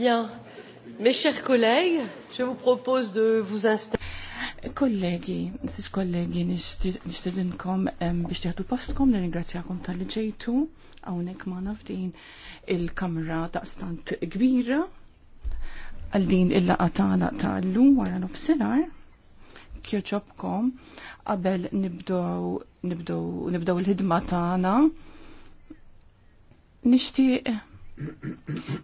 Bien, mes chers collègues, je vous propose de vous installer. Kollegi, sis kollegi, nistedinkom biex tiħdu postkom, nirringrazzjakom tal ġejtu, għawnek ma nafdin il-kamra daqstant kbira, għal din il tagħna tal-lum wara nofsinhar, kjoċobkom, qabel nibdow nibdew nibdew il-ħidma tagħna. Nixtieq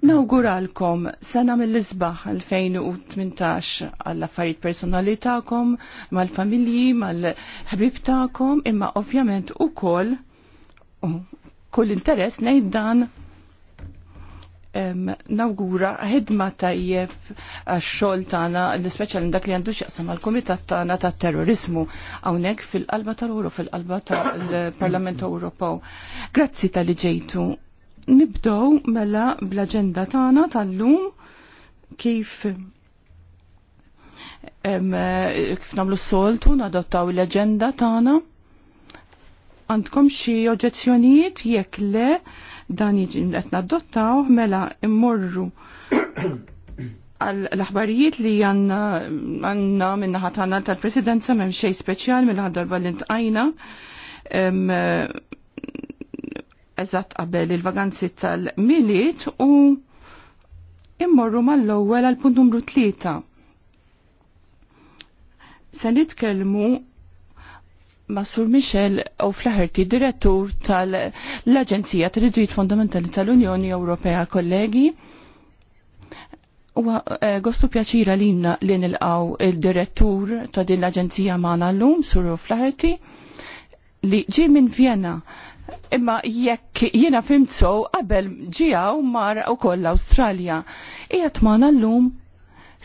Nawguralkom sena mill-isbaħ 2018 għall-affarijiet personali tagħkom, mal-familji, mal-ħbib tagħkom, imma ovvjament ukoll kull interess ngħid dan nawgura ħidma tajjeb għax-xogħol tagħna l-ispeċjal dak li għandu x'jaqsam għall-Kumitat tagħna tat-terrorizmu hawnhekk fil-qalba tal-Ewro, fil-qalba tal-Parlament Ewropew. Grazzi tal-li ġejtu nibdow mela bl-agenda tagħna tal-lum kif em, kif nagħmlu s-soltu nadottaw l aġenda tagħna. Għandkom xi oġġezzjonijiet jekk le dan jiġi qed nadottaw mela immorru l-aħbarijiet li għanna għanna minna ħatana tal-presidenza memxej speċjal mill-ħadarba mela l-intqajna eżatt qabel il-vaganzi tal-miliet u immorru mal-ewwel għal punt numru tlieta. Se nitkellmu ma' Sur Michel u fl direttur tal-Aġenzija tal-Idrit Fondamentali tal-Unjoni Ewropea kollegi. U eh, għostu pjaċira li li nilqaw il-direttur ta' din l-Aġenzija ma' l-lum, Sur Flaherty, li ġi minn Vienna imma jekk jiena fimtso qabel ġijaw mar ukoll l-Awstralja. Qiegħed l llum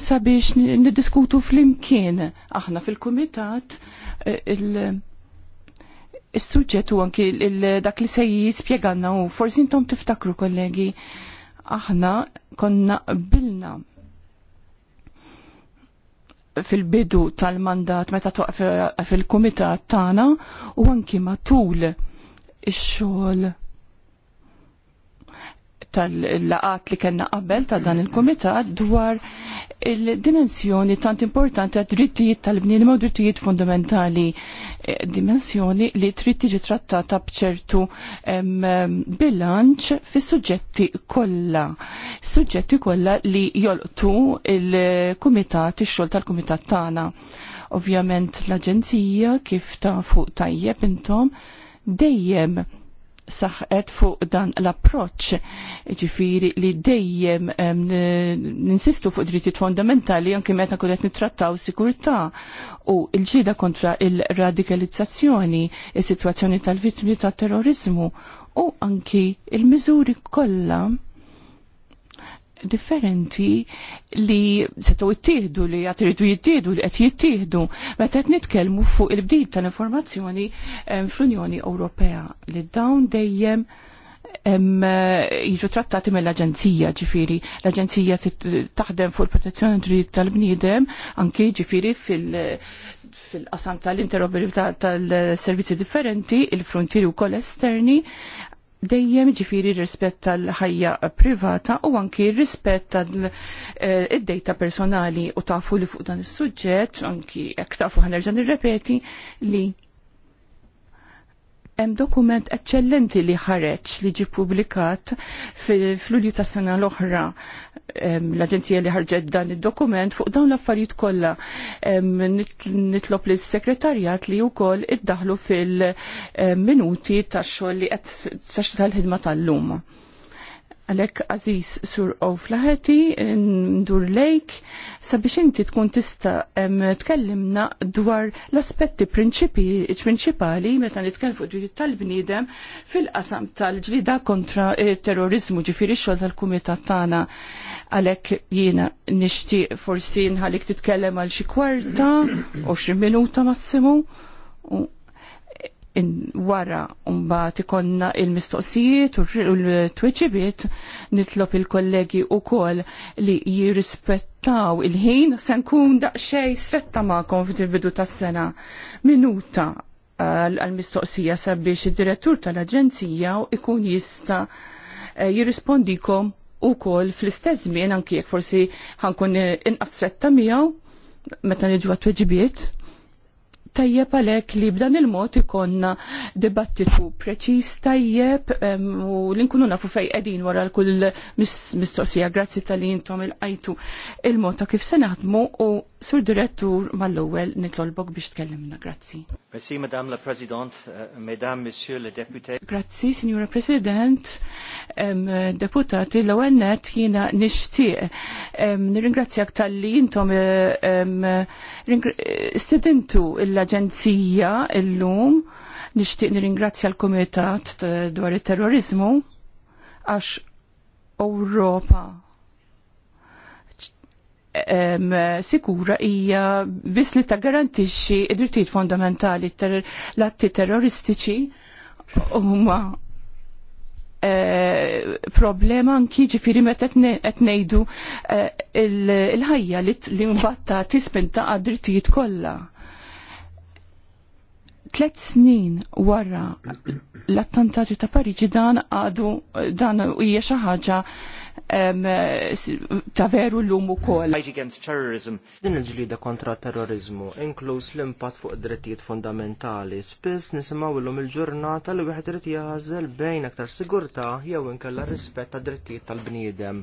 sabiex niddiskutu fl-imkien aħna fil-kumitat eh, il-suġġett u anki dak li se jispjeganna u forsi intom tiftakru kollegi aħna konna qbilna fil-bidu tal-mandat meta toqgħu fil-kumitat tagħna u anki matul ix-xogħol tal-laqat li kellna qabel ta' dan il-komitat dwar il-dimensjoni tant importanti għad drittijiet tal bnin u drittijiet fundamentali eh, dimensjoni li trid tiġi trattata bċertu bilanċ fis suġġetti kollha. Suġġetti kollha li jolqtu il-kumitat ix-xogħol tal-kumitat tagħna. Ovvjament l-Aġenzija kif ta' fuq tajjeb intom dejjem saħqet fuq dan l-approċ ġifiri li dejjem ninsistu fuq drittijiet fondamentali anke meta kun qed nittrattaw sikurtà u l-ġida kontra il-radikalizzazzjoni, is-sitwazzjoni tal-vittmi tat terrorizmu u anki il-miżuri kollha differenti li setaw jittieħdu li qed jittihdu li qed jittieħdu meta qed nitkellmu fuq il bdid ta' informazzjoni fl-Unjoni Ewropea li dawn dejjem jiġu trattati mill-Aġenzija ġifiri. L-Aġenzija taħdem fuq il-protezzjoni dritt tal-bniedem anki ġifiri fil- fil-qasam tal-interoperabilità tal-servizzi differenti, il-frontieri u koll esterni, dejjem ġifiri rispett tal-ħajja privata u anki rispett tal-id-dejta personali u tafu li fuq dan is-suġġett, anki jekk tafu il nirrepeti li Hemm dokument eċċellenti li ħareġ li ġi publikat fil flulju tas-sena l-oħra l-Aġenzija li ħarġet dan id-dokument fuq dawn l-affarijiet kollha nitlob lis sekretarjat li wkoll iddaħlu fil-minuti tax-xogħol li qed tal-ħidma tal-lum. Għalek Aziz Sur Oflaheti, ndur lejk, sabiex inti tkun tista tkellimna dwar l-aspetti prinċipali meta nitkellem fuq dwar tal-bniedem fil-qasam tal-ġlida kontra eh, terrorizmu ġifiri xol tal-kumitat tagħna. Għalek jiena nixtieq forsi nħalik titkellem għal xi kwarta, 20 minuta massimu wara mbagħad ikonna il-mistoqsijiet u l-tweġibiet nitlob il-kollegi wkoll li jirrispettaw il-ħin se nkun daqsxejn stretta magħkom fil-bidu tas-sena minuta eh, għal-mistoqsija sabiex id-direttur tal-aġenzija ikun jista eh, jirrispondikom ukoll fl-istess żmien anke jekk forsi ħankun inqas stretta miegħu meta niġu għat tajjeb għalek li b'dan il-mod ikonna dibattitu preċis tajjeb u li nkunu nafu fej qegħdin wara l-kull mistoqsija grazzi tal intom il-qajtu il-mod ta' kif se u sur direttur mal-ewwel nitlolbok biex tkellimna. Grazzi. Merci Madame la President, euh, Mesdames, Monsieur le Député. Grazzi, Signora President, deputati l-ewwel net jiena nixtieq nirringrazzjak tal-li intom istedintu il l-Aġenzija illum nixtieq nirringrazzja l-Kumitat dwar it-terrorizmu għax Ewropa sikura hija biss li taggarantixxi id-drittijiet fondamentali l-atti terroristiċi huma eh, problema anki ġifiri meta qed ngħidu eh, il-ħajja li mbatta tispinta għad-drittijiet kollha tlet snin wara l-attentati ta' Pariġi dan għadu dan hija xi ħaġa ta' veru l-lum ukoll. kol. Din il-ġlida kontra terrorizmu inkluż l-impatt fuq id-drittijiet fundamentali. Spiss nisimgħu lum il-ġurnata li wieħed irid jaħżel bejn aktar sigurtà jew inkella rispett tad drittijiet tal-bniedem.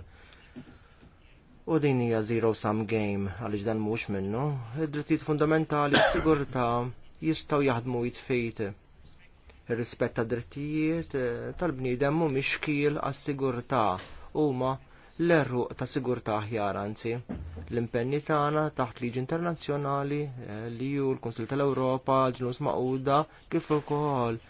U din hija zero sum game għaliex dan mhux minnu. Id-drittijiet fundamentali sigurtà jistgħu jaħdmu jitfejt. Ir-rispett ta' drittijiet eh, tal-bniedem mhumiex xkiel għas-sigurtà huma l-erruq ta' sigurtà aħjar anzi. L-impenni tagħna taħt liġi internazzjonali eh, li ju l-Kunsil tal-Ewropa, ġnus Maquda kif ukoll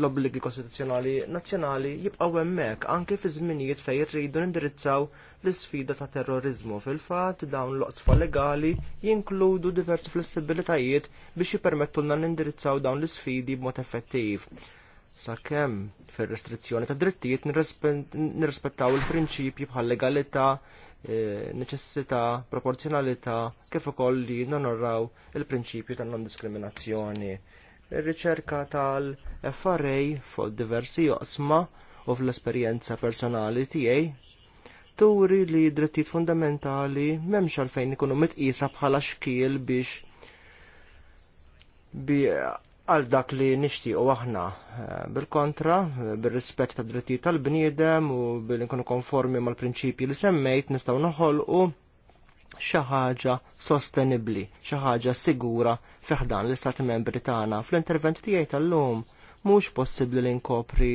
l-obbligi kostituzzjonali nazzjonali jibqgħu hemmhekk anke fi żminijiet fejn irridu nindirizzaw l-isfida ta' terrorizmu. Fil-fatt dawn l-oqsfa legali jinkludu diversi flessibilitajiet biex jippermettu lna nindirizzaw dawn l-isfidi b'mod effettiv. Sakemm fir-restrizzjoni ta' drittijiet nirrispettaw il-prinċipji bħal legalità, eh, neċessità, proporzjonalità, kif ukoll li nonorraw il-prinċipju tan non-diskriminazzjoni ir-riċerka tal-FRA fuq diversi joqsma u fl-esperjenza personali tiegħi turi li drittijiet fundamentali m'hemmx għalfejn ikunu mitqisa bħala xkiel biex bi għal dak li nixtiequ aħna bil-kontra, bir-rispett tad drittijiet tal-bniedem u bil-inkunu konformi mal-prinċipji li semmejt nistgħu noħolqu xi ħaġa sostenibbli, xi ħaġa sigura fiħdan l-Istati Membri tagħna. Fl-intervent tiegħi tal-lum mhux possibbli li nkopri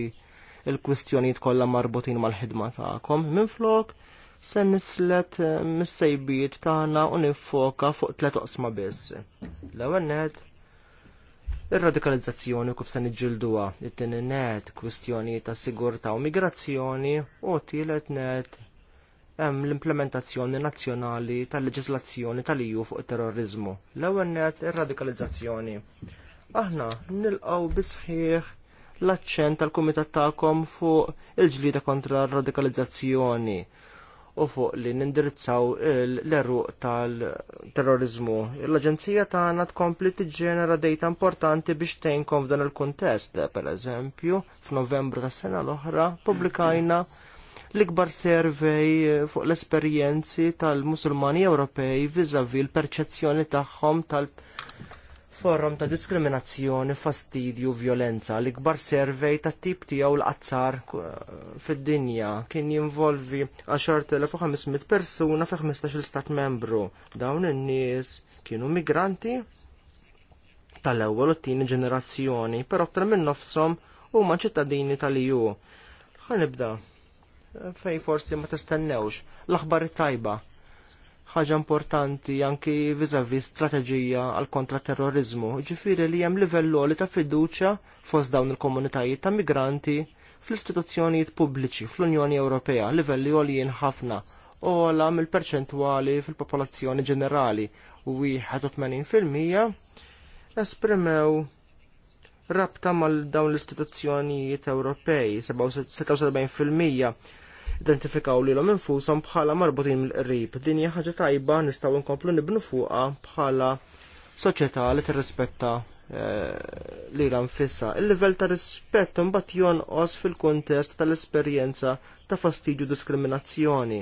il-kwistjonijiet kollha marbutin mal-ħidma tagħkom. Minflok se nislet eh, mis-sejbijiet tagħna u niffoka fuq tliet oqsma biss. L-ewwel net ir-radikalizzazzjoni kif se niġġilduha, it-tieni net kwistjoni ta' sigurtà u migrazzjoni u t-tielet net hemm l-implementazzjoni nazzjonali tal-leġislazzjoni tal-EU fuq it terrorizmu. L-ewwel net ir-radikalizzazzjoni. Aħna nilqgħu bisħieħ l-aċċent tal-kumitat tagħkom fuq il-ġlida kontra r-radikalizzazzjoni u fuq li nindirizzaw l-eruq tal-terrorizmu. L-Aġenzija tagħna tkompli tiġġenera dejta importanti biex tgħinkom f'dan il-kuntest, pereżempju, f'Novembru tas-sena l-oħra pubblikajna l-ikbar servej fuq l-esperjenzi tal-Musulmani Ewropej viżavi l-perċezzjoni tagħhom tal- forum ta' diskriminazzjoni, fastidju, violenza. L-ikbar servej tat tip tiegħu l-qazzar eh, fid-dinja kien jinvolvi 10.500 persuna fi 15 stat membru. Dawn in-nies kienu migranti tal-ewwel u t-tieni ġenerazzjoni, però aktar minn nofshom huma ċittadini tal-EU. Ħanibda fej forsi ma tistennewx. L-aħbar tajba ħaġa importanti anki vizavi strateġija għal kontra terrorizmu, ġifiri li jem livell li ta' fiduċa fost dawn il-komunitajiet ta' migranti fl-istituzzjonijiet pubbliċi fl-Unjoni Ewropea, livelli għoljien ħafna, ola mill-perċentwali fil-popolazzjoni ġenerali u 81% esprimew rabta mal dawn l-istituzzjonijiet Ewropej, 76% identifikaw li l-om infusom bħala marbutin mill-qrib. Din hija ħaġa tajba nistgħu nkomplu nibnu fuqha bħala soċjetà li tirrispetta eh, li l nfissa. Il-livell ta' rispett imbagħad jonqos fil-kuntest tal-esperjenza ta' fastidju diskriminazzjoni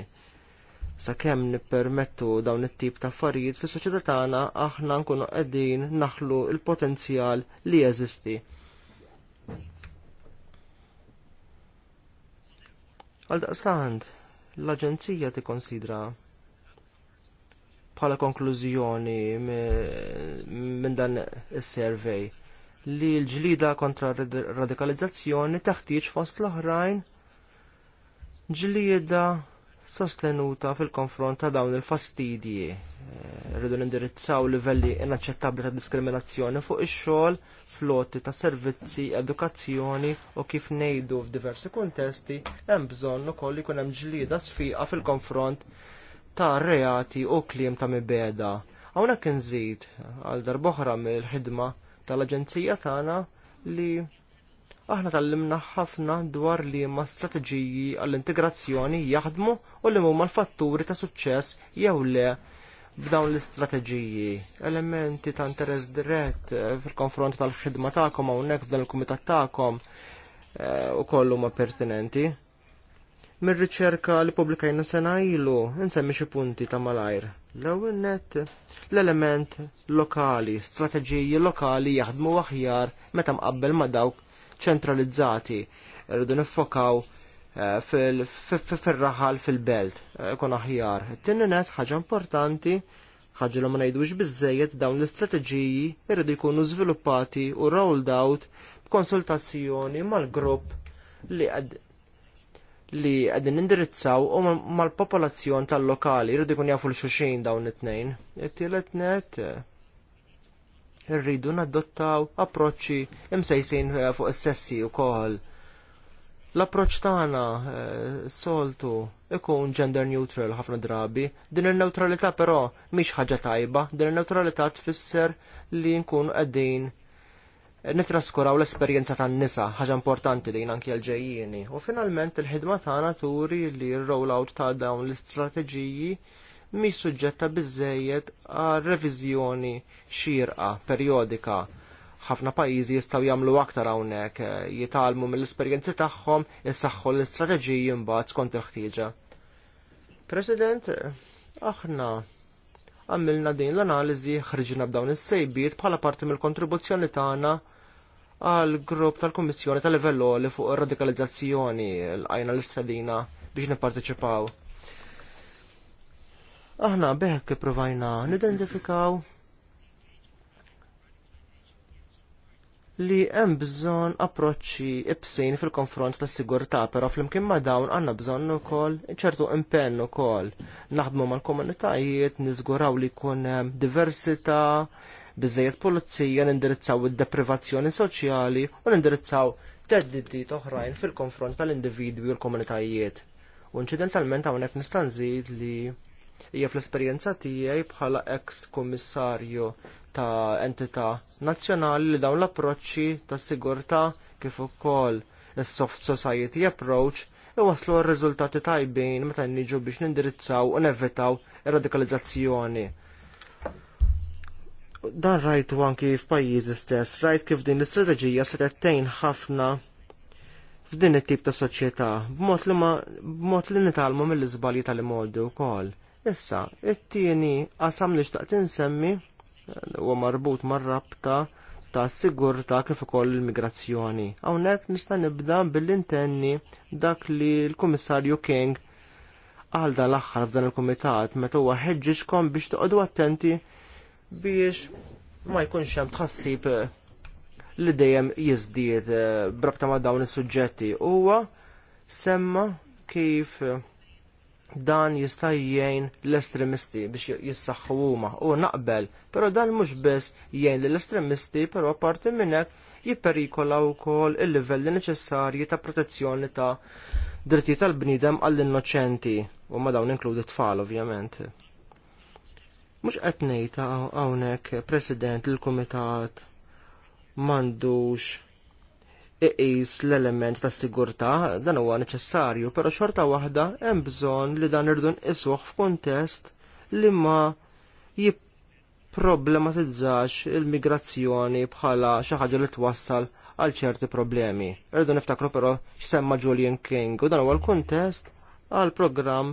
sakemm nippermettu dawn it-tip ta' affarijiet fis-soċjetà tagħna aħna nkunu qegħdin naħlu l-potenzjal li jeżisti Għaldaqstant, l-Aġenzija tikkonsidra bħala konklużjoni minn dan is-survey li l-ġlida kontra radikalizzazzjoni taħtieġ fost l-oħrajn ġlieda sostenuta fil-konfront ta' dawn il-fastidji. Eh, rridu nindirizzaw livelli inaċċettabbli ta' diskriminazzjoni fuq ix-xogħol, flotti ta' servizzi, edukazzjoni u kif ngħidu f'diversi kuntesti hemm bżonn ukoll ikun hemm ġlieda sfiqa fil-konfront ta' reati u kliem ta' mibeda. Hawnhekk inżid għal darb'oħra mill-ħidma tal-Aġenzija tagħna li aħna tallimna ħafna dwar li ma strateġiji għall-integrazzjoni jaħdmu u li huma l-fatturi ta' suċċess jew le b'dawn l-istrateġiji. Elementi ta' interess dirett eh, fil-konfront tal-ħidma tagħkom hawnhekk f'dan il-kumitat tagħkom eh, u kollu ma pertinenti. Mir-riċerka li publikajna sena ilu, insemmi xi punti ta' malajr. L-ewwel net l-element lokali, strateġiji lokali jaħdmu aħjar meta mqabbel ma' dawk ċentralizzati, rridu nifokaw eh, fil-raħal fil-belt, eh, kon aħjar. Tinninet ħaġa importanti, ħaġa li ma ngħidux bizzejiet dawn l-istrateġiji rridu jkunu żviluppati u rolled out b'konsultazzjoni mal-grupp li għad li għedin indirizzaw u mal-popolazzjon tal-lokali, rridu kun jafu l-xuxin dawn it-tnejn. It-tielet net, eh, irridu nadottaw approċċi imsejsin eh, fuq is-sessi wkoll. L-approċċ tagħna eh, soltu ikun gender neutral ħafna drabi. Din il-neutralità però mhix ħaġa tajba, din il-neutralità tfisser li nkun qegħdin nitraskuraw l-esperjenza tan-nisa, ħaġa importanti din anki l ġejjieni U finalment il-ħidma tagħna turi li r-rollout ta' dawn l-istrateġiji mi suġġetta biżżejjed għal reviżjoni xirqa perjodika. Ħafna pajjiżi jistgħu jagħmlu aktar hawnhekk, eh, jitalmu mill-esperjenzi tagħhom issaħħu l-istrateġiji mbagħad skont il-ħtieġa. President, aħna għamilna din l-analiżi ħriġna b'dawn is-sejbiet bħala parti mill-kontribuzzjoni tagħna għal grupp tal-Kummissjoni tal-Livell li fuq ir-radikalizzazzjoni l-għajna l-istadina biex nipparteċipaw. Aħna beħk provajna nidentifikaw li hemm bżonn approċċi ibsin fil-konfront tas sigurtà, però flimkien ma dawn għandna bżonn ukoll ċertu impenn ukoll. Naħdmu mal-komunitajiet, niżguraw li jkun hemm diversità, biżejjed pulizija, nindirizzaw id-deprivazzjoni soċjali u nindirizzaw teddidi oħrajn fil-konfront tal-individwi u l-komunitajiet. U inċidentalment hawnhekk nista' nżid li hija fl-esperjenza tiegħi bħala ex kummissarju ta' entità nazzjonali li dawn l-approċċi tas sigurtà kif ukoll is-soft society approach iwaslu r-riżultati tajbin meta niġu biex nindirizzaw u nevitaw ir-radikalizzazzjoni. Dan rajtu anki f'pajjiżi stess, rajt kif din l-istrateġija se tettejn ħafna f'din it-tip ta' soċjetà b'mod li ma b'mod li nitalmu mill-iżbalji tal-imodi wkoll. Issa, it-tieni qasam li xtaqt insemmi eh, huwa marbut mar-rabta ta' sigurta kif ukoll l-immigrazzjoni. Hawnhekk nista' nibda bil-intenni dak li l-Kummissarju King għal dan l-aħħar f'dan il-kumitat meta huwa ħeġġiġkom biex toqgħodu attenti biex ma jkunx hemm tħassib eh, li dejjem jiżdied eh, brabta ma' dawn is-suġġetti huwa semma kif dan jista' jgħin l-estremisti biex jissaħħu huma u naqbel, però dan mhux biss jgħin lill-estremisti, però apparti minn hekk jipperikola wkoll il-livelli neċessarji ta' protezzjoni ta' dritti tal-bniedem għall-innoċenti u ma dawn inkludi tfal ovvjament. Mhux qed ngħid hawnhekk President l kumitat m'għandux iqis l-element ta' sigurtà dan huwa neċessarju, però xorta waħda hemm bżonn li dan irdun nqisuh f'kuntest li ma jipproblematizzax il-migrazzjoni bħala xi ħaġa li twassal għal ċerti problemi. Irdu niftakru però x'semma Julian King u dan huwa l-kuntest għal programm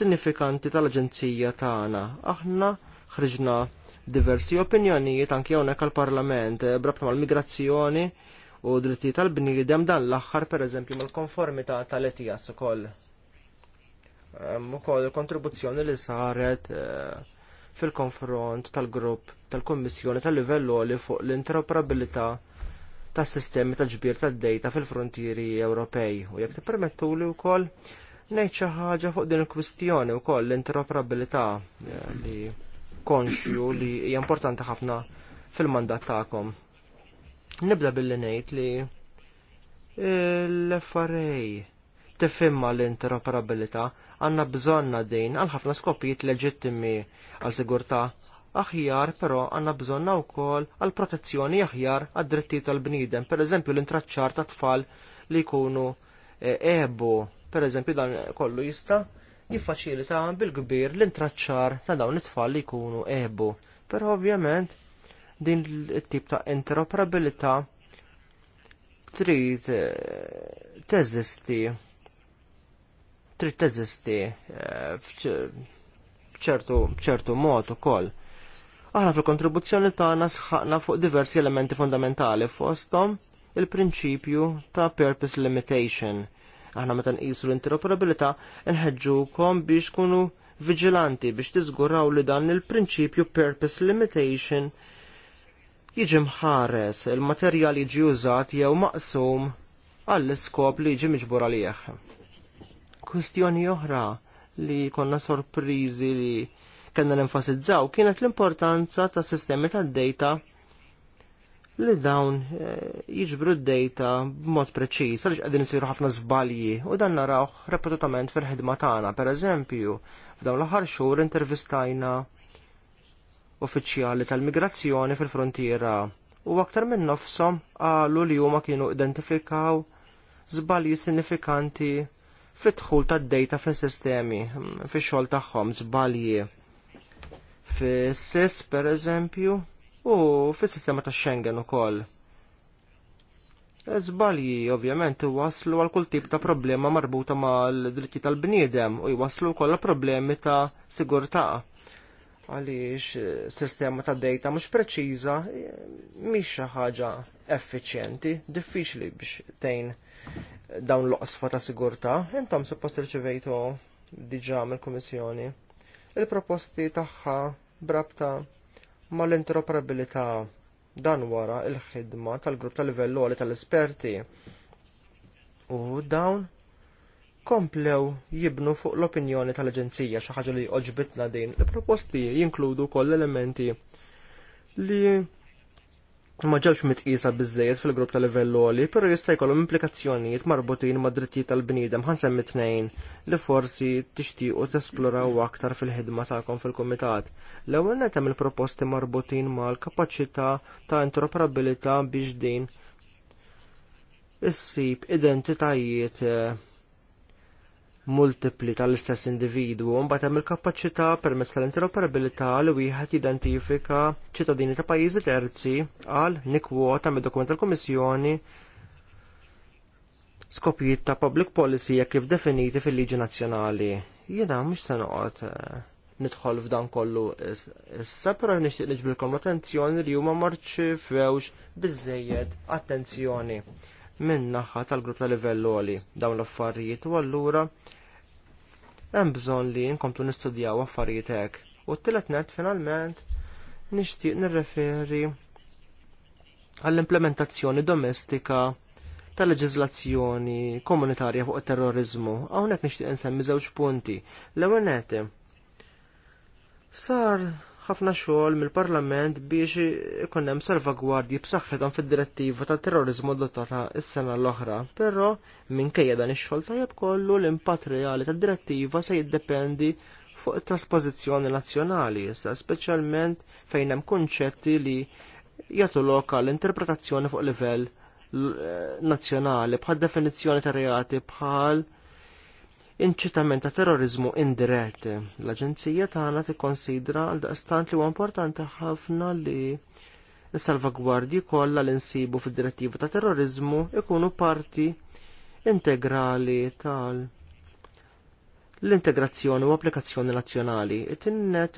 sinifikanti tal-Aġenzija tagħna. Aħna ħriġna diversi opinjonijiet anke hawnhekk għall-Parlament eh, brabta mal-migrazzjoni u dritti tal-bniedem dan l-aħħar pereżempju mal-konformità tal u koll. U ukoll kontribuzzjoni li saret eh, fil-konfront tal-grupp tal-Kommissjoni tal-livell li fuq l-interoperabilità tas sistemi tal-ġbir tad-dejta fil-frontieri Ewropej u jekk tippermettuli wkoll ngħid xi ħaġa fuq din il-kwistjoni wkoll l-interoperabilità eh, li konxju li hija importanti ħafna fil-mandat tagħkom. Nibda billi ngħid li l farej tifimma l-interoperabilità għandna bżonna din għal ħafna skopijiet leġittimi għal sigurtà aħjar però għandna bżonna wkoll għal protezzjoni aħjar għad drittijiet tal-bniedem, pereżempju l-intraċċar ta' tfal li jkunu ebu, eh, pereżempju dan kollu jista' jiffaċilita bil-kbir l-intraċċar ta' dawn it-tfal li jkunu ebu. Però ovvjament din it-tip ta' interoperabilità trid eh, teżisti trid teżisti b'ċertu eh, mod ukoll. Aħna fil-kontribuzzjoni tagħna sħaqna fuq diversi elementi fundamentali fosthom il-prinċipju ta' purpose limitation. Aħna meta nqisu l-interoperabilità nħeġġukom biex kunu vigilanti biex tiżguraw li dan il-prinċipju purpose limitation jiġi mħares il-materjal jiġi użat jew maqsum għall-iskop li jiġi miġbur għalih. Kwistjoni oħra li konna sorprizi li kena l-enfasizzaw kienet l-importanza ta' sistemi ta' data li dawn eh, jiġbru d-data b'mod preċis, għaliex qegħdin isiru ħafna żbalji u dan naraw repetutament fil-ħidma tagħna. Pereżempju, f'dawn l-aħħar xhur intervistajna uffiċjali tal-migrazzjoni fil-frontiera u aktar minn nofsom qalu li huma kienu identifikaw żbalji sinifikanti fit-dħul tad-dejta fis-sistemi fix-xogħol tagħhom żbalji fis-SIS pereżempju u fis-sistema tax-Schengen ukoll. Żbalji ovvjament waslu għal kull tip ta' problema marbuta mal-dritti tal-bniedem u jwaslu wkoll problemi ta' sigurtà għaliex eh, sistema ta' data mhux preċiża eh, mhix xi ħaġa effiċjenti, diffiċli biex tgħin dawn l-oqsfa ta' sigurtà. Intom suppost irċivejtu diġà mill-Kummissjoni il-proposti tagħha brabta mal-interoperabilità dan wara l ħidma tal-grupp tal-livell tal-esperti. U dawn komplew jibnu fuq l-opinjoni tal-Aġenzija xi ħaġa li oġbitna din. Il-proposti jinkludu koll elementi li ma ġewx mitqisa biżejjed fil-grupp tal livell oli, però jista' jkollhom implikazzjonijiet marbutin ma' drittijiet tal-bniedem ħansemmi tnejn li forsi tixtiequ tesploraw aktar fil-ħidma tagħkom fil-kumitat. L-ewwel netem il-proposti marbutin mal-kapaċità ta' interoperabilità biex din issib identitajiet eh, multipli tal-istess individwu u mbagħad hemm il-kapaċità permezz tal-interoperabilità li wieħed jidentifika ċittadini ta' pajjiżi terzi għal nikwota mid dokument tal-Kummissjoni skopijiet ta' public policy jekk kif definiti fil-liġi nazzjonali. Jiena mhux se noqgħod eh, nidħol f'dan kollu issa però nixtieq niġbilkom l-attenzjoni li huma marċi fewx biżejjed attenzjoni minn naħa tal-grupp ta' livell għoli dawn l-affarijiet u allura hemm bżonn li nkomplu nistudjaw affarijiet hekk. U t-tielet net finalment nixtieq nirreferi għall-implementazzjoni domestika tal leġiżlazzjoni komunitarja fuq it-terrorizmu. Hawnhekk nixtieq insemmi żewġ punti. L-ewwel sar ħafna xogħol mill-Parlament biex ikun hemm salvagwardji b'saħħithom fid-direttiva tat terrorizmu adottata s-sena l-oħra, però minkejja dan ix-xogħol tajjeb kollu l-impatt reali tad-direttiva se jiddependi fuq it traspożizzjoni nazzjonali issa speċjalment fejn hemm kunċetti li jagħtu l interpretazzjoni fuq livell eh, nazzjonali bħal definizzjoni ta' reati bħal inċitament ta' terrorizmu indirett. L-Aġenzija tagħna tikkonsidra għal daqstant li huwa importanti ħafna li s-salvagwardji kollha li nsibu fid-direttiva ta' terrorizmu ikunu parti integrali tal l-integrazzjoni u applikazzjoni nazzjonali. It-tinnet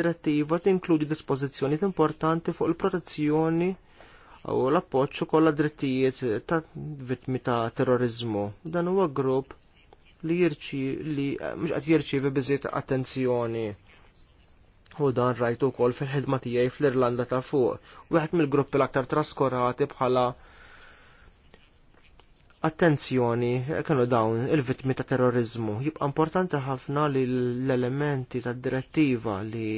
direttiva tinkludi dispożizzjoni importanti fuq il-protezzjoni u l-appoċċu kollha drittijiet ta' vittmi ta' terrorizmu. Dan huwa grupp li jirċi li eh, mhux qed jirċievi biżiet attenzjoni. U dan rajtu wkoll fil-ħidma tiegħi fl-Irlanda ta' fuq, wieħed mill-gruppi l-aktar traskorati bħala attenzjoni kienu dawn il-vittmi ta' terrorizmu. Jibqa' importanti ħafna li l-elementi tad direttiva li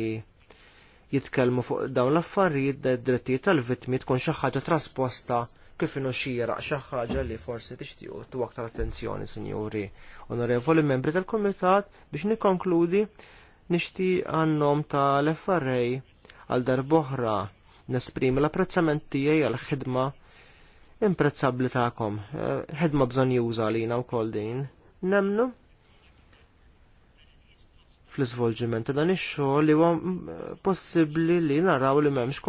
jitkellmu fuq dawn l-affarijiet da' drittijiet tal-vittmi tkun xi ħaġa trasposta kif inu xira xi ħaġa li forsi tixtiequ tu aktar attenzjoni, sinjuri. Onorevoli membri tal-Kumitat biex nikkonkludi nixtieq għannom tal-FRA għal darboħra nesprimi l-apprezzament tiegħi għal ħidma imprezzabli tagħkom. Eh, ħidma bżonn juża lina wkoll din. Nemnu fl-iżvolġiment ta' dan ix-xogħol li huwa mm, possibbli li naraw li m'hemmx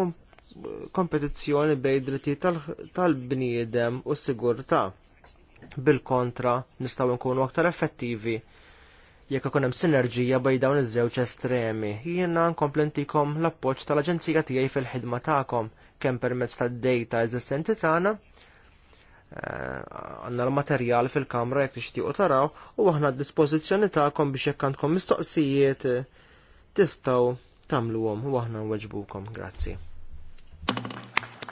kompetizzjoni bejn drittijiet tal-bniedem u s-sigurtà. Bil-kontra, nistgħu nkunu aktar effettivi jekk ikun hemm sinerġija bejn dawn iż-żewġ estremi. Jiena nkomplentikom l-appoġġ tal-Aġenzija tiegħi fil-ħidma tagħkom kemm permezz tad-dejta eżistenti tagħna eh, għanna l-materjal fil-kamra jek tixtiqu taraw u aħna d-dispozizjoni ta'kom biex jekk għandkom mistoqsijiet eh, tistaw tagħmluhom u aħna nweġbukom. Grazzi.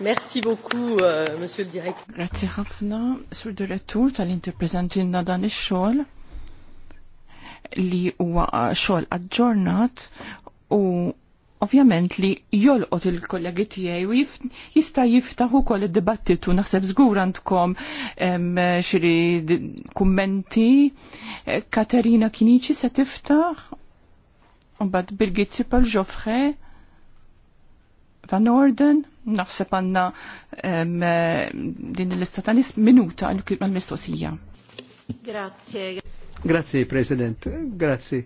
Merci beaucoup, uh, Monsieur le Directeur. Grazie ħafna, Sur Direttur, tal-interprezentinna dan ix-xogħol li huwa xogħol aġġornat u ovvjament li jolqot il-kollegi tiegħi u jista' jiftaħ ukoll id-dibattitu naħseb żgur għandkom xiri kummenti. Katerina Kinici se tiftaħ u bad Birgit Sipal Van Orden, naħseb għanna din l-lista ta' nis minuta għal-mistoqsija. Grazie. Grazie, President. Grazie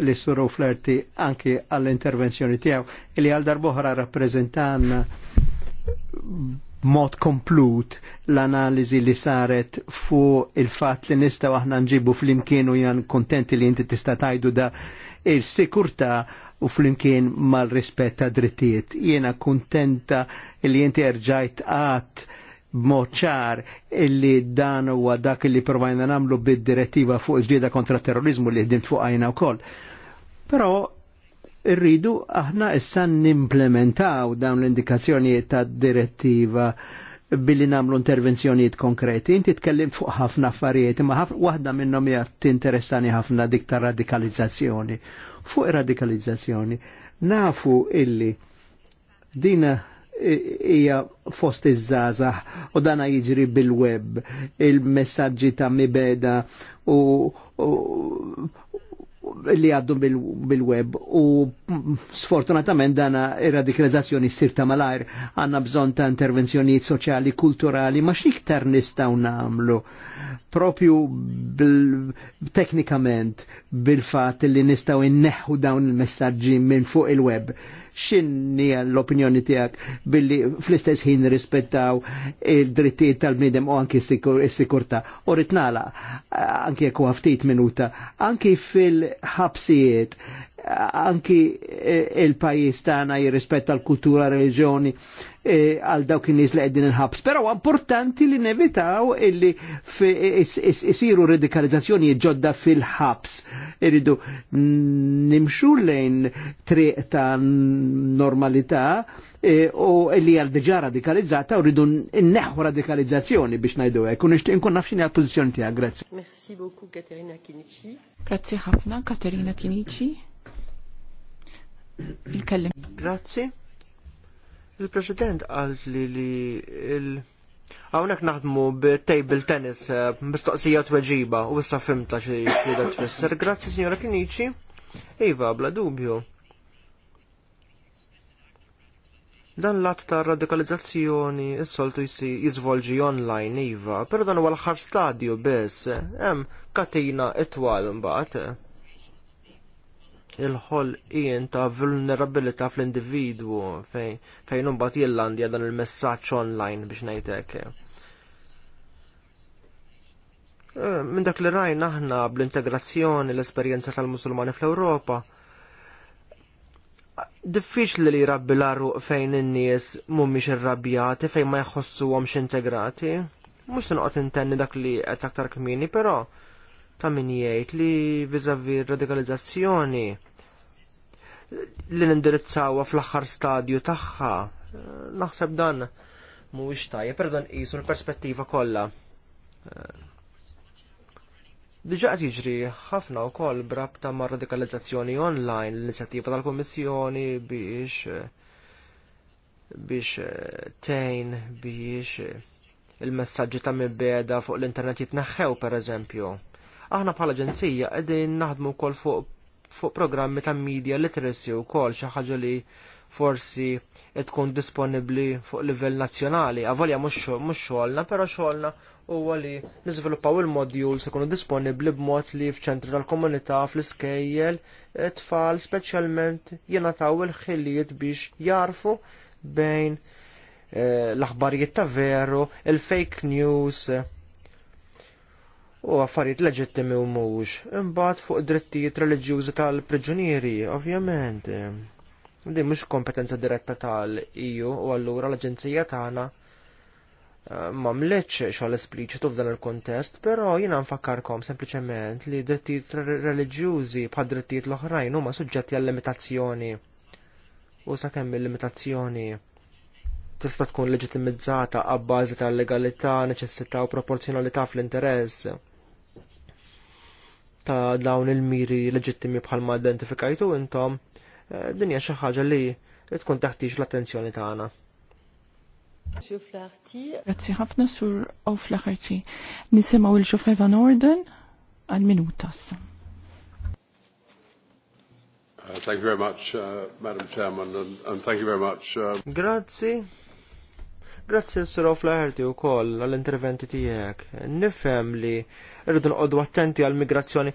l suru flerti anki għall-intervenzjoni tijaw illi għal darboħra rappresentan mod komplut l-analizi li saret fu il-fat li nistaw aħna nġibu fl-imkienu jgħan kontenti li inti tista tajdu da il-sikurta u flimkien mal-rispett ta' drittijiet. Jiena kuntenta li inti erġajt għat moċar illi dan huwa dak illi provajna namlu bid-direttiva fuq il-ġlieda kontra terrorizmu li ħdimt fuq għajna wkoll. Però irridu aħna issa nimplementaw dawn l-indikazzjonijiet ta' direttiva billi namlu intervenzjonijiet konkreti. Inti tkellim fuq ħafna affarijiet, imma waħda minnhom hija tinteressani ħafna dik ta' radikalizzazzjoni fuq radikalizzazzjoni. Nafu illi dina hija fost iż-żaza u dana jiġri bil-web il-messaġġi ta' mibeda u, u, li għaddu bil-web u mm, sfortunatament dana ir-radikalizzazzjoni s-sir ta' malajr għanna bżon ta' intervenzjonijiet soċjali, kulturali, ma xiktar nistaw namlu propju teknikament bil-fat li nistaw inneħu dawn il-messagġi minn fuq il-web. il web xinni l-opinjoni tijak billi fl-istess ħin rispettaw il-drittijiet tal-bnidem u anki s-sikurta. U ritnala, eh, anki jekku ftit minuta, anki fil-ħabsijiet anki e, il-pajis tagħna jirrispetta l-kultura, reġjoni e, għal dawk in-nies li qegħdin inħabs. Però importanti li nevitaw illi isiru radikalizzazzjoni ġodda fil-ħabs. Iridu nimxu lejn triq ta' normalità e, u li għal diġà radikalizzata u rridu neħu radikalizzazzjoni biex ngħidu hekk. U nixtieq nkun nafxini għal pożizzjoni tiegħek. Grazzi. Merci beaucoup Katerina Kinici. Grazzi ħafna Katerina Kinici. Il-kellim. Grazzi. Il-President għal li li il- Għawnek naħdmu b-table tennis, b eh, stoqsijat weġiba u issa fimta xie da tfisser. Grazzi, signora Kinici. Iva, bla dubju. Dan l-att ta' radikalizzazzjoni s-soltu jizvolġi online, Iva, pero dan huwa l-ħar stadju biss, Em, katina itwal mbagħad il-ħolqien ta' vulnerabilità fl-individwu fejn fejn imbagħad jillandja dan il-messaġġ online biex najtek. Eh, minn dak li rajna aħna bl-integrazzjoni l-esperjenza tal-Musulmani fl-Ewropa, diffiċli li rabbi laru fejn in-nies mhumiex irrabjati fejn ma jħossuhomx integrati. Mhux se noqgħod intenni dak li qed aktar kmieni, però ta' min jgħid li vizavi radikalizzazzjoni li nindirizzawa fl-aħħar stadju tagħha. Naħseb dan mhuwiex tajjeb, però dan qisu l-perspettiva kollha. Diġa qed jiġri ħafna wkoll brabta ma' radikalizzazzjoni online l-inizjattiva tal-Kummissjoni biex biex tejn biex il-messaġġi ta' mibeda fuq l-internet jitneħħew pereżempju. Aħna bħala ġenzija qegħdin naħdmu wkoll fuq fuq programmi ta' media literacy u kol xaħġa li forsi tkun disponibli fuq livell nazzjonali. Avolja mux xolna, pero xolna u għali nizviluppaw il-modjul se kunu disponibli b'mod li f'ċentru tal-komunità fl-iskejjel eh, tfal specialment taw il-ħiliet biex jarfu bejn eh, l-aħbarijiet ta' veru, il-fake news, u affarijiet leġittimi u mux, Imbagħad fuq drittijiet reliġjużi tal-priġunieri, ovvjament. Din mhux kompetenza diretta tal-EU u allura l-Aġenzija tagħna eh, ma mletx xogħol espliċitu f'dan il-kontest, però jiena nfakkarkom sempliċement li drittijiet reliġjużi bħad drittijiet l-oħrajn huma suġġetti għal limitazzjoni. U sakemm il-limitazzjoni tista' tkun leġitimizzata għabbażi tal-legalità, neċessità u proporzjonalità fl-interess ta' dawn il-miri leġittimi bħalma identifikajtu intom, eh, dinja xi ħaġa li tkun taħtix l-attenzjoni tagħna. Grazzi ħafna sur u fl-aħħarti. Nisimgħu il xufer Van Orden għal minuta issa. Uh, thank you very much, uh, Madam Chairman, and, thank you very much. Uh, Grazzi. Grazzi s-sura fl-ħerti u koll għall-interventi tijek. Nifem li rridu nqoddu attenti għall-migrazzjoni.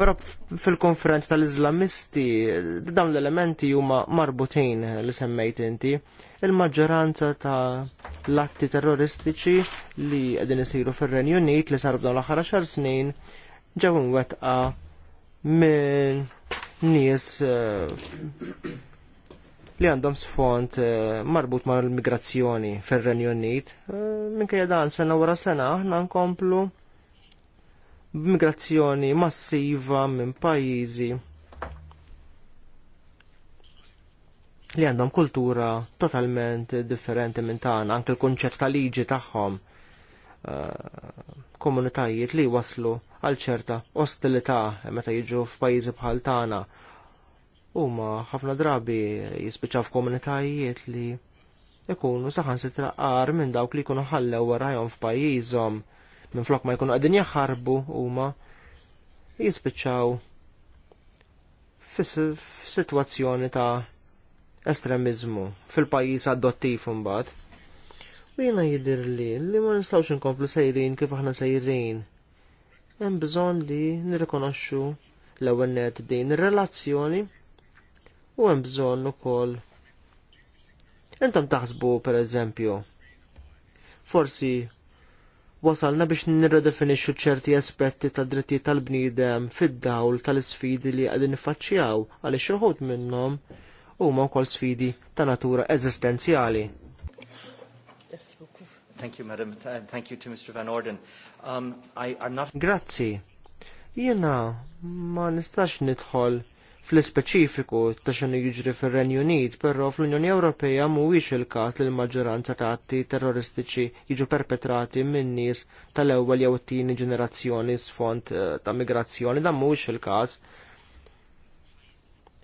Pero fil konferenti tal-Islamisti, dawn l-elementi huma marbutin li semmejt inti. Il-maġġoranza ta' l-atti terroristiċi li qegħdin isiru fir-Renju Unit li saru l-aħħar xar snin ġew wetqa minn nies eh, li għandhom sfond eh, marbut ma' l-migrazzjoni fir-Renju Unit. Eh, minkejja dan sena wara sena aħna nkomplu migrazzjoni massiva minn pajjiżi li għandhom kultura totalment differenti minn tagħna, anke l-kunċett tal liġi tagħhom komunitajiet li waslu għal ċerta ostilità meta jiġu f'pajjiżi bħal tagħna. Huma ħafna drabi jispiċċaw f'komunitajiet li ikunu saħansitra qar minn dawk li jkunu ħallew warajhom f'pajjiżhom minn flok ma jkunu qegħdin jaħarbu huma jispiċċaw f'sitwazzjoni ta' estremizmu fil-pajjiż adottiv imbagħad. Jena jidir li li ma nistawx nkomplu sejrin kif aħna sejrin. Hemm bżonn li nirrikonoxxu l-ewwel net din ir-relazzjoni u hemm bżonn ukoll Intom taħsbu per eżempju. Forsi wasalna biex nirredefinixxu ċerti aspetti ta' dritti tal-bniedem fid-dawl tal-sfidi li qegħdin niffaċċjaw għaliex uħud minnhom huma wkoll sfidi ta' natura eżistenzjali. Thank you, Madam, thank you to Mr. Van Orden. Um, I, I'm not... Grazzi. Jena, ma nistax nidħol fl ispeċifiku ta' xinu jiġri fir-Renju Unit, però fl-Unjoni Ewropea mhuwiex il-każ li l-maġġoranza ta' atti terroristiċi jiġu perpetrati minn nies tal-ewwel jew tieni ġenerazzjoni sfond eh, ta' migrazzjoni dan mhuwiex il-każ.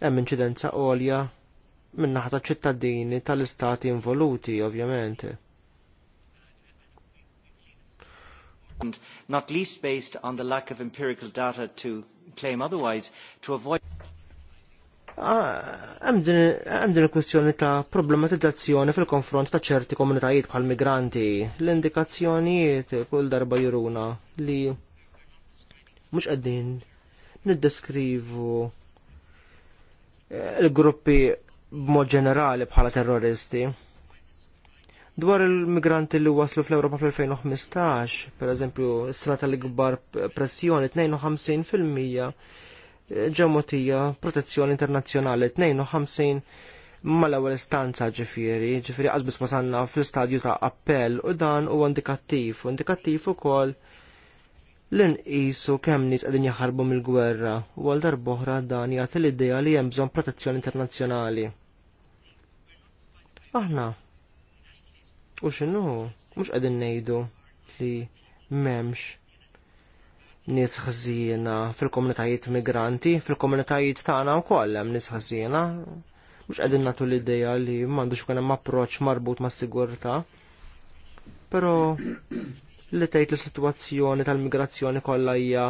Hemm inċidenza għolja minn naħa ċittadini tal-istati involuti, ovvjament. important, not least based on the lack of empirical data to claim otherwise, to avoid Għem ah, din il-kwestjoni ta' problematizzazzjoni fil-konfront ta' ċerti komunitajiet bħal migranti. L-indikazzjonijiet kull darba juruna li mux għaddin niddeskrivu eh, il-gruppi b'mod ġenerali bħala terroristi. Dwar il-migranti li waslu fl-Europa fl-2015, per eżempju, s-sena tal-ikbar pressjoni 52% eh, ġemotija protezzjoni internazzjonali 52 mal-ewwel istanza ġifieri, ġifiri għazbis masanna fl-istadju ta' appell u dan huwa indikattiv, u indikattiv ukoll l-inqisu kemm nies qegħdin jaħarbu mill-gwerra u għal darb'oħra dan jagħti l-idea li hemm bżonn protezzjoni internazzjonali. Aħna U x'inhu mhux qegħdin ngħidu li m'hemmx nies fil-komunitajiet migranti, fil-komunitajiet tagħna wkoll hemm nis ħżiena. Mhux qegħdin nagħtu l-idea li m'għandux ikun hemm approċċ marbut mas-sigurtà. Però li tgħid l sitwazzjoni tal-migrazzjoni kollha hija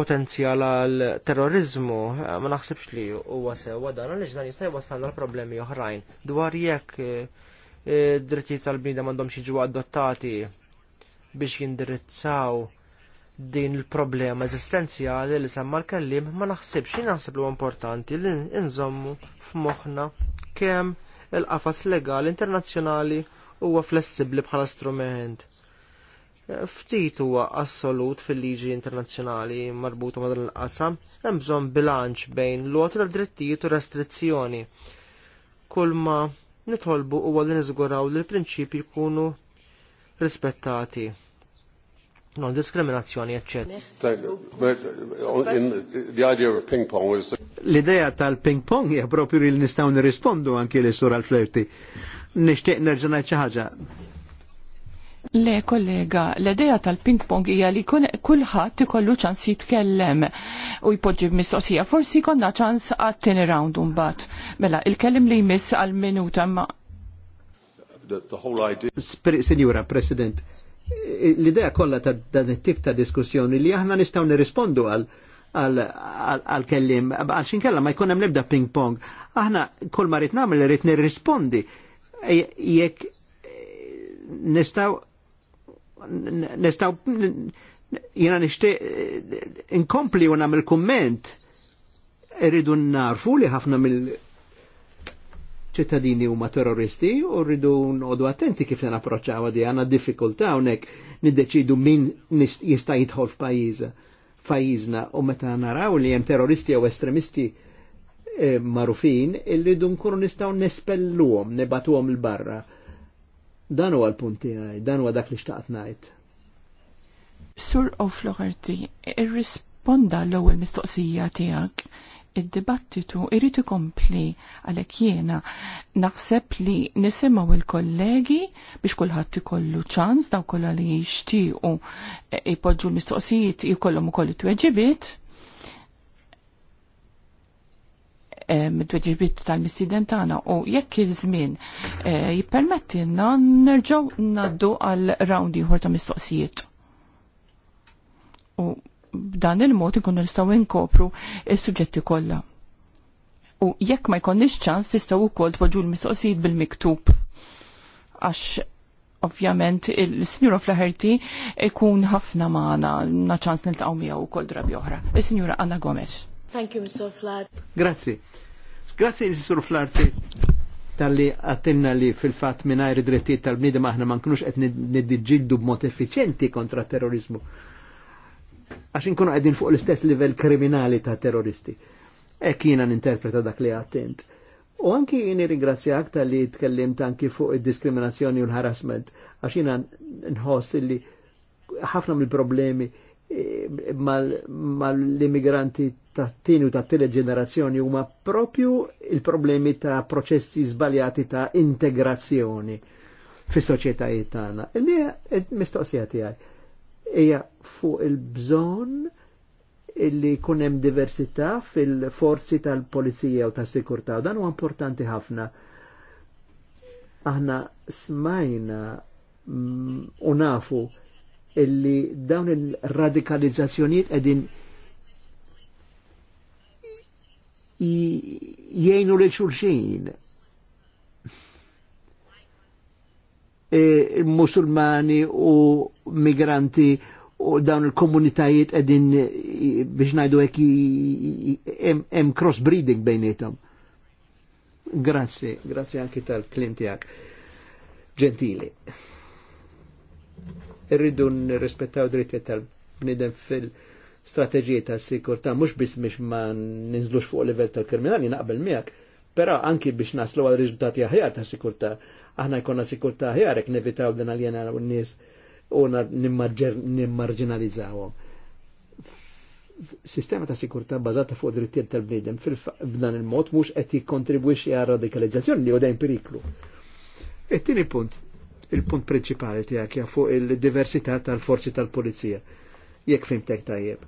potenzjal għal terrorizmu, eh, ma naħsibx li huwa għasew dan għaliex dan jista' jwassalna l-problemi oħrajn dwar jekk eh, id-drittijiet e, tal-bnida m'għandhomx jiġu adottati biex jindirizzaw din il-problema eżistenzjali li semma l-kellim ma naħsibx li naħseb li importanti li nżommu f'moħħna kemm il-qafas legali internazzjonali huwa flessibbli bħala strument. Ftit huwa assolut fil-liġi internazzjonali marbuta ma' dan il-qasam, hemm bżonn bilanċ bejn l-għoti tal drittijiet u restrizzjoni. Kull ma' nitolbu huwa li niżguraw li l-prinċipji jkunu rispettati non diskriminazzjoni, ecc. L-idea tal-ping pong hija propju li nistgħu nirrispondu anki li sura l flirti Nishtiq nerġa' ngħid xi ħaġa. Le, kollega, l-ideja tal-ping pong hija li kulħadd ikollu ċans jitkellem u jpoġġi mistoqsija. Forsi konna ċans għat-tieni round mbagħad. Mela, il-kellim li jmiss għal-minuta ma. Sinjura President, l-idea kollha ta' dan it-tip ta' diskussjoni li aħna nistgħu nirrispondu għal għal-kellim, għal xinkella ma jkun hemm nibda ping pong. Aħna kull marit rrid nagħmel rrid nirrispondi e, jekk e, nistgħu nistaw jina nishtiq inkompli u namil komment irridu narfu li ħafna mill ċittadini huma terroristi u rridu noqdu attenti kif se napproċċaw di għandna diffikultà hawnhekk niddeċidu min jista' jidħol f'pajjiża fajizna u meta naraw li hemm terroristi jew estremisti eh, marufin illi dun kunu nistgħu nespelluhom, nebatuhom l-barra Dan huwa l-punti għaj, dan huwa dak li xtaqt ngħid. Sur O'Flaherty, irrisponda l-ewwel mistoqsija tiegħek id-dibattitu irrit ikompli għalhekk jiena naħseb li nisimgħu il-kollegi biex kulħadd ikollu ċans daw kollha li jixtiequ ipoġġu l-mistoqsijiet jkollhom ukoll it-tweġibiet mid-tweġibit tal-missiden tagħna u jekk il-żmien eh, jippermettilna nerġgħu ngħaddu għal round ieħor ta' mistoqsijiet. U b'dan il-mod ikunu nistgħu inkopru s suġġetti kollha. U jekk ma jkollniex ċans tistgħu wkoll tpoġġu l-mistoqsijiet bil-miktub għax ovvjament il-Sinjura Flaherty ikun ħafna maħna na ċans nil-taqaw miegħu kol drabi oħra. Il-Sinjura Anna Gomez. Thank you, Mr. Flart. Grazie. Grazie, Mr. Flart, tal-li għatinna li fil-fat minnajri drittijiet tal-bnidem aħna ma nkunux qed niddiġildu b'mod effiċenti kontra terrorizmu. Għax nkunu qegħdin fuq l-istess livell kriminali ta' terroristi. Ek jiena ninterpreta dak li għattint. U anki jini ringrazzjak tal-li tkellimt anki fuq id-diskriminazzjoni u l-harassment, għax jiena nħoss li ħafna mill-problemi mal-immigranti ta' tini u ta' tile ġenerazzjoni huma propju il-problemi ta' proċessi sbagliati ta' integrazzjoni fis soċjetajiet tagħna. Li e e mistoqsija tiegħi hija fuq il-bżonn illi jkun hemm diversità fil-forzi tal-polizija u tas-sikurtà dan huwa importanti ħafna. Aħna smajna mm, u nafu illi dawn il-radikalizzazzjoniet edin jgħinu li xulxin. E, musulmani u migranti u dawn il-komunitajiet edin biex najdu ekki hemm cross-breeding bejnietom. Grazie, grazie anki tal-klim tijak. Gentili irridu nirrispettaw drittijiet tal bnidem fil-strateġiji ta' sikurtà mhux biss biex ma ninżlux fuq livell tal-kriminali naqbel miegħek, però anki biex naslu għal riżultati aħjar ta' sikurtà Aħna jkollna sikurtà aħjar jekk nevitaw din għaljena u n-nies u nimmarġinalizzawhom. Sistema ta' sikurtà bażata fuq drittijiet tal fil f'dan il-mod mhux qed jikkontribwixxi għal radikalizzazzjoni li huwa periklu. It-tieni punt il-punt principali tijak ja fuq il-diversità tal-forzi tal-polizija. Jekk fimtek tajjeb.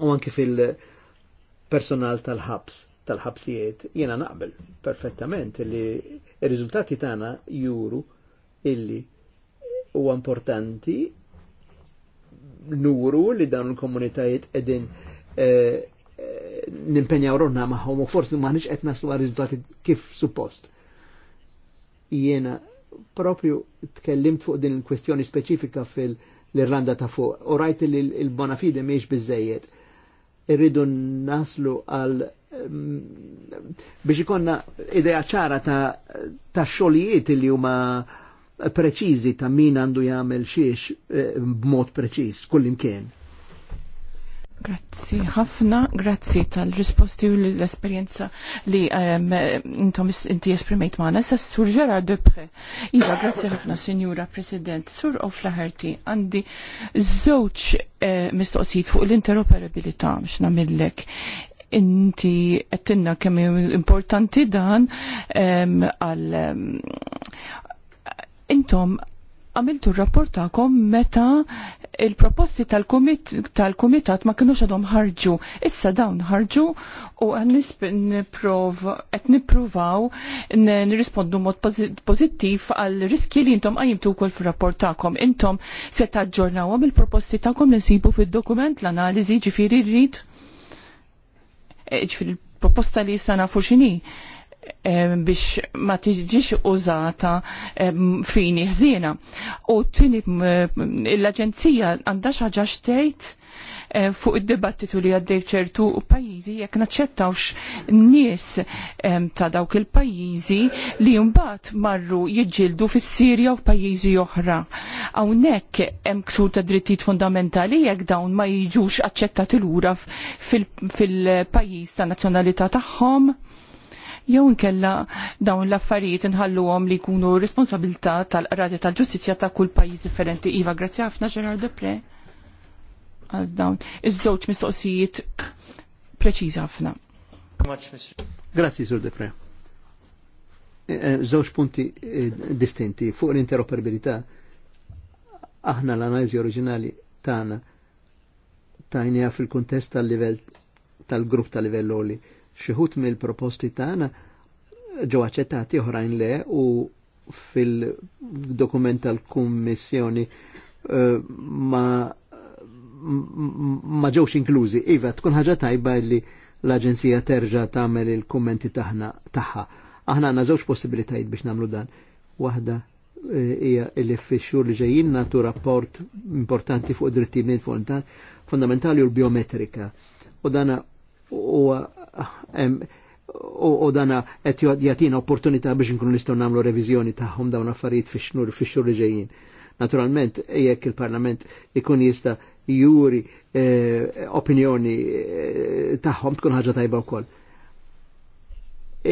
U anki fil-personal tal-ħabs, tal-ħabsijiet, jena naqbel perfettament li il-rizultati tana juru illi u importanti nuru li dawn il-komunitajiet edin eh, eh, nimpenjaw ronna maħom u forsi maħniċ etna naslu għal rizultati kif suppost. Jena propju tkellimt fuq din il-kwestjoni speċifika fil-Irlanda ta' fuq, u rajt li il fide miex bizzejiet. Irridu naslu għal mm, biex ikonna idea ċara ta', ta xolijiet li huma preċizi ta' min għandu jagħmel xiex eh, b'mod preċiż kullimkien. Grazzi ħafna, grazzi tal-risposti u l-esperienza li ehm, intom inti esprimejt maħna. Sa sur Gerard Depre, iva, grazzi ħafna, Signora President, sur u flaħerti, għandi zoċ eh, mistoqsijiet fuq l-interoperabilità, mx namillek inti għettinna kemm importanti dan ehm, għal ehm, intom għamiltu rapportakom meta il-proposti tal-komitat ma kienux għadhom ħarġu. Issa dawn ħarġu u qed nippruvaw nirrispondu mod pożittiv għal riski li intom għajimtu wkoll fir-rapport Intom se taġġornawhom il-proposti tagħkom li nsibu fid-dokument l-analiżi ġifieri rrit e, ġifiri proposta li sana fuxini biex ma tiġix użata fini ħżiena. U tini l-Aġenzija għandha ħaġa xtejt fuq id-dibattitu li għaddej ċertu pajjiżi jekk naċċettawx nies ta' dawk il-pajjiżi li mbagħad marru jġildu fis-Sirja u f'pajjiżi oħra. Hawnhekk hemm ksur ta' drittijiet fundamentali jekk dawn ma jiġux aċċettati lura fil-pajjiż ta' nazzjonalità tagħhom jew nkella dawn l-affarijiet inħalluhom li jkunu responsabilità tal-qrati tal-ġustizzja ta' kull pajjiż differenti. Iva, grazzi ħafna Gerard Depre għal dawn iż-żewġ mistoqsijiet preċiż ħafna. Grazzi, Sur Depre. E, e, żewġ punti e, distinti fuq l-interoperabilità aħna l-analiżi oriġinali tagħna tajnija fil-kontest tal-livell tal-grupp tal-livell li xieħut mill-proposti tagħna ġew aċċettati oħrajn le u fil-dokument tal-Kummissjoni eh, ma ma ġewx inklużi. Iva, tkun ħaġa tajba li l-Aġenzija terġa' tagħmel il-kummenti taħna tagħha. Aħna għandna żewġ possibilitajiet biex nagħmlu dan. Waħda eh, hija li fix-xhur li ġejjin nagħtu rapport importanti fuq drittijiet fundamentali u l-biometrika. U dan huwa u dana qed jagħtina opportunità biex nkunu nistgħu nagħmlu reviżjoni tagħhom dawn affarijiet fix-xnur fix-xhur li ġejjin. Naturalment jekk il-Parlament ikun jista' juri eh, opinjoni eh, tagħhom tkun ħaġa tajba wkoll.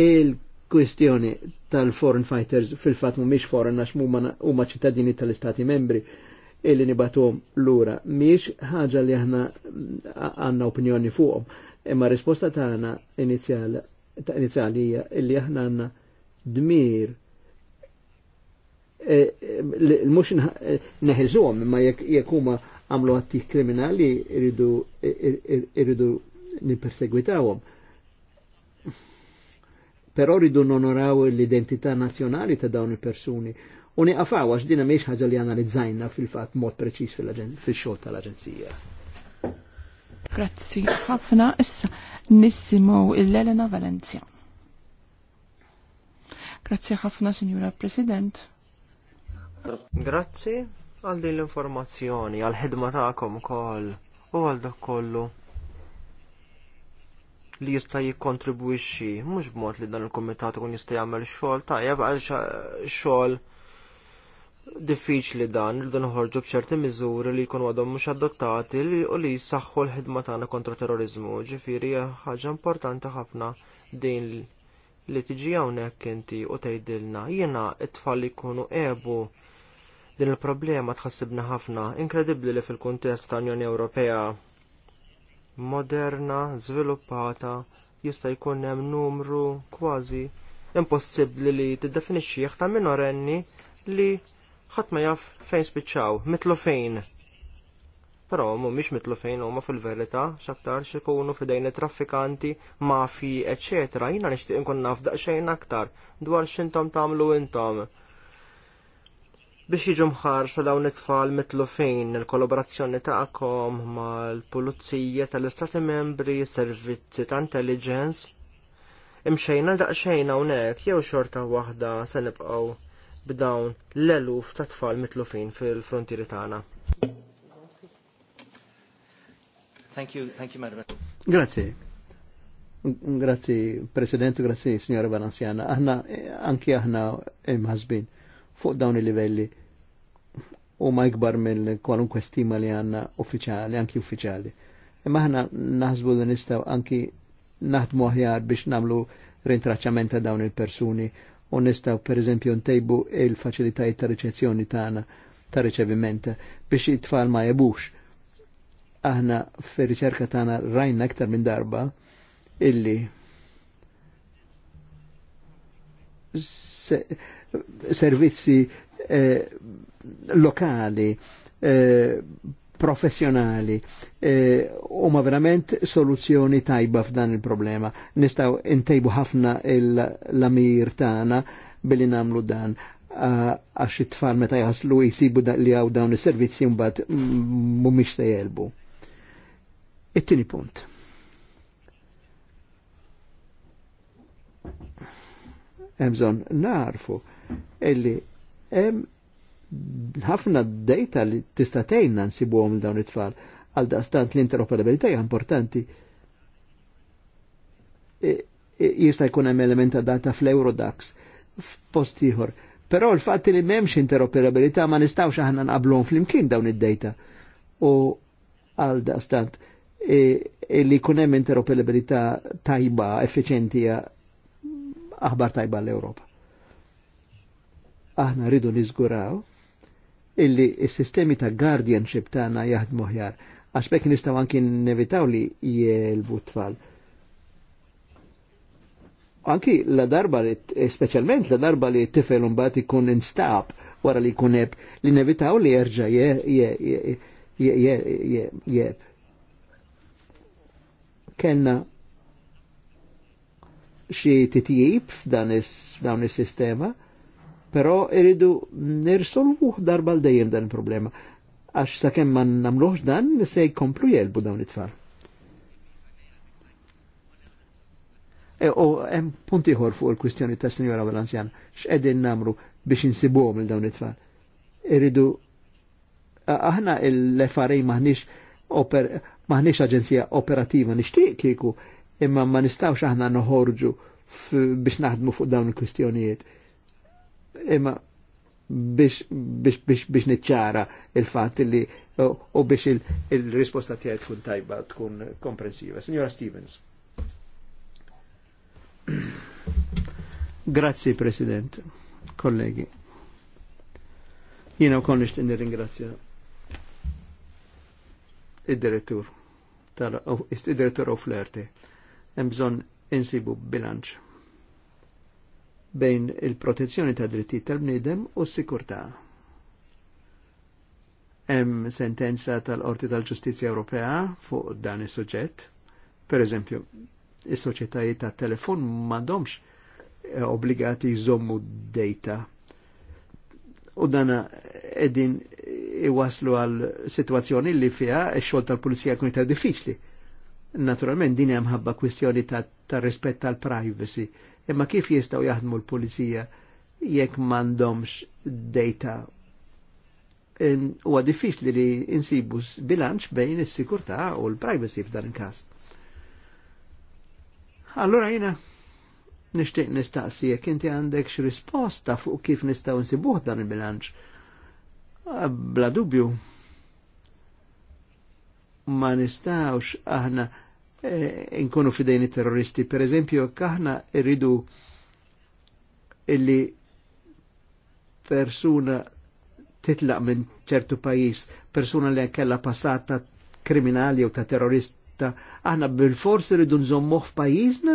Il-kwistjoni tal-foreign fighters fil-fatt mhumiex foreign għax huma ċittadini tal-Istati membri illi nibatuhom lura miex ħaġa li aħna għanna opinjoni fuqhom Imma risposta tagħna ta' inizjali hija illi aħna għandna dmir eh, mhux eh, neħiżuhom imma jekk huma għamlu atti kriminali irridu nipersegwitawhom. Però rridu nonoraw l-identità nazzjonali ta' dawn il-persuni. U niqafaw għax dina miex ħaġa li analizzajna fil-fat mod preċis fil-xogħol tal-Aġenzija. Grazzi ħafna issa nissimaw l elena Valencia. Grazzi ħafna, Signora President. Grazzi għal din l-informazzjoni, għal ħidma tagħkom ukoll u għal dak kollu li jista' jikkontribwixxi mhux b'mod li dan il-kumitat kun jista' jagħmel xogħol tajjeb għal xogħol diffiċli dan li nħorġu b'ċerti miżuri li jkunu għadhom mhux adottati u li jsaħħu l-ħidma tagħna kontra terrorizmu. Ġifieri ħaġa importanti ħafna din li tiġi hawnhekk inti u tgħidilna jiena t-tfal li jkunu ebu din il-problema tħassibna ħafna, inkredibbli li fil-kuntest ta' Unjoni Ewropea moderna, żviluppata, jista' jkun hemm numru kważi impossibbli li tiddefinixxih ta' minorenni li ħadd ma jaf fejn spiċċaw, mitlu fejn. Però mhumiex mitlu fejn huma fil-verità x'aktar ikunu f'idejn traffikanti, mafi, eċetera. Jiena nixtieq inkun naf daqsxejn aktar dwar x'intom tagħmlu intom. Biex jiġu mħarsa dawn it-tfal mitlu fejn il-kollaborazzjoni tagħkom mal-pulizija tal-Istati Membri, servizzi ta' intelligence, imxejna daqsxejn hawnhekk jew xorta waħda se nibqgħu b'dawn l-eluf ta' tfal mitlufin fil-frontieri tagħna. Thank you, thank you, Madam. Grazie. Grazie, Presidente, grazie, Signora Balanzjana. Aħna, anki aħna imħazbin eh, fuq dawn il-livelli u ma jkbar mill kwalunkwe stima li għanna uffiċali, anki uffiċali. Imma aħna naħsbu li nistaw anki naħdmu aħjar biex namlu rintraċċament ta' dawn il-persuni u nistaw per eżempju ntejbu il-faċilitajiet ta' riċezzjoni tagħna ta' riċeviment biex it-tfal ma jebux. Aħna fir-riċerka tagħna rajna aktar minn darba illi servizzi eh, lokali eh, professjonali e, huma ma verament soluzzjoni tajba f'dan il-problema. Nistaw intejbu ħafna l-amir tagħna billi namlu dan għax it-tfal meta jaslu jisibu li għaw dawn is-servizzi mbagħad mhumiex se jelbu. It-tieni punt. Hemm narfu illi hemm ħafna d data li tista' tgħinna nsibuhom il dawn it-tfal għal daqstant l-interoperabilità hija importanti. E, e, jista' jkun hemm element ta' data fl-Eurodax f'post ieħor. Però l-fatt li m'hemmx interoperabilità ma nistgħux aħna nqablhom flimkien dawn id-data. U għal daqstant e, li jkun hemm interoperabilità tajba, effiċenti aħbar tajba l-Ewropa. Aħna rridu niżguraw illi s-sistemi ta' guardianship tagħna jaħdmu ħjar. Għax bekk anki nevitaw li jelbu tfal. Anki la darba li, specialment la darba li tifel mbagħad ikun instab wara li jkun eb, li nevitaw li jerġa' jeb. Kenna xi titijib f'dan is-sistema. Is Però iridu nirsolvuh darba l-dejjem dan il-problema. Għax sakemm ma namluħx dan, se jkomplu jelbu dawn it-tfal. E, u hemm punt ieħor fuq il-kwistjoni ta' l Valenciana, x'qegħdin namru biex insibuhom il dawn it-tfal. Iridu aħna l-FRA maħniex oper maħniex aġenzija operativa nixtieq kieku imma ma nistgħux aħna noħorġu biex naħdmu fuq dawn il-kwistjonijiet imma biex, biex, biex, biex niċċara il-fat li u biex il-risposta il tiegħi tkun tajba, tkun komprensiva. Signora Stevens. Grazzi, President, kollegi. Jiena wkoll nixtieq nirringrazzja id-direttur tal-id-direttur u erti Hemm bżonn insibu bilanċ bejn il-protezzjoni ta' drittijiet tal-bniedem u s-sikurtà. Hemm sentenza tal-Qorti tal-Ġustizzja Ewropea fuq dan is-suġġett. Per eżempju, is-soċjetajiet ta' telefon m'għandhomx eh, obbligati jżommu data. U dana edin iwaslu għal situazzjoni li fiha x-xogħol tal-pulizija jkun ta' diffiċli. Naturalment din hemm ħabba kwistjoni ta', ta rispett tal-privacy Imma kif jistaw jaħdmu l-pulizija jekk mandomx data huwa diffiċli li insibu bilanċ bejn is-sikurtà u l-privacy f'dan il-każ. Allora jiena nixtieq nistaqsi jekk inti għandek xi risposta fuq kif nistgħu nsibuh dan il-bilanċ. Ah, bla dubju ma nistgħux aħna Eh, inkunu fidejn terroristi. Per eżempju, kaħna irridu illi persuna titlaq minn ċertu pajis, persuna li kella passata kriminali u ta' terrorista, aħna bil-forsi rridu nżommuħ f'pajjiżna?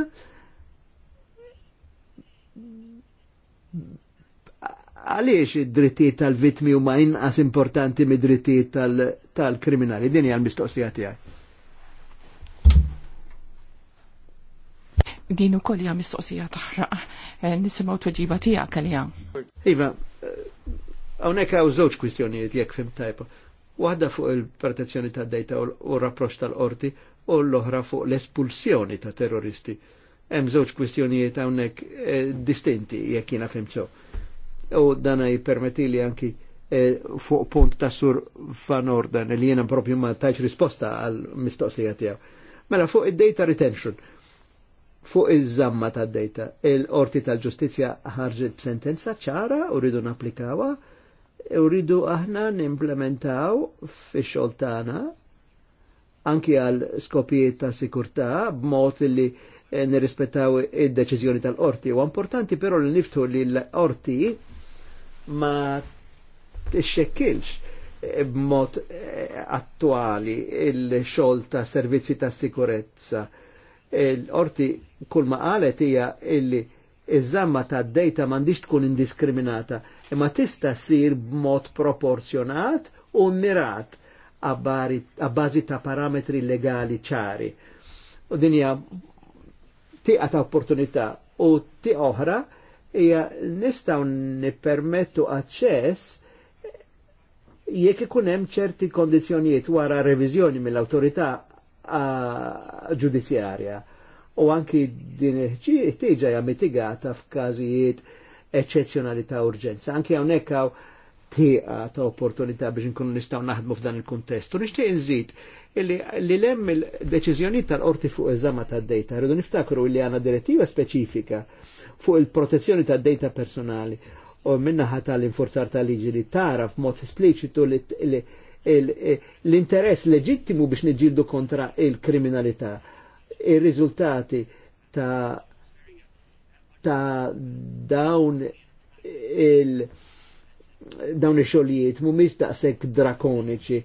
Għaliex id-drittijiet tal-vitmi huma inqas importanti mid-drittijiet tal-kriminali? Din hija l-mistoqsija tiegħi. Din ukoll hija mistoqsija taħraq. Eh, nisimgħu tweġiba tiegħek għalija. Iva, eh, hawnhekk għaw zoċ kwistjonijiet jek fim tajba. Wahda fuq il-protezzjoni ta' dejta u rapprox tal orti u l-oħra fuq l-espulsjoni ta' terroristi. Hemm żewġ kwistjonijiet hawnhekk eh, distinti jek jina fim U dana jipermeti li anki fuq punt ta' sur fan orden li jena propju ma taċ risposta għal mistoqsija tijaw. Mela fuq id-data retention fuq iż-żamma tad-dejta. Il-qorti tal-ġustizja ħarġet b'sentenza ċara u rridu napplikawa u rridu aħna nimplementaw fix-xogħol tagħna anki għal skopijiet ta' sikurtà b'mod li eh, nirrispettaw id-deċiżjoni tal-qorti. U importanti però li niftu li l-qorti ma tixxekkilx eh, b'mod eh, attuali il-xogħol ta' servizzi ta' sikurezza l-orti kull ma qalet hija illi iż-żamma tad dejta m'għandix tkun indiskriminata, imma tista' ssir b'mod proporzjonat u mirat għabbażi ta' parametri legali ċari. U din hija tieqa ta' opportunità u ti oħra hija nistgħu nippermettu aċċess jekk ikun hemm ċerti kondizzjonijiet wara reviżjoni mill-awtorità ġudizzjarja. U anki din il-ħtieġa hija mitigata f'każijiet eċċezzjonali ta' urġenza. Anki hawnhekk hawn tieqa ta' opportunità biex nkunu nistgħu naħdmu f'dan il-kuntest. U nixtieq inżid li lem il-deċiżjoni tal-qorti fuq iż-żama tad-dejta rridu niftakru li għandna direttiva speċifika fuq il-protezzjoni tad data personali u minnaħa tal-infurzar tal-liġi li tara f'mod espliċitu li Eh, l-interess leġittimu biex neġildu kontra il-kriminalità. Il-rizultati ta' ta' dawn il- dawn ix-xogħlijiet ta' sekk drakoniċi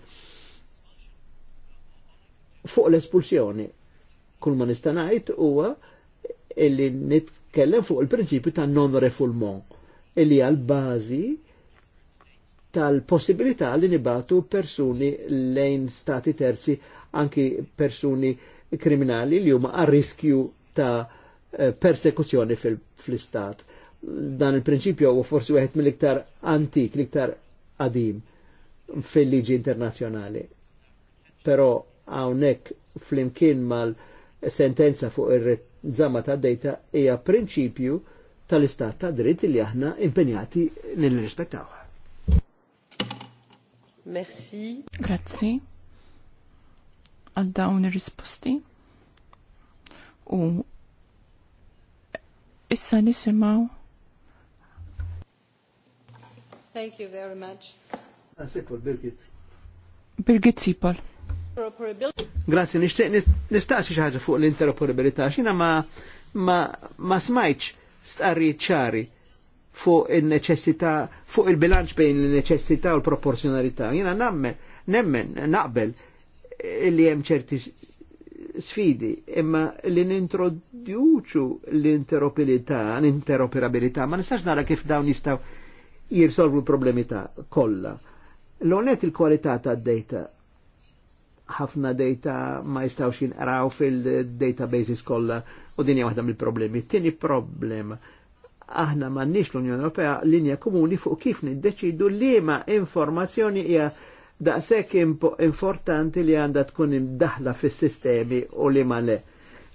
fuq l-espulsjoni. Kull ma nistanajt ngħid huwa illi nitkellem fuq il-prinċipju ta' non refoulement illi għal bazi tal-possibilità li nibatu persuni lejn stati terzi anki persuni kriminali li huma a riskju ta' eh, persekuzzjoni fil-istat. Dan il-prinċipju huwa forsi wieħed mill-iktar antik, l-iktar qadim fil-liġi internazzjonali. Però hawnhekk flimkien mal-sentenza fuq ir-żama ta' dejta hija prinċipju tal-istat ta' dritt li aħna impenjati nil-rispettaw. Merci. Grazie. għal un risposti U issa nisimaw. Thank you very much. Ah, Sipol, Birgit. Birgit Sipol. Grazie, nishtiq nistaqsi xi ħaġa fuq l-interoperabilità. Xina ma ma ma smajtx stqarrijiet ċari fuq il-neċessità, fuq il-bilanċ bejn il-neċessità u l-proporzjonalità. Jena nammen, nemmen, naqbel li hemm ċerti sfidi, imma li nintroduċu l-interoperabilità, l-interoperabilità, ma nistax nara kif dawn jistaw jirsolvu l-problemi ta' kolla. L-onet il-kualità ta' data ħafna data ma jistawx jinqraw fil-databases kollha u dinja waħda mill-problemi. T'ini problema aħna m'għandniex l-Unjoni Ewropea linja komuni fuq kif niddeċidu liema informazzjoni hija daqshekk importanti li għandha tkun imdaħla fis-sistemi u li ma le.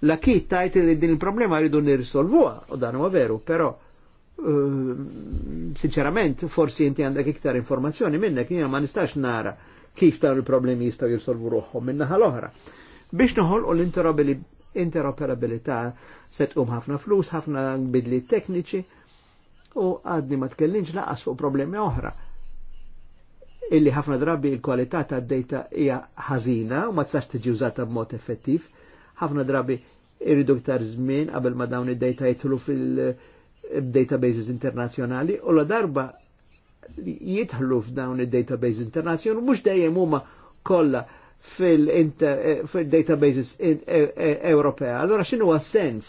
La kit tajt li din il-problema rridu nirrisolvuha u dan huwa veru, però eh, sinċerament forsi inti għandek iktar informazzjoni minnek jiena ma nistax nara kif dawn il-problemi jistgħu jirsolvu ruħhom min-naħa l-oħra. Biex noħolqu l interrobili interoperabilità se tqum ħafna flus, ħafna bidli tekniċi u għadni ma tkellimx laqas fuq problemi oħra illi ħafna drabi il-kwalità tad data hija ħażina u ma tistax tiġi użata b'mod effettiv. Ħafna drabi irridu iktar żmien qabel ma dawn id-data jidħlu fil-databases internazzjonali u la darba jidħlu f'dawn id-databases internazzjonali mhux dejjem huma kollha Eh, fil-databases Europea. Ewropea. Allora xinu għas-sens?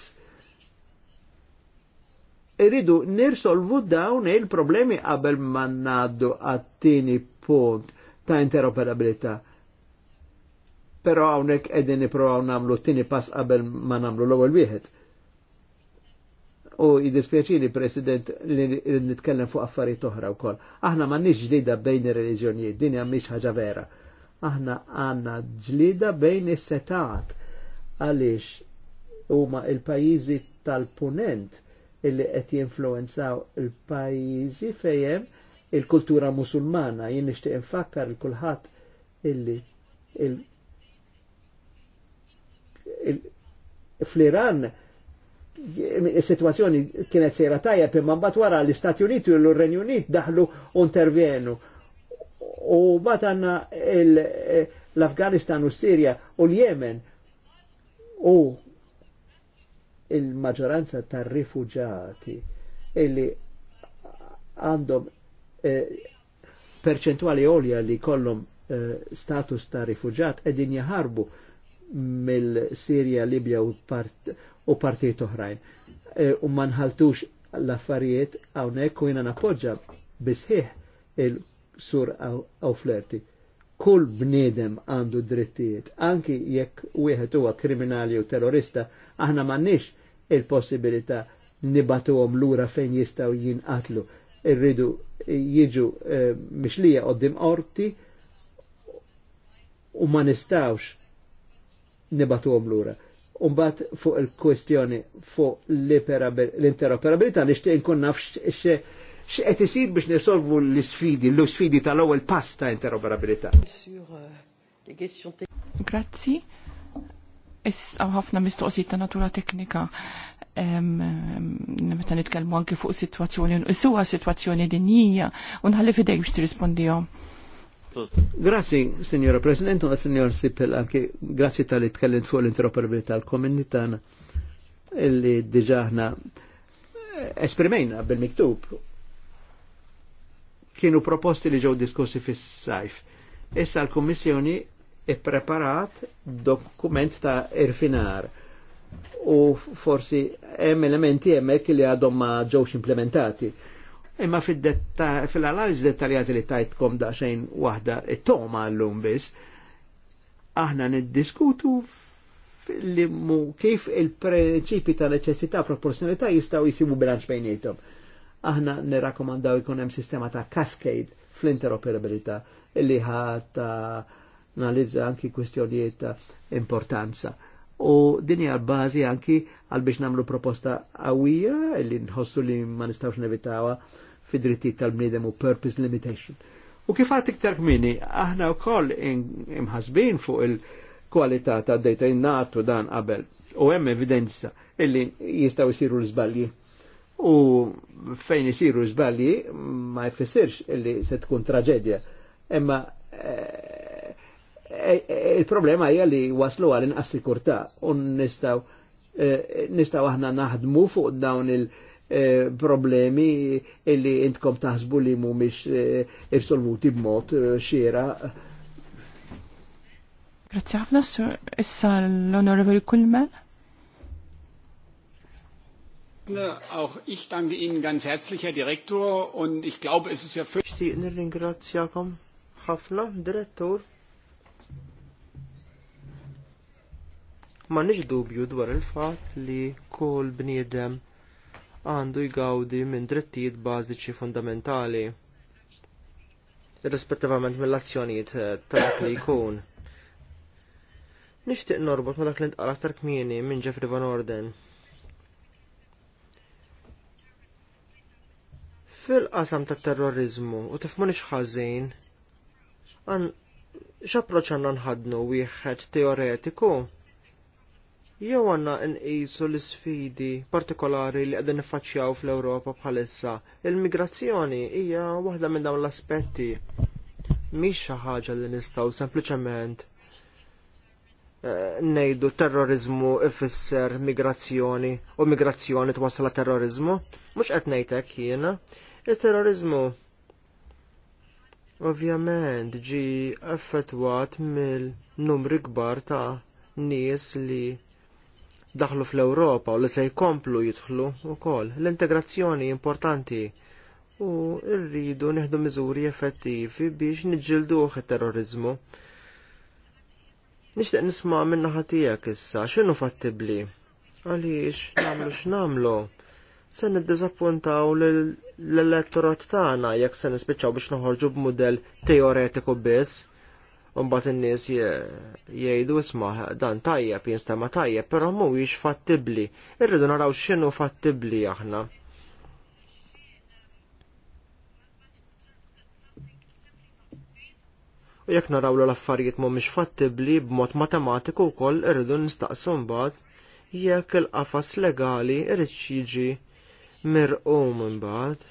Iridu nirsolvu dawn il-problemi qabel ma naddu għattini punt ta' interoperabilità. Pero hawnhekk qegħdin nippruvaw nagħmlu t-tieni pass qabel ma nagħmlu l-ewwel wieħed. U jiddispjaċini President li nitkellem fuq affarijiet oħra wkoll. Aħna m'għandniex ġdida bejn ir-reliġjonijiet, din hija mhix ħaġa vera aħna għanna ġlida bejn is-setat għaliex huma il-pajjiżi tal-punent illi qed jinfluwenzaw il-pajjiżi fejjem il-kultura musulmana jien nixtieq infakkar il kulħadd illi il, il fl-Iran is-sitwazzjoni kienet sejra tajjeb imma mbagħad wara l-Istati Uniti u l-Renju Unit daħlu intervjenu U bat għanna l-Afganistan u Sirja u l-Jemen u il-maġoranza tar rifugjati illi għandhom eh, perċentuali olja li kollom eh, status ta' rifugjat edin jaharbu mill-Sirja, Libja u, partijiet oħrajn. Eh, u manħaltux l-affarijiet għawnek u jina napoġġa bisħiħ il sur għaw flerti. Kull bnedem għandu drittijiet, anki jekk wieħed huwa kriminali u terrorista, aħna m'għandniex il-possibilità nibatuhom lura fejn jistgħu jinqatlu. Irridu eh, jiġu eh, mixlija qoddim qorti u ma nistawx nibatuhom lura. Umbat fuq il-kwestjoni fuq l-interoperabilità nixtieq nkun nafx x'qed isir biex nisolvu l-sfidi, l-sfidi tal-ewwel pasta ta' interoperabilità. Uh, grazzi. Issa ħafna mistoqsijiet ta' natura teknika meta nitkellmu anke fuq sitwazzjoni suwa sitwazzjoni dinjija u nħalli fidejk biex tirrispondihom. Grazzi, Signora President, u Signor Sippel, anke grazzi tal-li tkellimt fuq l-interoperabilità l-komunitana illi diġaħna eh, esprimejna bil-miktub kienu proposti li ġew diskussi fis-sajf. Issa l-Kummissjoni e preparat dokument ta' irfinar u forsi hemm elementi hemmhekk li għadhom ma ġewx implementati. Imma fil-analiżi dettaljati li tajtkom daqsxejn waħda it-toma e llum biss, aħna niddiskutu li kif il-prinċipi ta' neċessità proporzjonalità jistgħu jsibu bilanċ bejniethom aħna nirakomandaw ikun hemm sistema ta' cascade fl-interoperabilità li ħat analizza anki kwestjonijiet ta' importanza. U din hija bażi anki għal biex nagħmlu proposta qawwija li nħossu li ma nistgħux nevitawha fid-drittijiet tal-bniedem u purpose limitation. U kif għat iktar kmini, aħna wkoll imħasbin fuq il-kwalità ta' data innatu dan qabel u hemm evidenza illi jistgħu jsiru l-żbalji u fejn isiru żbalji ma jfissirx illi se tkun traġedja. Imma eh, eh, eh, il-problema hija li waslu għal inqas sikurtà u nistgħu nistgħu aħna naħdmu fuq dawn il-problemi illi intkom taħsbu li mhumiex irsolvuti b'mod xiera. Grazzi ħafna, issa l-Onorevoli Kulmel auch ich danke Ihnen ganz herzlich, Herr Direktor, und ich glaube, es ist ja völlig... nirringrazzjakom ħafna, direttur. Ma nix dubju dwar il-fat li kol bniedem għandu jgawdi minn drittijiet bażiċi fundamentali, Rispettivament mill-azzjonijiet eh, ta' dak li jkun. Nixtieq norbot ma dak li ntqara aktar kmieni minn Jeffrey Van Orden Fil-qasam tat terrorizmu u tifmu ħażin għan x'approċċ għandna nħadnu wieħed teoretiku jew għandna nqisu l-isfidi partikolari li qegħdin niffaċċjaw fl-Ewropa bħalissa. Il-migrazzjoni hija waħda minn dawn l-aspetti mhix xi ħaġa li nistgħu sempliċement eh, nejdu terrorizmu ifisser migrazzjoni u migrazzjoni twassala terrorizmu. Mux qed hekk jiena, Il-terrorizmu ovvjament ġi effettwat mill-numri kbar ta' nies li daħlu fl-Ewropa u li se jkomplu jidħlu wkoll. L-integrazzjoni importanti u rridu nieħdu miżuri effettivi biex niġġilduh it-terrorizmu. Nixtieq nisma' min-naħa tiegħek issa x'inhu fattibbli? Għaliex nagħmlu xnamlu? se niddiżappuntaw lil l-elettorat tagħna jekk se nispiċċaw biex noħorġu b'mudell teoretiku biss. Umbat in-nies jgħidu isma' dan tajjeb jinstema' tajjeb, però mhuwiex fattibbli. Irridu naraw x'inhu fattibbli aħna. u jekk naraw l-affarijiet mhumiex fattibbli b'mod matematiku wkoll irridu nistaqsu mbagħad jekk il-qafas legali irid jiġi mirqum imbagħad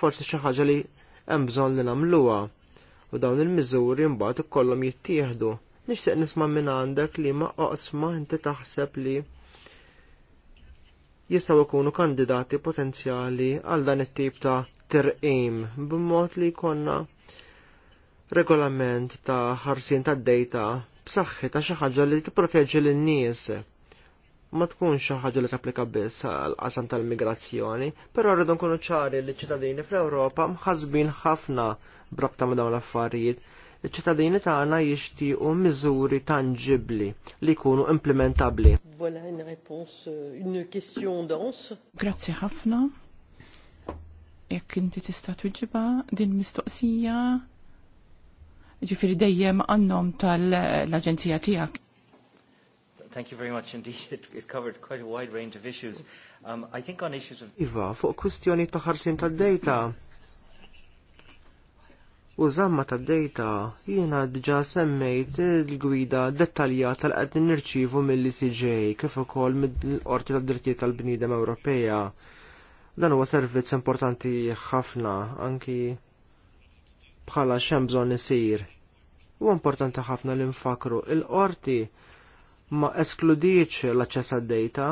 forsi xi ħaġa li hemm bżonn li nagħmluha u dawn il-miżuri mbagħad ikollhom jittieħdu. Nixtieq nisma' minn għandek li ma oqsma inti taħseb li jistgħu jkunu kandidati potenzjali għal dan it-tip ta' tirqim b'mod li jkollna regolament ta' ħarsien tad-dejta b'saħħi ta' xi ħaġa li tipproteġi lin-nies ma tkun xi ħaġa li tapplika biss għal qasam tal-migrazzjoni, però rridu nkunu ċari li ċittadini fl-Ewropa mħasbin ħafna brabta ma' dawn l-affarijiet. Iċ-ċittadini tagħna jixtiequ miżuri tangibbli li jkunu implementabbli. Voilà une réponse, euh, une question dense. Grazzi ħafna. Jekk inti tista' tuġiba din mistoqsija ġifiri dejjem għannom tal-Aġenzija tijak thank you very much indeed. It, it covered quite a wide range of issues. Um, I think on issues of... Iva, fuq kwistjoni ta' ħarsin ta' data. U zamma ta' data jiena diġa semmejt il-gwida dettaljata tal qed nirċivu mill-ICJ kif ukoll mill-Qorti tad-Drittijiet tal-Bniedem Ewropea. Dan huwa servizz importanti ħafna anki bħala xemżon isir. U importanti ħafna li nfakru il-qorti ma eskludiċ l-aċċess għad-data,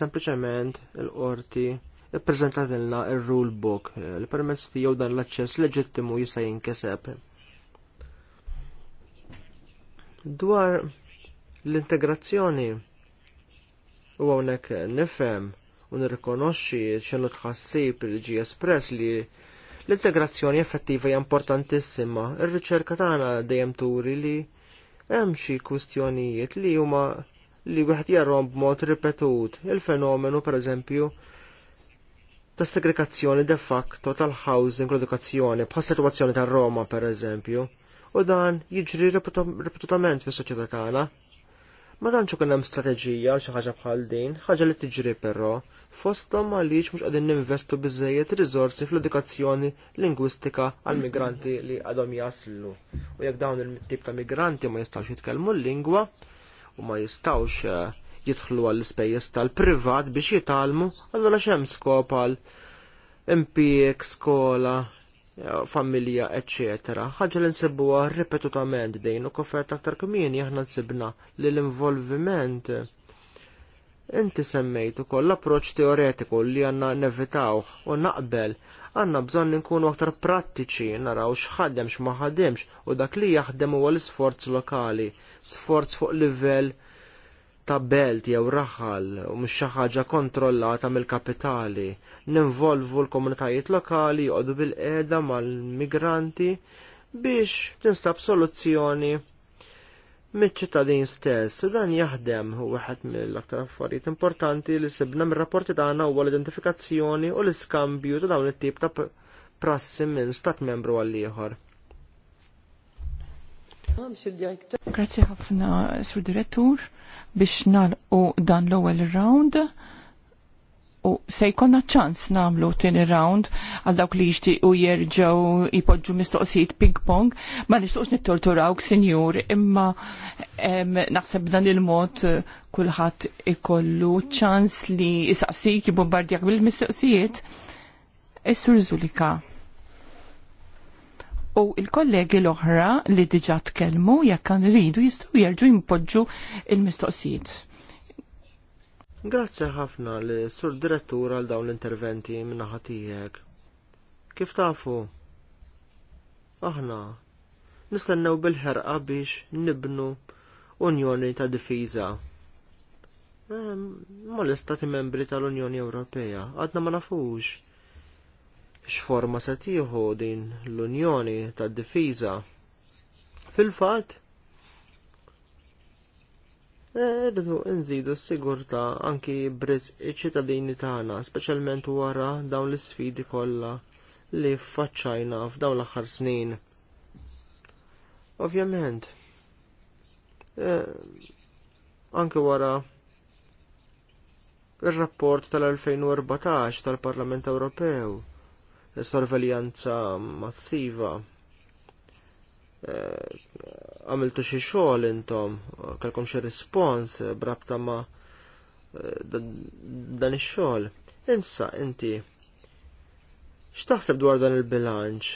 sempliċement il-qorti ippreżentat ilna il-rule book li permezz tiegħu dan l-aċċess leġittimu jista' jinkiseb. Dwar l-integrazzjoni u hawnhekk nifhem u nirrikonoxxi x'inhu tħassib li ġie espress li l-integrazzjoni effettiva hija importantissima. Ir-riċerka tagħna dejjem turi li hemm xi kwistjonijiet li huma li wieħed jarrom b'mod ripetut il-fenomenu pereżempju tas segregazzjoni de facto tal-housing l-edukazzjoni bħas sitwazzjoni tar Roma pereżempju u dan jiġri ripetutament fis-soċjetà tagħna. Ma tantx ikun hemm strateġija xi ħaġa bħal din, ħaġa li tiġri però fostom għaliex mhux qegħdin ninvestu bizzejiet rizorsi fl-edukazzjoni lingwistika għal migranti li għadhom jaslu. U jekk dawn il-tip ta' migranti ma jistawx jitkellmu l-lingwa u ma jistgħux eh, jitħlu għall ispejjeż tal-privat biex jitalmu, allura xem skop għal impjieg, skola, eh, familja, etc. ħaġa li nsibuha ripetutament dejn u kofert aktar kmini aħna nsibna li l-involviment Inti semmejt ukoll l-approċċ teoretiku li għandna nevitaw u naqbel għandna bżonn nkunu aktar prattiċi naraw x'ħaddem x'ma ħademx u dak li jaħdem huwa l-isforz lokali, sforz fuq livell ta' belt jew raħal u mhux xi ħaġa kontrollata mill-kapitali. Ninvolvu l-komunitajiet lokali joqogħdu bil-qiegħda mal-migranti biex tinstab soluzzjoni miċ-ċittadin stess u dan jaħdem u waħed mill-aktar affarijiet importanti li sibna mir-rapporti tagħna huwa l-identifikazzjoni u l-iskambju ta' dawn it-tip ta' prassi minn stat membru għal ieħor. Grazzi ħafna, Sur Direttur, biex nalqu dan l-ewwel round u se jkollna ċans nagħmlu tieni round għal dawk li jixtiequ jerġgħu jipoġġu mistoqsijiet ping pong, ma nixtuqx k sinjur, imma naħseb dan il-mod eh, kulħadd ikollu ċans li jisaqsik jibombardjak bil-mistoqsijiet. is Zulika. U il-kollegi l-oħra li diġat tkellmu jekk kan ridu jistgħu jerġgħu jimpoġġu il-mistoqsijiet. Grazzi ħafna li sur direttur għal dawn l-interventi minna ħatijek. Kif tafu? Aħna, nistennew bil-ħerqa biex nibnu unjoni ta' difiża ehm, ma l-istati membri tal-Unjoni Ewropea, għadna ma nafux. X'forma se tieħu din l-Unjoni tad-Difiża? Fil-fatt, rridu nżidu s-sigurta anki briz iċ-ċittadini tagħna, speċjalment wara dawn l-isfidi kollha li faċċajna f'dawn l-aħħar snin. Ovvjament, eh, anke wara r rapport tal-2014 tal-Parlament Ewropew, sorveljanza massiva Eh, għamiltu xi xogħol intom, kalkom xi rispons eh, brabta ma eh, dan ix-xogħol. Insa inti x'taħseb dwar dan il-bilanċ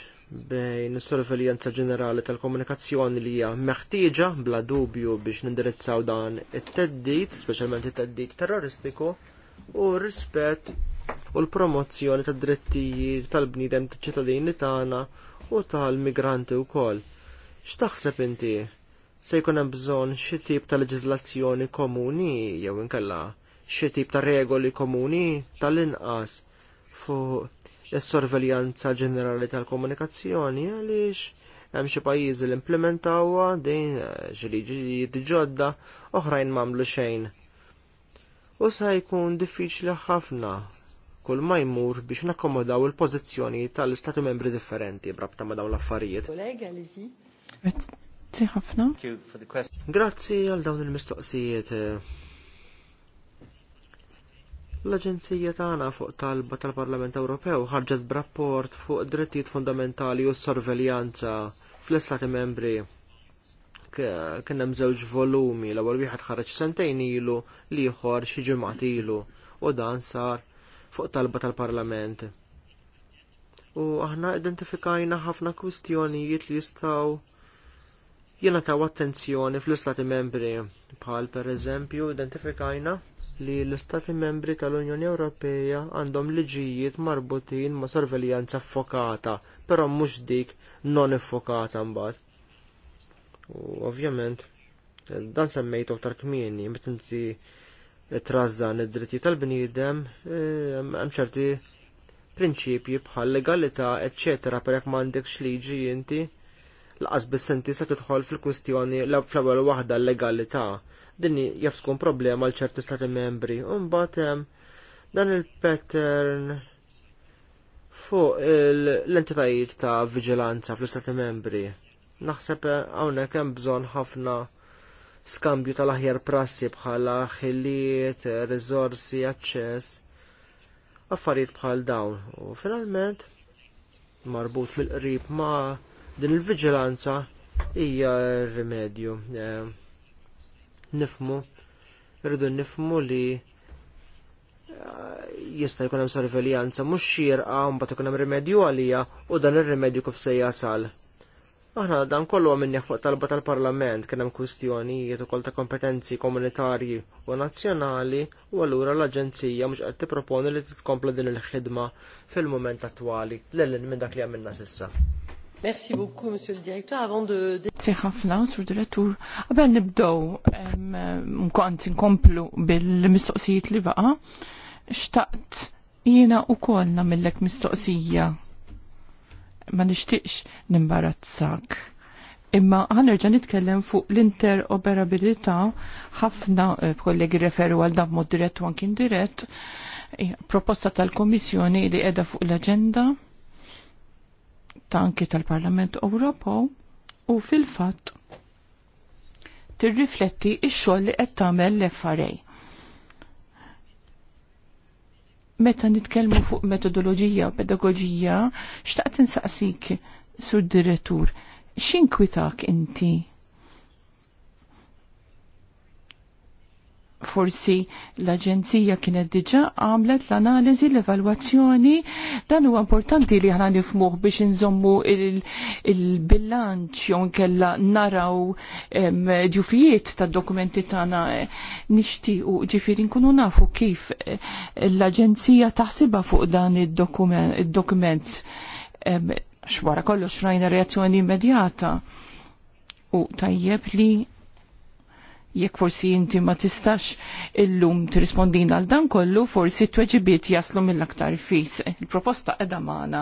bejn is sorveljenza ġenerali tal-komunikazzjoni li hija meħtieġa bla dubju biex nindirizzaw dan it-teddit, speċjalment it-teddit terroristiku, u r-rispett u l-promozzjoni tad-drittijiet tal-bniedem tal-ċittadini tagħna u tal-migranti wkoll X'taħseb inti? Se jkun hemm bżonn xi tip ta' leġiżlazzjoni komuni jew inkella xi tip ta' regoli komuni tal-inqas fuq is-sorveljanza ġenerali tal-komunikazzjoni għaliex hemm xi pajjiżi li implementawha din xi liġi ġodda oħrajn m'għamlu xejn. U sa jkun diffiċli ħafna kull ma jmur biex nakkomodaw il-pożizzjoni tal-istati membri differenti brabta ma dawn l-affarijiet. Grazie ħafna. Grazzi għal dawn il-mistoqsijiet. L-Aġenzija tagħna fuq talba tal-Parlament Ewropew ħarġet b'rapport fuq drittijiet fundamentali u s-sorveljanza fl-Istati membri kien hemm żewġ volumi, l-ewwel wieħed ħareġ sentejn ilu, l-ieħor xi ġimgħat ilu u dan sar fuq talba tal-Parlament. U aħna identifikajna ħafna kwistjonijiet li jistgħu jena taw attenzjoni fl-istati membri bħal per eżempju identifikajna li l-istati membri tal-Unjoni Ewropea għandhom liġijiet marbutin ma' sorveljanza fokata, però mhux dik non effokata mbagħad. U ovvjament dan semmejtu aktar kmieni meta inti trażan id-dritti tal-bniedem eh, hemm ċerti prinċipji bħal legalità, eċċetera, per jekk m'għandekx liġi inti laqas bis-senti se tidħol fil-kwistjoni fl-ewwel waħda l-legalità. Din jaf tkun problema l ċerti stati membri. u mbagħad hemm dan il-pattern fuq l-entitajiet ta' viġilanza fl-istati membri. Naħseb hawnhekk hemm bżonn ħafna skambju tal-aħjar prassi bħala ħiliet, riżorsi, aċċess, affarijiet bħal dawn. U finalment, marbut mill-qrib ma' Din il-viġilanza hija r-rimedju. Eh, nifmu, rridu nifmu li eh, jista' jkun hemm sorveljanza mhux xierqa mbagħad ikun hemm rimedju għalija u dan ir-rimedju kif se jasal. Aħna dan kollu minni fuq talba tal-Parlament kien hemm kwistjonijiet ukoll ta' kompetenzi komunitarji u nazzjonali u allura l-Aġenzija mhux qed tipproponi li titkompla din il-ħidma fil-mument attwali lil minn dak li għamilna sissa. Merci beaucoup, Monsieur le Directeur. Avant de... ħafna, Sur Direttur. Għabel nibdow, mkont nkomplu bil-mistoqsijiet li baqa, xtaqt jiena u kolna namillek mistoqsija. Ma nishtiqx nimbarazzak. Imma ħanerġa nitkellem fuq l-interoperabilità ħafna eh, kollegi referu għal dan mod dirett u anki indirett eh, proposta tal-Komissjoni li qiegħda fuq l agenda ta' anki tal-Parlament Ewropew u fil-fatt tirrifletti x-xogħol li qed tagħmel l-FRA. Meta nitkellmu fuq metodoloġija u pedagogija, xtaqt insaqsik sur direttur, x'inkwitak inti forsi l-Aġenzija kienet diġa għamlet l-analiżi, l-evalwazzjoni, dan huwa importanti li ħana nifmuħ biex nżommu il-bilanċ il jew nkella naraw ġufijiet tad dokumenti tagħna nixtiequ ġifieri nkunu nafu kif eh, l-Aġenzija taħsiba fuq dan id-dokument xwara kollox rajna reazzjoni immedjata u tajjeb li jekk forsi inti ma tistax illum tirrispondina għal dan kollu, forsi t-tweġibiet jaslu mill-aktar fis. Il-proposta edha maħna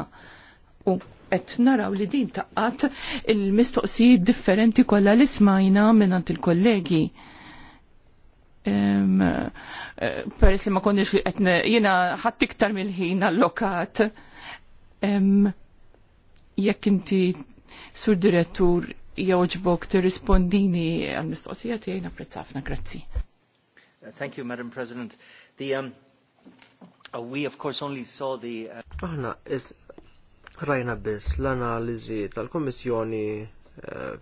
u qed naraw li din taqqat il-mistoqsijiet differenti kollha li smajna minnant il-kollegi. Um, Peress li ma konniex li qed jina ħadd iktar mill-ħin allokat. Um, jekk inti sur direttur joġbok tirrispondini għal-mistoqsija tiegħi ħafna. grazzi. Thank you, Madam President. The, um, uh, we of course only saw the... Uh, Aħna, uh... is rajna biss l-analizi tal-Kommissjoni uh,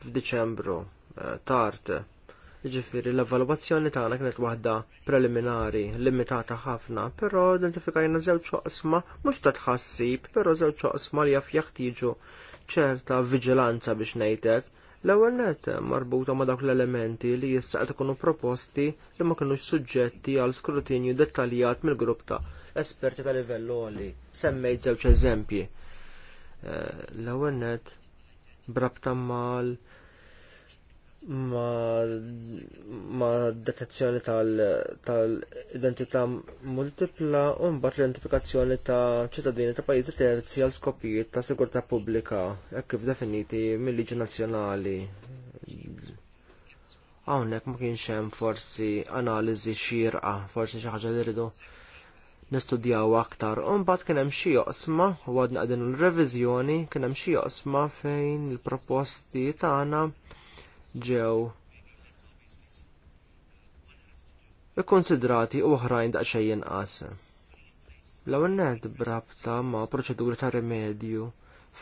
f'Diċembru uh, tard. Ġifiri, l-evalwazzjoni tagħna kienet waħda preliminari, limitata ħafna, però identifikajna żewġ oqsma mhux ta' tħassib, però żewġ oqsma li jaf jaħtiġu ċerta viġilanza biex ngħidlek. L-ewwel nett marbuta ma' dawk l-elementi li jista' qed ikunu proposti li ma kinux suġġetti għal skrutinju dettaljat mill-grupp ta' esperti ta' livell għoli. Semmejt żewġ eżempji. Eh, l-ewwel net brabta mal ma detezzjoni tal-identità multipla u mbagħad l-identifikazzjoni ta' ċittadini ta' pajjiżi terzi għal skopijiet ta' sigurtà pubblika, jekk kif definiti mill-liġi nazzjonali. Hawnhekk ma kienx hemm forsi analiżi xierqa, forsi xi ħaġa li rridu nistudjaw aktar. U mbagħad kien hemm xi joqsma u għadna qegħdin l-reviżjoni kien hemm xi joqsma fejn il-proposti tagħna ġew ikkonsidrati oħrajn daqsxejn qas. L-ewwel ned brabta ma' proċeduri ta' rimedju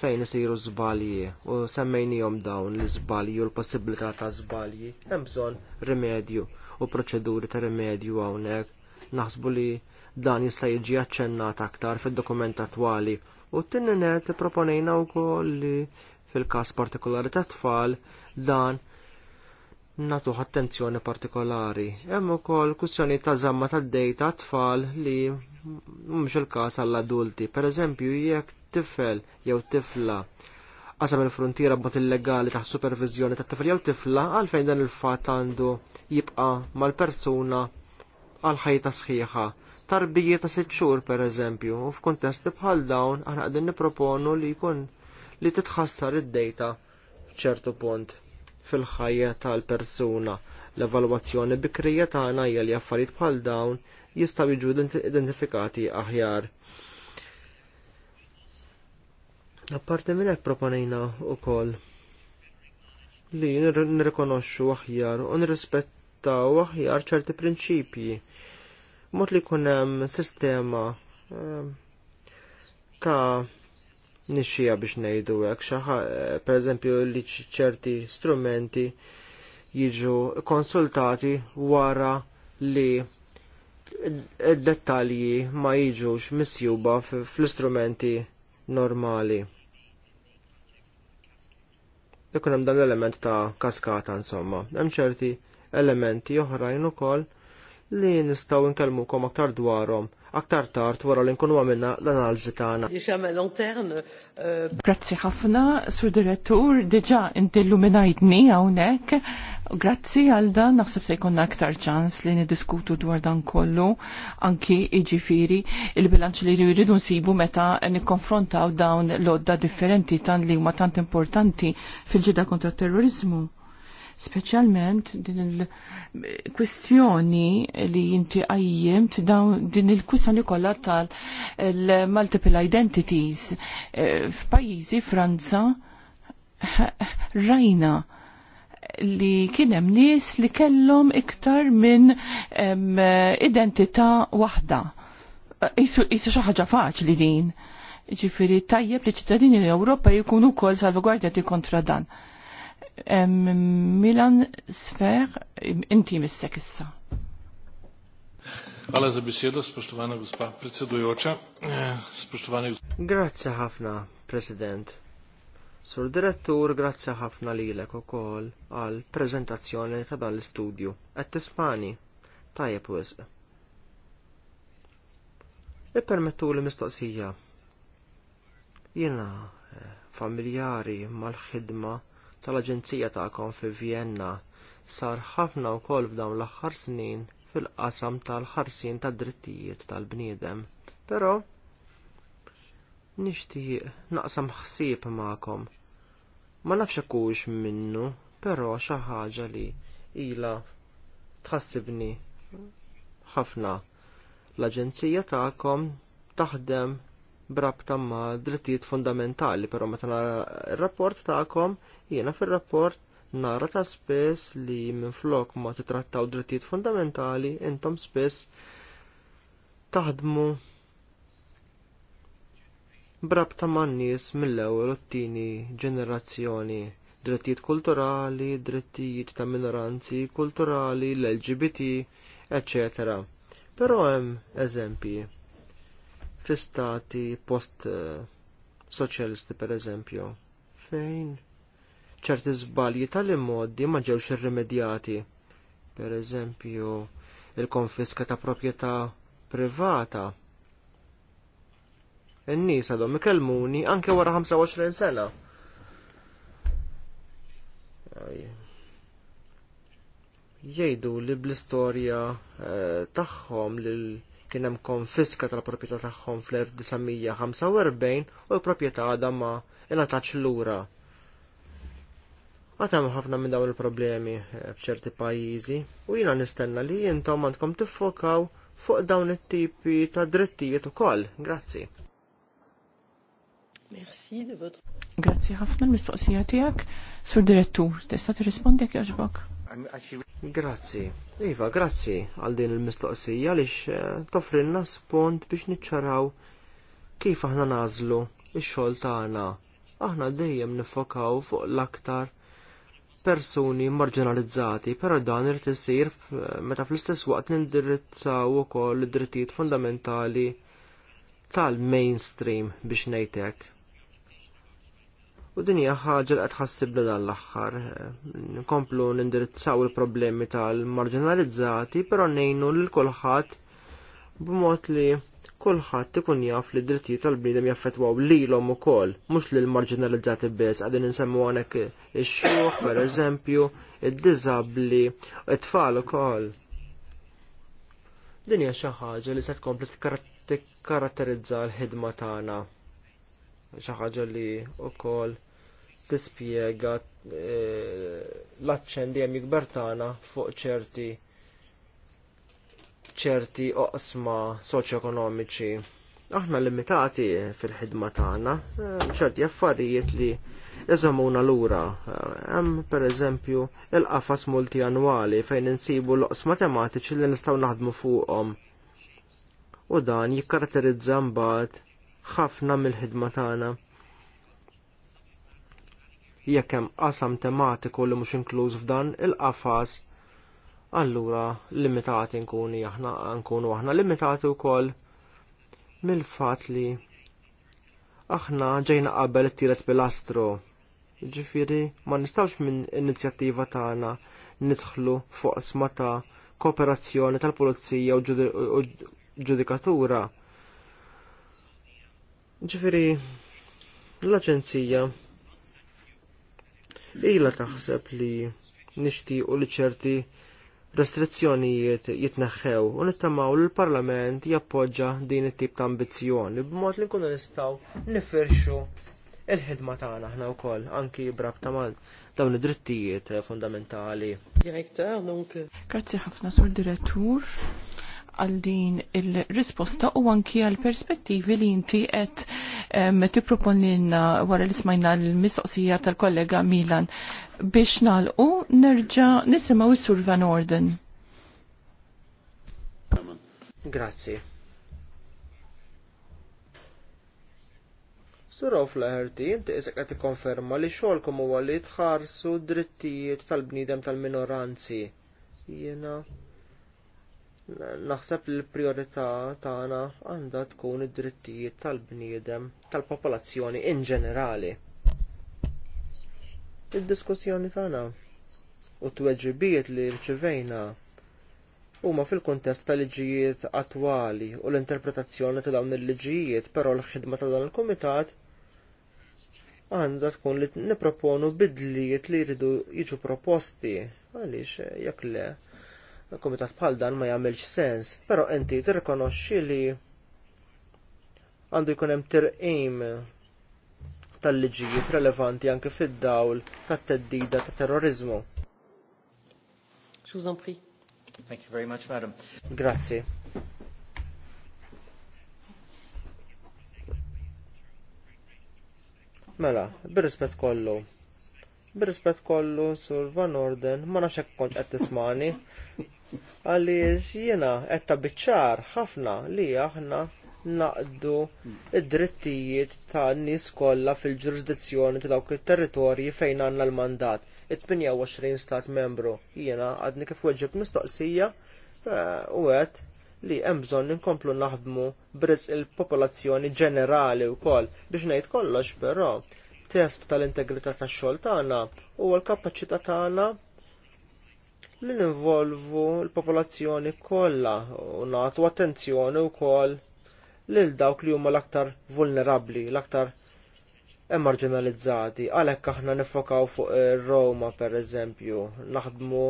fejn isiru żbalji u semmejnihom dawn l-iżbalji u l-possibilità ta' żbalji hemm bżonn rimedju u proċeduri ta' rimedju hawnhekk naħsbu li dan jista' jiġi aċċennat aktar fid-dokument attwali u t-tinninet proponejna wkoll li fil każ partikolari ta' tfal dan natu attenzjoni partikolari. Hemm ukoll kwistjoni ta' żamma tad-dejta tfal li mhumiex il-każ għall-adulti. Pereżempju jekk tifel jew tifla qasam il-frontiera b'mod illegali taħt supervizjoni ta' tifel jew tifla għalfejn dan il-fatt għandu jibqa' mal-persuna għal ħajta sħiħa. Tarbijiet ta' sitt xhur pereżempju, u f'kuntesti bħal dawn aħna qegħdin nipproponu li jkun li titħassar id-dejta f'ċertu punt fil-ħajja tal-persuna. L-evalwazzjoni bikrija tagħna hija li affarijiet bħal dawn jistgħu jiġu identifikati aħjar. Apparti minn hekk proponejna wkoll li nirrikonoxxu aħjar u nirrispettaw aħjar ċerti prinċipji. Mod li jkun hemm sistema ehm, ta' nixxija biex ngħidu hekk per pereżempju li ċerti strumenti jiġu konsultati wara li d dettalji ma jiġux misjuba fl-istrumenti normali. Ikun hemm dan l-element ta' kaskata insomma. Hemm ċerti elementi oħrajn ukoll li nistgħu nkellmukom aktar dwarhom aktar tard wara li nkunu għamilna l-analiżi tagħna. Euh, Grazzi ħafna, Sur Direttur, diġà intilluminajtni hawnhekk. Grazzi għal dan, naħseb se jkollna aktar ċans li niddiskutu dwar dan kollu, anki iġifiri il-bilanċ li jridu nsibu meta nikkonfrontaw dawn l-odda differenti tan li huma tant importanti fil-ġida kontra terrorizmu. Speċjalment din il-kwistjoni li jinti għajjem din il-kwistjoni kollha tal-multiple identities. E, f'pajjiżi Franza rajna li kienem nis li kellhom iktar minn identità waħda. E, Isu xi ħaġa faċli din. Ġifiri tajjeb li ċittadini l-Ewropa jkunu wkoll salvagwardjati kontra dan. Milan Sfer, inti missek issa. Hvala za besedo, spoštovana gospa predsedujoča. Eh, spoštovani Grazie ħafna, president. Sur direttur, grazzi ħafna lilek ukoll għal prezentazzjoni ta' dan l-istudju. Qed tismani, tajjeb wisq. Ippermettu li mistoqsija. Jiena eh, familjari mal-ħidma tal-Aġenzija tagħkom fi Vienna sar ħafna wkoll f'dawn l-aħħar snin fil-qasam tal-ħarsien tad-drittijiet tal-bniedem. Però nixtieq naqsam ħsieb magħkom. Ma nafx kux minnu, però xi ħaġa li ilha tħassibni ħafna. L-Aġenzija tagħkom taħdem brabta ma' drittijiet fundamentali, però meta tana r-rapport tagħkom, jiena fir-rapport nara ta' spess li minflok ma titrattaw drittijiet fundamentali intom spess taħdmu brabta man nies mill-ewwel u t tini ġenerazzjoni drittijiet kulturali, drittijiet ta' minoranzi kulturali, l-LGBT, eccetera, Però hemm eżempji fl-istati post eh, soċjalisti pereżempju, fejn ċerti żbalji tal-immoddi ma ġewx irrimedjati. pereżempju il-konfiska ta' proprjetà privata. In-nies għadhom ikellmuni anke wara 25 sena. Jgħidu li bl-istorja eh, tagħhom lil kien hemm konfiska tal-proprjetà tagħhom fl-1945 u l-proprjetà għadha ma ingħatax lura. Għad ħafna minn dawn il-problemi eh, f'ċerti pajjiżi u jiena nistenna li intom għandkom tiffokaw fuq dawn it-tipi ta' drittijiet ukoll. Grazzi. Merci de votre. Grazzi ħafna mistoqsija tiegħek, sur direttur, tista' tirrispondi jekk jogħġbok. Grazzi. Iva, grazzi għal din il-mistoqsija lix eh, toffrilna spont biex niċċaraw kif aħna nażlu ix-xogħol tagħna. Aħna dejjem nifokaw fuq l-aktar persuni marginalizzati, però dan irid isir eh, meta fl-istess waqt nindirizzaw ukoll id-drittijiet fundamentali tal-mainstream biex ngħidlek. U din hija ħaġa li qed ħassibna dan l-aħħar. Nkomplu nindirizzaw il-problemi tal-marginalizzati, però ngħinu lil kulħadd b'mod li kulħadd ikun jaf li d-drittijiet tal-bniedem jaffettwaw lilhom ukoll, mhux lil marginalizzati biss qegħdin insemmu hawnhekk ix-xjuħ pereżempju, id-diżabbli, it-tfal ukoll. Din hija xi ħaġa li se tkompli tikkaratterizza l-ħidma tagħna. Xi ħaġa li wkoll tispjega eh, l-aċċen dejjem jikber tagħna fuq ċerti ċerti oqsma soċjoekonomiċi. Aħna limitati fil-ħidma tagħna, eh, ċerti affarijiet li eżamuna lura. Eh, hemm pereżempju il-qafas multianwali fejn insibu l-oqsma tematiċi li nistgħu naħdmu fuqhom. U dan jikkaratterizza mbagħad ħafna mill-ħidma tagħna jekk hemm qasam tematiku li mhux inkluż f'dan il-qafas allura limitati nkunu, aħna nkunu aħna limitati wkoll mill-fatt li aħna ġejna qabel it-tielet pilastru. Ġifieri ma nistgħux minn inizjattiva tagħna nidħlu fuq smata kooperazzjoni tal-pulizija u ġudikatura. Ġifieri l-Aġenzija Lejla taħseb li nixtiequ li ċerti restrizzjonijiet jitneħħew u nittamaw li l-Parlament jappoġġa din it-tip ta' ambizzjoni b'mod li nkunu nistgħu nifirxu il-ħidma tagħna aħna wkoll anki ta' mal dawn id-drittijiet fundamentali. Direktor, Grazzi ħafna sur direttur għal din il-risposta u anki għal perspettivi li inti qed um, tipproponilna wara li smajna l-mistoqsija tal-kollega Milan biex nalqu nerġa' nisimgħu is-Sur Van Orden. Grazzi. Suraw fl-ħerti, inti isek għati konferma li xolkom huwa li tħarsu drittijiet tal-bnidem tal-minoranzi. Jena, Naħseb li l-priorità tagħna għandha tkun id-drittijiet tal-bniedem tal-popolazzjoni in ġenerali. Id-diskussjoni tagħna u t-tweġibiet li rċivejna huma fil-kuntest tal-liġijiet attwali u l-interpretazzjoni ta' dawn il-liġijiet, però l-ħidma ta' dan il-Kumitat għandha tkun li nipproponu bidliet li jridu jiġu proposti għaliex jekk le komitat bħal dan ma jagħmilx sens, però inti tirrikonoxxi li għandu jkun hemm tirqim tal-liġijiet relevanti anke fid-dawl tat-teddida ta' terrorizmu. Thank you very much, madam. Grazzi. Mela, bir-rispett kollu, Bir-rispett kollu sur Van Orden, ma nafx hekk kont qed tismani. Għaliex jiena qed tabbiċċar ħafna li aħna naqdu id-drittijiet ta' nies kollha fil-ġurisdizzjoni ta' dawk it-territorji fejn għandna l-mandat. It-28 stat membru jiena għadni kif weġġib mistoqsija eh, u għed li hemm bżonn inkomplu naħdmu brizz il-popolazzjoni ġenerali wkoll biex ngħid kollox però test tal-integrità tax-xogħol tagħna huwa l-kapaċità tagħna li ninvolvu l-popolazzjoni kollha u nagħtu attenzjoni wkoll lil dawk li huma l-aktar vulnerabbli, l-aktar emarġinalizzati. Għalhekk aħna nifokaw fuq ir-Roma pereżempju, naħdmu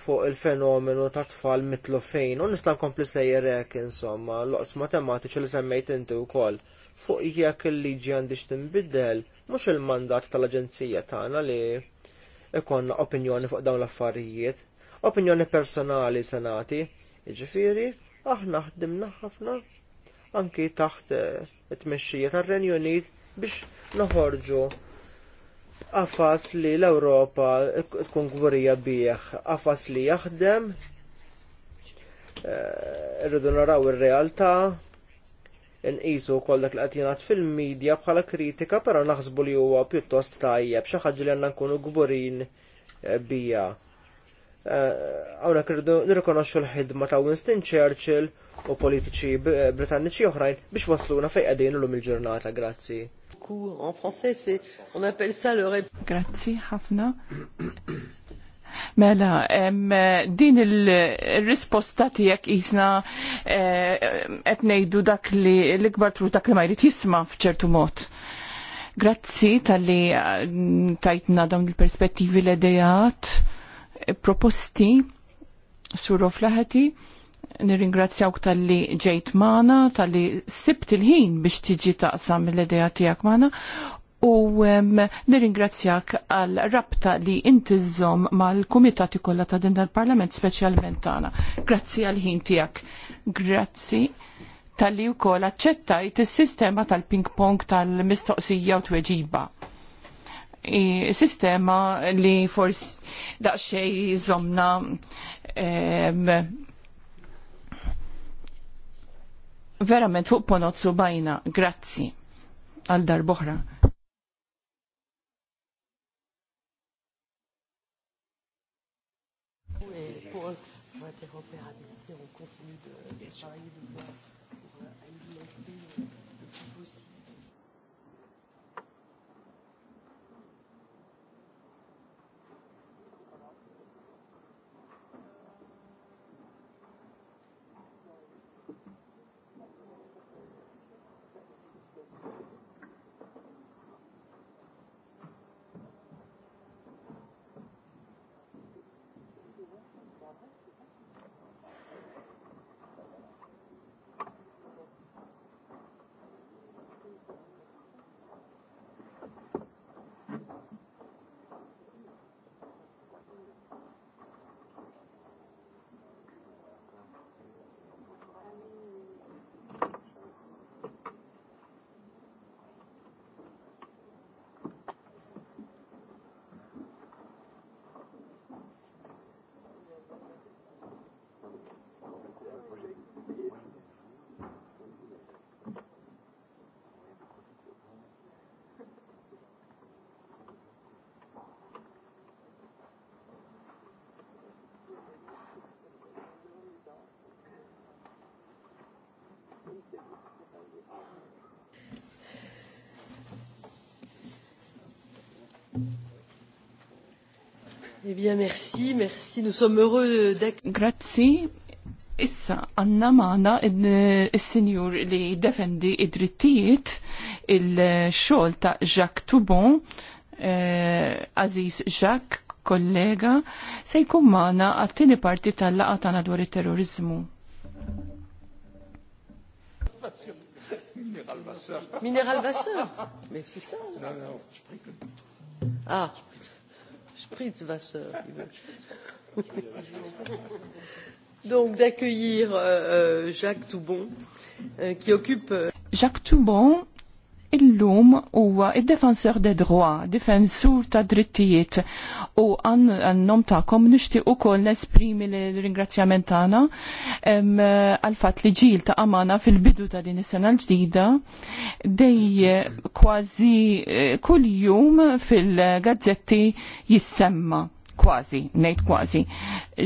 fuq il-fenomenu ta' tfal mitlu fejn, u nista' nkompli sejjer hekk insomma, loqs matematiċi li semmejt inti wkoll fuq jekk il-liġi għandix tinbidel Mhux il-mandat tal-aġenzija tagħna li ikonna opinjoni fuq dawn l-affarijiet, opinjoni personali senati, jiġifieri aħna ħdimna ħafna anki taħt eh, it-tmexxija tar-Renju Unit biex noħorġu qafas li l-Ewropa tkun gburija bih, qafas li jaħdem, eh, Rridu naraw ir-realtà, nqisu wkoll dak li qed jingħad fil-medja bħala kritika, però naħsbu li huwa pjuttost tajjeb xi ħaġa li għandna nkunu gburin eh, bija. Għawna eh, kridu nirrikonoxxu l-ħidma ta' Winston Churchill u politiċi eh, britanniċi oħrajn biex wasluna fejn qegħdin illum il-ġurnata, grazzi Grazzi en français, on appelle ça le Grazie ħafna. Mela, din il-risposta tijek jisna eh, etnejdu dak li l-ikbar tru dak li ma jrid jisma fċertu mod. Grazzi tal-li eh, tajtna dawn il-perspettivi l-edejat, proposti, suru flaħati, nirringrazzjawk tal-li ġejt mana, tal-li sibt il-ħin biex tiġi taqsam l-edejat tijak mana, u nirringrazzjak għal rabta li inti mal-kumitati kollha ta' din tal-Parlament speċjalment tagħna. Grazzi għal ħin tiegħek. Grazzi tal-li wkoll aċċettajt is-sistema tal-ping pong tal-mistoqsija u tweġiba. sistema li forsi daqsxej żomna verament fuq ponozzu bajna. Grazzi għal darboħra. Eh bien, merci, merci. Nous sommes heureux Grazie. Issa, għanna maħna il-senjur li defendi id-drittijiet il-xol ta' Jacques Toubon, eh, Aziz Jacques, kollega, sejkum maħna għattini parti tal-laqa tana dwar il-terrorizmu. Mineral Vasseur. Mineral Vasseur? Mais c'est ça. Non, non, je prie que... Ah. Je prie que... Spritzwasser. Donc d'accueillir euh, euh, Jacques Toubon euh, qui occupe. Euh, Jacques Toubon illum huwa id defensur de droit, difensur ta' drittijiet u għannom nishti u ukoll nesprimi l-ringrazzjament tagħna għal fatt li ġil ta' amana fil-bidu ta' din is-sena l-ġdida dej eh, kważi eh, kull jum fil-gazzetti jissemma kważi, ngħid kważi.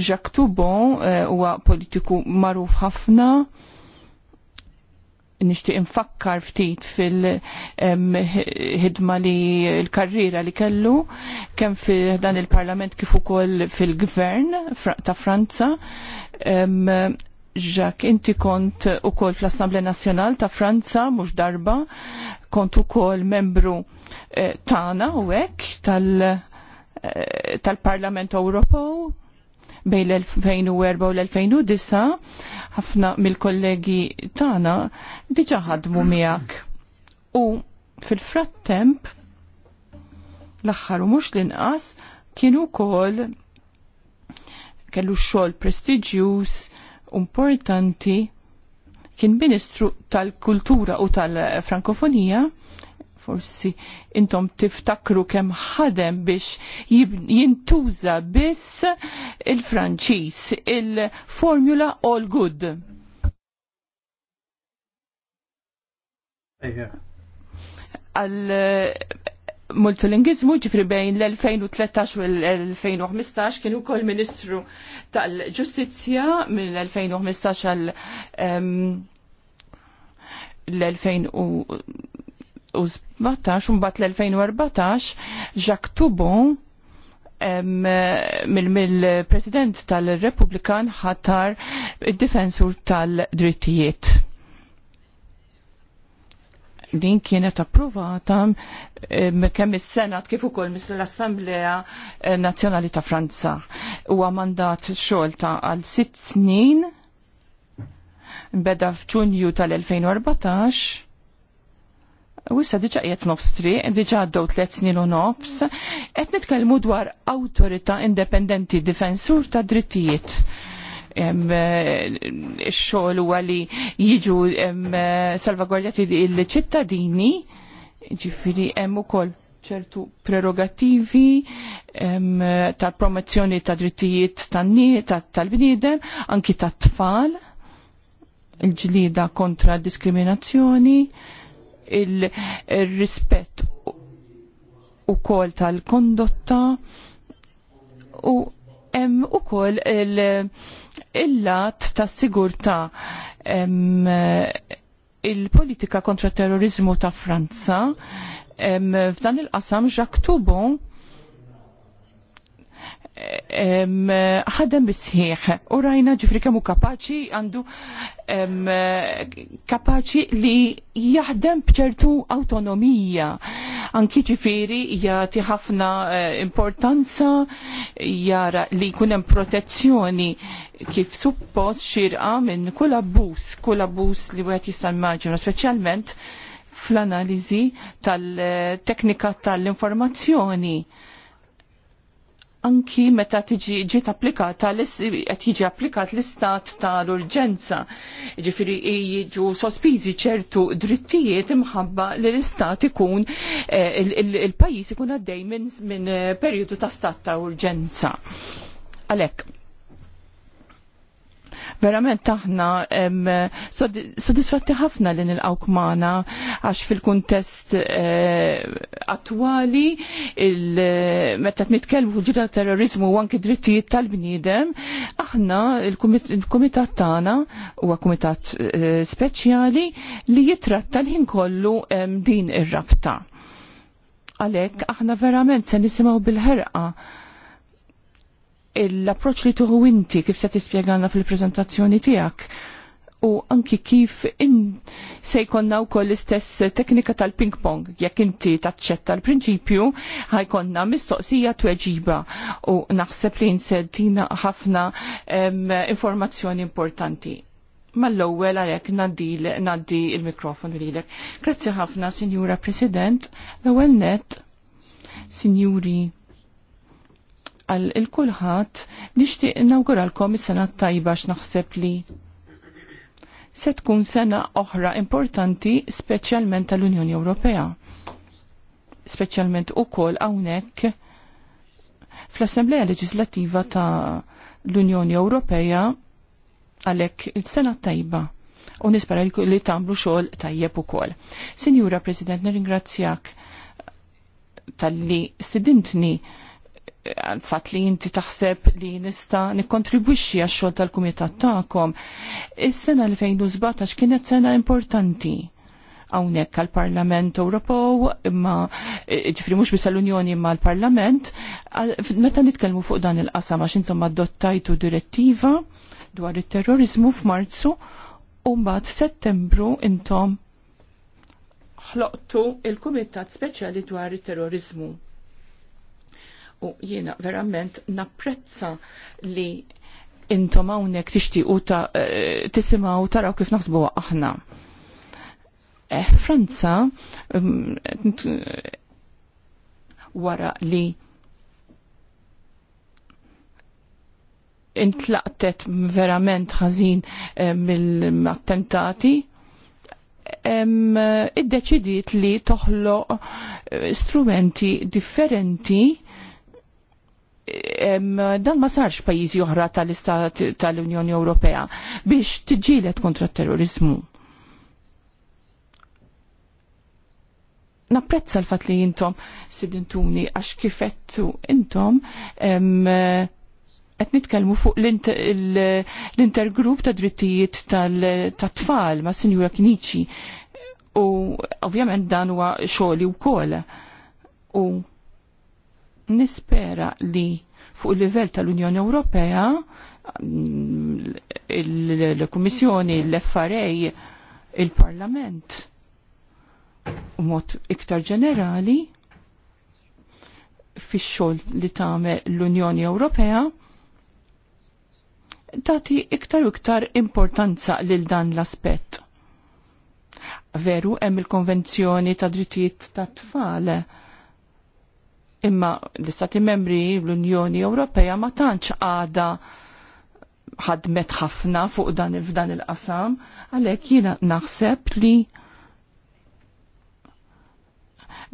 Jacques Toubon eh, huwa politiku magħruf ħafna nishtiq infakkar ftit fil-ħidma li l-karriera li kellu kemm fi dan il-Parlament kif ukoll fil-Gvern ta' Franza. Ġak, inti kont ukoll fl-Assemblea Nazzjonal ta' Franza mhux darba, kont ukoll membru eh, tagħna u hekk eh, tal-Parlament Ewropew Bej l-2004 u l-2009 ħafna mill-kollegi tagħna diġa' ħadmu miegħek. U fil-frattemp l-aħħar u mhux l-inqas kienu wkoll kellu xogħol prestiġjuż importanti kien Ministru tal-Kultura u tal-Frankofonija forsi intom tiftakru kemm ħadem biex jintuża biss il-Franċiż il-formula all good. Għal multilingizmu ġifri bejn l-2013 u l-2015 kienu kol ministru tal-ġustizja mill-2015 għal l 2015 u 17 l-2014 Jacques Toubon mill-President tal-Republikan ħatar id-difensur tal-drittijiet. Din kienet approvata kemm is-Senat kif ukoll mis-Assemblea eh, Nazzjonali ta' Franza. Huwa mandat xolta għal sitt snin beda f'Ġunju tal-2014 U issa diġa qiegħed nofs diġa għaddew tliet snin u nofs, qed nitkellmu dwar awtorità indipendenti difensur ta' drittijiet. Ix-xogħol huwa li jiġu salvagwardjati l-ċittadini, ġifieri hemm ukoll ċertu prerogativi tal promozzjoni ta' drittijiet tal-bniedem, anki tat tfal, il-ġlida kontra diskriminazzjoni, il-rispett u kol tal-kondotta u hemm ukoll il-lat tas sigurtà il-politika kontra terrorizmu ta' Franza f'dan il-qasam Jacques ħadem bisħiħ u rajna ġifri kemmu kapaċi għandu kapaċi li jaħdem bċertu autonomija anki ġifiri jati ħafna eh, importanza jara li kunem protezzjoni kif suppos xirqa minn kull abbuż, kull abbuż li għet jista' maġinu, speċjalment fl-analizi tal-teknika eh, tal-informazzjoni. tal teknika tal informazzjoni anki meta tiġi ġiet applikata qed jiġi applikat l-istat tal-urġenza. Ġifieri jiġu sospiżi ċertu drittijiet imħabba li l-istat ikun eh, il-pajjiż ikun għaddej minn eh, perjodu ta' stat ta' urġenza. Għalhekk Verament aħna sodisfatti ħafna li nilqawk kmana għax fil-kuntest eh, attwali meta nitkellmu ġira terrorizmu u anki drittijiet tal-bniedem, aħna il-kumitat tagħna huwa kumitat eh, speċjali li jitratta l-ħin kollu din ir-rabta. Għalhekk aħna verament se nisimgħu bil-ħerqa l-approċ li tuħu inti kif se tispjegana fil-prezentazzjoni tijak u anki kif in se jkonna u koll l-istess teknika tal-ping pong. Jekk inti taċċetta l-prinċipju, ħajkonna mistoqsija tweġiba u naħseb li insedina ħafna informazzjoni importanti. Mal-ewwel għalhekk ngħaddi il mikrofon lilek. Grazzi ħafna, Sinjura President. L-ewwel net, Sinjuri għal il-kulħat nixtieq inauguralkom is-sena tajba x'naħseb li se tkun sena oħra importanti speċjalment tal-Unjoni Ewropea. Speċjalment ukoll hawnhekk fl-Assembleja Leġislattiva ta' l-Unjoni Ewropea għalhekk il-sena tajba u nispera li tagħmlu xogħol tajjeb ukoll. Sinjura President, nirringrazzjak tal-li sidintni għal-fat li inti taħseb li nista nikkontribwixxi għax-xogħol tal-kumitat tagħkom. Is-sena 2017 kienet sena importanti hawnhekk għall-Parlament Ewropew imma ġifri mhux biss l-Unjoni imma l-Parlament meta nitkellmu fuq dan il-qasam għax intom adottajtu direttiva dwar it-terrorizmu f'Marzu u mbagħad f'Settembru intom ħloqtu il-Kumitat Speċjali dwar it-Terrorizmu u jiena verament napprezza li intom hawnhekk tixtiequ ta' eh, tisimgħu taraw kif naħsbu aħna. Eh, Franza mm, wara li intlaqtet verament ħażin eh, mill-attentati iddeċidiet li toħloq strumenti differenti dan ma sarx pajjiżi oħra tal-Istat tal-Unjoni Ewropea biex tiġġielet kontra t terrorizmu. Napprezza l-fat li jintom sidintuni għax kifettu jintom qed nitkellmu fuq l-intergrupp ta' drittijiet tat-tfal ma' Sinjura Kinici u ovvjament dan huwa xogħli wkoll. U nispera li fuq il-livell tal-Unjoni Ewropea il-Kummissjoni, l-FRA, il-Parlament u mod iktar ġenerali fix xogħol li tame l-Unjoni Ewropea tagħti iktar u iktar importanza lil dan l-aspett. Veru hemm il-Konvenzjoni ta' Drittijiet tat-Tfal Imma l-Istati Membri l-Unjoni Ewropea ma tantx għada ħadmet ħafna fuq dan f'dan il-qasam, għalhekk jiena naħseb li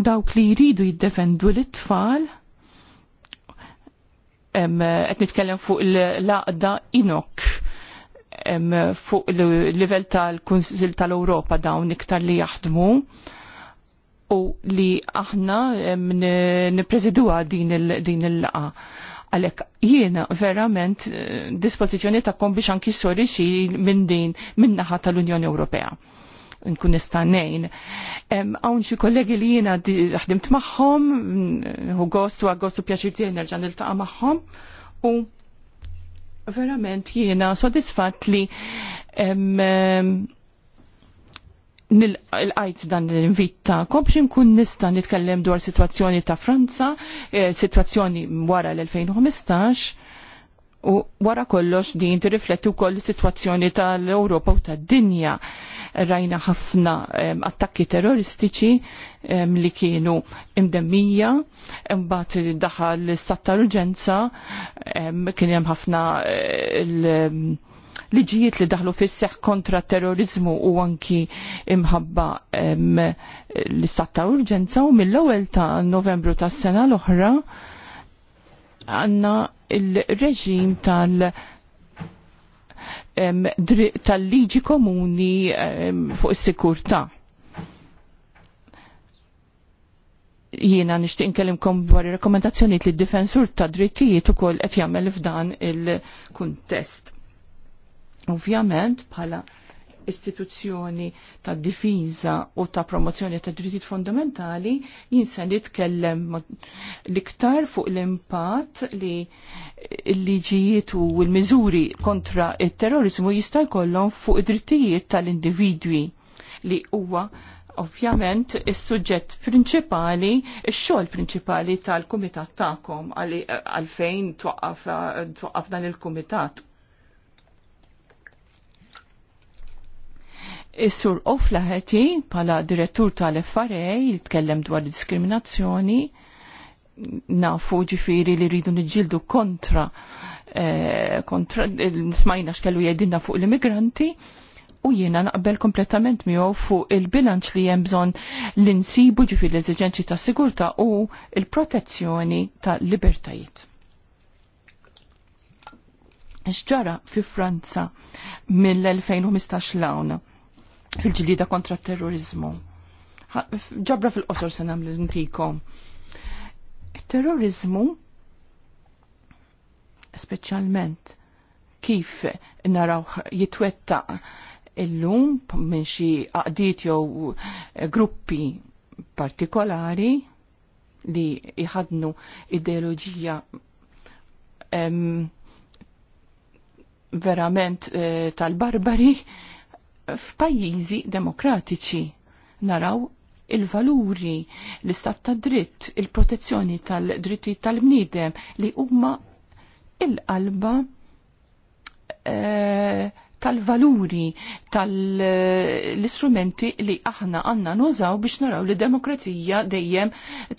dawk li jridu jiddefendu l-tfal qed nitkellem fuq l-laqda inok fuq il-livell tal-Kunsil tal-Ewropa dawn iktar li jaħdmu u li aħna nipreziduha din il-laqa. Għalek jiena verament eh, dispozizjoni ta' kom biex anki sori xi minn din minn naħa tal-Unjoni Ewropea nkun nistannejn. Għawn xi kollegi li jiena ħdimt magħhom, mm, u gost u għagost u pjaċir tiegħi nerġa' niltaqa' magħhom u verament jiena sodisfat li nil-qajt dan l-invit ta' biex nkun nista' nitkellem dwar situazzjoni ta' Franza, e, situazzjoni wara l-2015, u wara kollox din tirrifletti wkoll situazzjoni tal-Ewropa u tad-dinja. Rajna ħafna e, attakki terroristiċi e, li kienu imdemmija, imbat daħal l-istat tal-urġenza, kien hemm ħafna l- liġijiet li daħlu fis seħ kontra terrorizmu u anki imħabba l-istat ta' urġenza u mill-ewwel ta' Novembru tas-sena l-oħra għandna il-reġim tal- tal-liġi komuni fuq is-sikurtà. jiena nixtieq nkellimkom dwar ir-rekomendazzjonijiet li d-difensur ta' drittijiet ukoll qed jagħmel f'dan il-kuntest. Ovvjament, bħala istituzzjoni ta' difiża u ta' promozzjoni ta' drittijiet fondamentali jinsen li tkellem liktar fuq l-impatt li l-liġijiet u l-miżuri kontra il-terrorizmu jista' jkollhom fuq id-drittijiet tal-individwi li huwa ovvjament is-suġġett prinċipali, ix-xogħol prinċipali tal-kumitat tagħkom għalfejn twaqqaf dan il-kumitat Is-sur Oflaħeti pala direttur tal-FRA tkellem dwar diskriminazzjoni nafu ġifiri li rridu nġildu kontra eh, kontra smajna xkellu jedinna fuq l-immigranti u jiena naqbel kompletament miegħu fuq il-bilanċ li hemm bżonn li nsibu ġifir l-eżiġenċi ta' sigurtà u l-protezzjoni ta' libertajiet. X'ġara fi Franza mill-2015 l-hawn il-ġlida kontra terrorizmu. Ġabra fil-qosor se nagħmlu intikom. Terrorizmu speċjalment kif naraw jitwetta illum minn xi qaqdiet jew eh, gruppi partikolari li jħadnu ideoloġija verament eh, tal-barbari f'pajjiżi demokratiċi. Naraw il-valuri, l-istat ta' dritt, il-protezzjoni tal-dritti tal-bniedem li huma il-qalba eh, tal-valuri, tal-istrumenti li aħna għanna nużaw biex naraw li demokrazija dejjem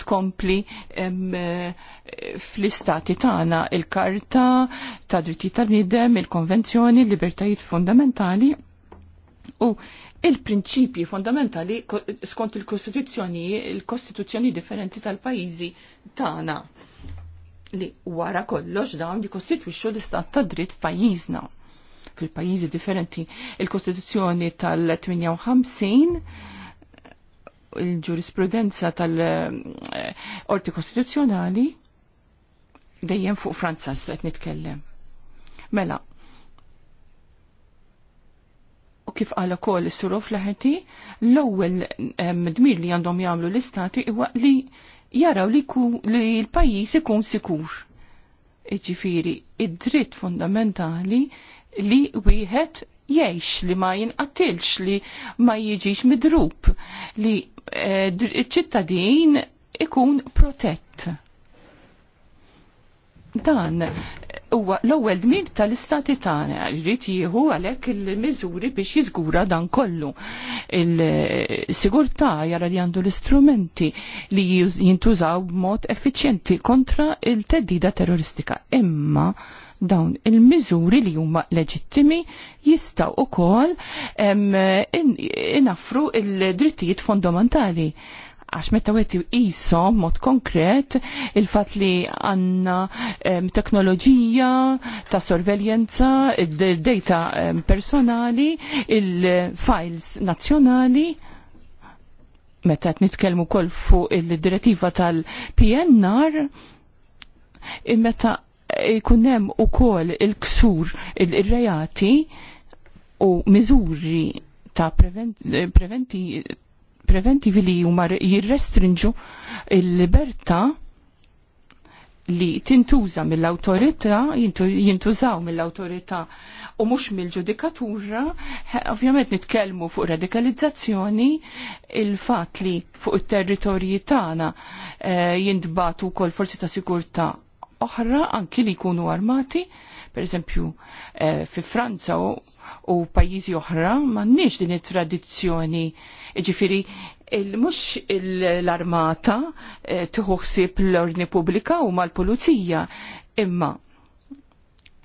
tkompli eh, fl-istati tagħna il-karta ta' dritti tal-bniedem, il-konvenzjoni, l libertajiet fundamentali U il-prinċipji fondamentali skont il-kostituzzjoni, il-kostituzzjoni differenti tal-pajizi tagħna li wara kollox dawn jikostitwixxu l-istat ta' dritt f'pajjiżna. Fil-pajjiżi differenti il-Kostituzzjoni tal-58 il-ġurisprudenza tal-Orti eh, Kostituzzjonali dejjem fuq Franza s nitkellem. Mela, kif għala kol is-suru fl l-ewwel dmir li għandhom jagħmlu l-istati huwa li jaraw li, li l-pajjiż ikun sikur. Iġifiri, id-dritt fundamentali li wieħed jgħix li ma jinqatilx li ma jiġix midrub li eh, ċittadin ikun protett Dan huwa l-ewwel dmir tal-istati tagħna jrid jieħu għalhekk il-miżuri biex jiżgura dan kollu. Il-sigurtà jara li għandu l-istrumenti li jintużaw b'mod effiċjenti kontra il-teddida terroristika. Imma dawn il-miżuri li huma leġittimi jistaw ukoll innafru il-drittijiet fondamentali għax meta għetti jisom mod konkret il-fat li għanna um, teknoloġija ta' sorveljenza, data um, personali, il-files nazjonali, meta nitkelmu kol fuq il-direttiva tal-PNR, meta jkunem u kol il-ksur il-rejati u miżuri ta' preventi, preventi preventivi li huma jirrestrinġu il-libertà li tintuża mill-autorità, jintużaw mill-autorità u mhux mill-ġudikatura, ovvjament nitkellmu fuq radikalizzazzjoni, il-fatt li fuq it-territorji tagħna eh, jintbatu wkoll forsi ta' sigurtà oħra anki li jkunu armati, per eżempju eh, fi Franza u u pajjiżi oħra m'għandniex din it-tradizzjoni. il mhux l-armata eh, tieħu ħsieb l-ordni pubblika u mal-pulizija, imma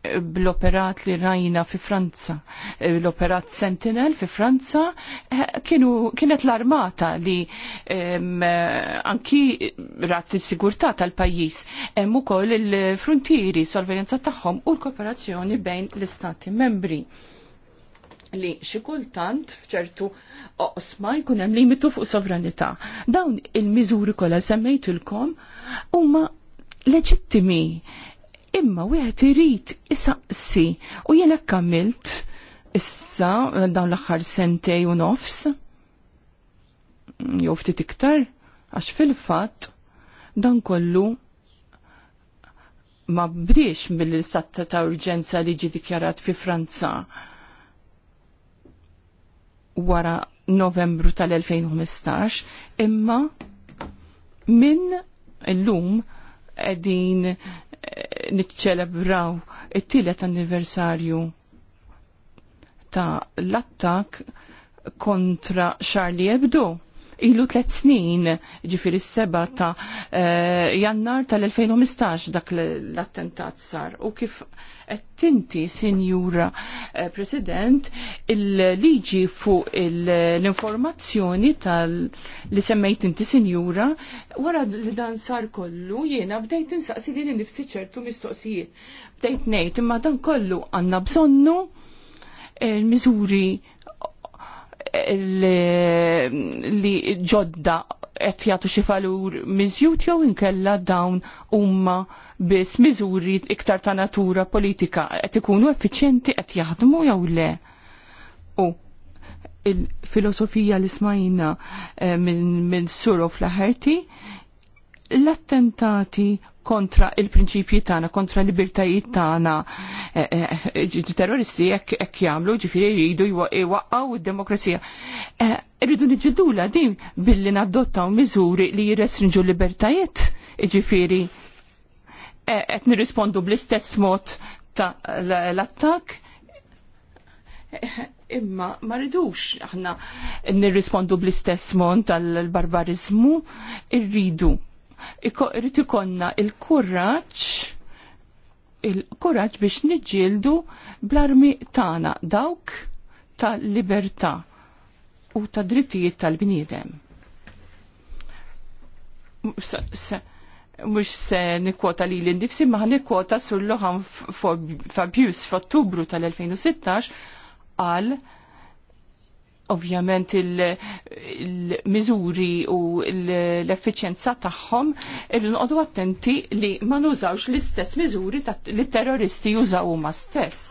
eh, bl-operat li rajna fi Franza, eh, l-operat Sentinel fi Franza, kienu, kienet l-armata li anki rat sigurta sigurtà tal-pajis, hemm ukoll il-frontieri, sorvenenza tagħhom u l-kooperazzjoni bejn l-istati membri li xi kultant fċertu oqsma jkun hemm limitu fuq sovranità. Dawn il-miżuri kollha semmejtilkom huma leġittimi imma wieħed irid isaqsi u jien hekk għamilt issa eh, dawn l-aħħar sentej u nofs mm, jew ftit iktar għax fil-fatt dan kollu ma bdiex mill-istat ta' urġenza li ġi dikjarat fi Franza wara novembru tal-2015 imma minn illum qegħdin eh, niċċelebraw it-tielet anniversarju ta' l-attak kontra Charlie Hebdo ilu tlet snin ġifir is seba ta' eh, jannar tal-2015 dak l-attentat sar. U kif tinti, Sinjura eh, President, il-liġi fuq l-informazzjoni tal- li semmejt inti, Sinjura, wara li dan sar kollu, jiena bdejt insaqsi li nifsi ċertu mistoqsijiet. Bdejt nejt, imma dan kollu għanna bżonnu il-mizuri eh, li ġodda qed jagħtu xi falur miżjud jew inkella dawn huma biss miżuri iktar ta' natura politika qed ikunu effiċjenti qed jaħdmu jew le. U il-filosofija li smajna eh, minn min Suro fl l-attentati kontra il-prinċipji tagħna, kontra l-libertajiet tagħna eh, eh, terroristi jekk jagħmlu ġifieri jridu jwaqgħu id-demokrazija. Irridu eh, niġġidula din billi nadottaw miżuri li jirrestrinġu l-libertajiet ġifieri qed nirrispondu bl-istess mod ta' l-attak. Imma ma rridux aħna nirrispondu bl-istess mod tal-barbarizmu, irridu irrid ikonna il-kuraġġ il-kuraġġ biex niġġieldu bl-armi tagħna dawk tal-libertà u ta' drittijiet tal-bniedem. Mux se nikwota li l-indifsi ma nikwota sulluħan f'abuse f'Ottubru tal-2016 għal ovvjament il-miżuri il u l-effiċjenza tagħhom irrid noqogħdu attenti li ma nużawx l-istess miżuri li terroristi jużaw huma stess.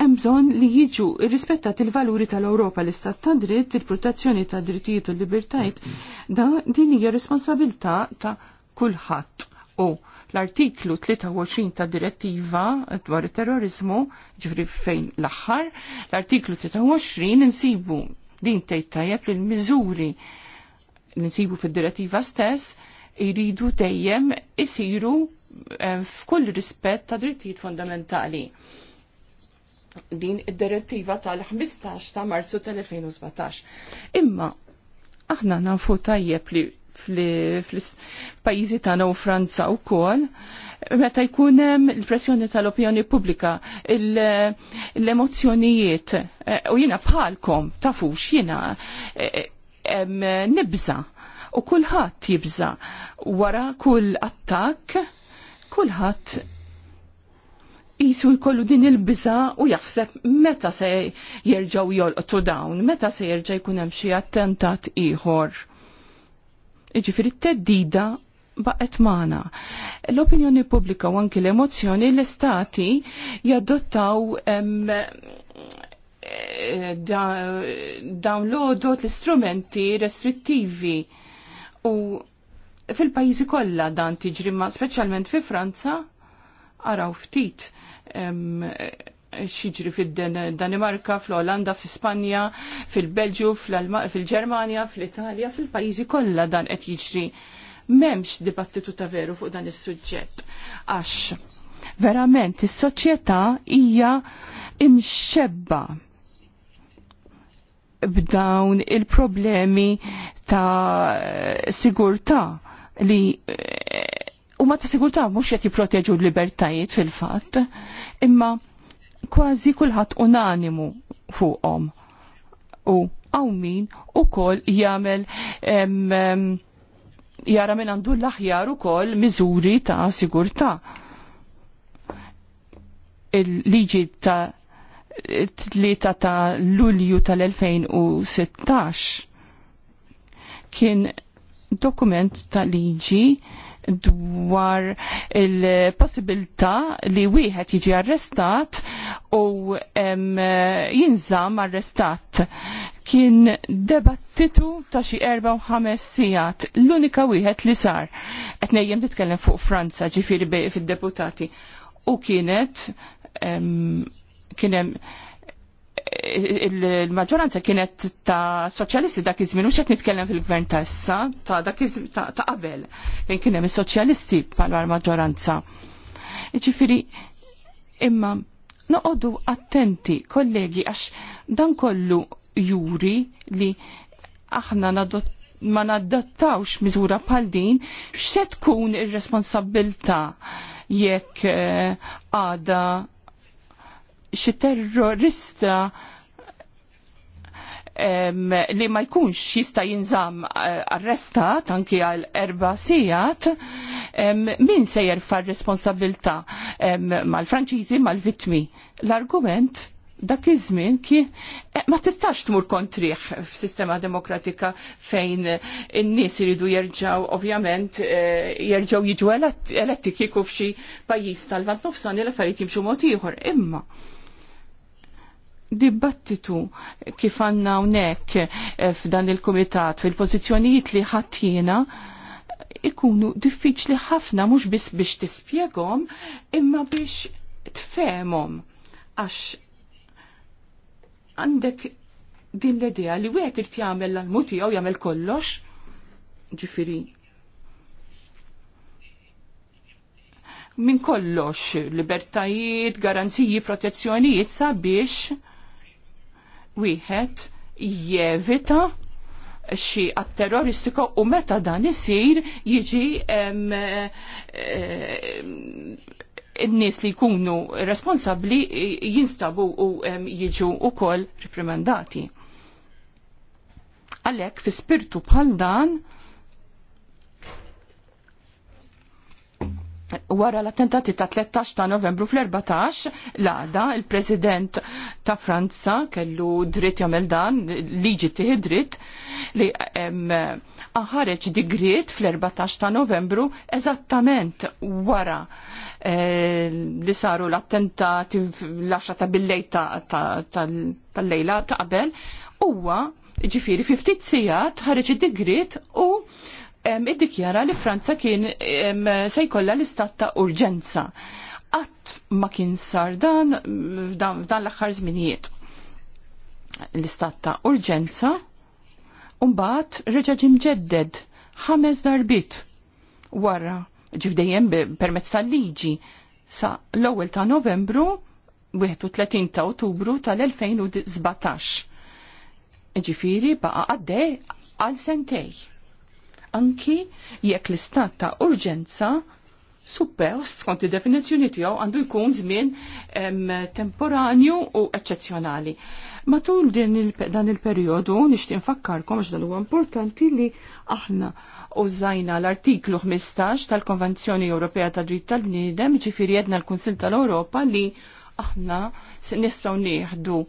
Hemm bżonn li jiġu rispettat il-valuri tal-Ewropa l-istat ta' dritt, il-protezzjoni ta' drittijiet u l-libertajt, da din hija responsabilità ta' kulħadd. U L-artiklu 23 ta' direttiva dwar terrorizmu, ġifri fejn l-axħar, l-artiklu 23 insibu din tgħid tajjeb li l-miżuri li nsibu fid-direttiva stess jridu dejjem isiru eh, f'kull rispett ta' drittijiet fondamentali. Din id-direttiva tal-15 ta' Marzu tal-2017. Imma aħna nafu tajjeb li fl pajizi tagħna u Franza wkoll, meta jkun hemm il-pressjoni tal-opinjoni pubblika, l emozjonijiet eh, u jiena bħalkom, tafux, jiena eh, nibża u kulħadd jibza, wara kull attakk, kulħadd jisu jkollu din il biza u jaħseb meta se jerġgħu jolqtu dawn, meta se jerġa' jkun hemm xi attentat ieħor Iġifiri t-teddida baqet maħna. L-opinjoni pubblika u anki l-emozjoni l-istati jadottaw eh, downloadot l-istrumenti restrittivi u fil-pajizi kollha dan tiġri ma' speċjalment fi Franza araw ftit xiġri fil-Danimarka, fl-Olanda, fil-Spanja, fil-Belġu, fil-Germania, fil-Italja, fil-pajizi kollha dan qed jiġri. Memx dibattitu ta' veru fuq dan is-suġġett. Għax, verament, is-soċjetà hija imxebba b'dawn il-problemi ta' sigurtà li eh, u ma ta' sigurtà mhux qed jipproteġu l-libertajiet fil fatt imma kważi kulħadd unanimu fuqhom. U għaw min ukoll jagħmel jara minn għandu l-aħjar ukoll miżuri ta' sigurtà. Il-liġi ta' tlieta ta' Lulju tal-2016 kien dokument ta' liġi dwar il-possibilità li wieħed jiġi arrestat u jinżam arrestat kien debattitu ta' xi erba' u ħames sigħat l-unika wieħed li sar. Qed nejjem titkellem fuq Franza ġifieri fid-deputati u kienet kien hemm il-maġġoranza kienet ta' soċjalisti dak iż-żmien u xed nitkellem fil-gvern ta' issa ta' dak ta' qabel fejn kien hemm is-soċjalisti bħala l-maġġoranza. Ġifieri imma noqogħdu attenti kollegi għax dan kollu juri li aħna ma nadattawx miżura bħal din, x'se tkun ir responsabbilta jekk eh, għada xi terrorista li ma jkunx jista jinżam eh, arrestat anki għal erba sijat, min se jerfa responsabilta mal-Franċiżi, mal-vitmi. L-argument dak iż-żmien kien eh, ma tistax tmur kontriħ f'sistema demokratika fejn in-nies iridu jerġgħu ovvjament eh, jerġgħu jiġu eletti kieku f'xi pajjiż tal-vant nofsan l affarijiet jimxu mod ieħor. Imma dibattitu kif għanna unnek eh, f'dan il-komitat fil-pozizjonijiet li ħattina ikunu diffiċli ħafna mhux biss biex tispiegom imma biex tfemom għax għandek din l-idea li wieħed irid jagħmel l-almu tiegħu jagħmel kollox ġifieri minn kollox libertajiet, garanziji, protezzjonijiet sabiex wieħed jevita xi għat terroristiku u meta dan isir jiġi n-nies li jkunu responsabbli jinstabu u jiġu wkoll riprimandati. Għalhekk fi spirtu bħal dan Wara l-attentati ta' 13 ta' novembru fl-14, l-għada, il-president ta' Franza kellu dritt jagħmel dan, liġi tiħi dritt, li aħareġ digriet fl-14 ta' novembru eżattament wara eh, li saru l-attentati l-10 ta' billej tal-lejla ta' qabel, huwa ġifiri 50 sijat ħareġ id-digriet u iddikjara li Franza kien se jkollha l-istat ta' urġenza. Qatt ma kien sar dan f'dan l-aħħar żminijiet. L-istat ta' urġenza u mbagħad reġa' ġimġedded ħames darbit wara ġifdejjem permezz tal-liġi sa l-ewwel ta' Novembru 31 ta' Ottubru tal-2017. Ġifiri baqa' għaddej għal sentej anki jekk l-istat ta' urġenza suppost skont id-definizzjoni tiegħu għandu jkun żmien temporanju u eċċezzjonali. Matul dan il-perjodu nixtieq nfakkarkom għax dan huwa importanti li aħna użajna l-artiklu 15 tal-Konvenzjoni Ewropea ta' Dritt tal-Bniedem, ġifieri jedna l-Kunsil tal-Ewropa li aħna nistgħu nieħdu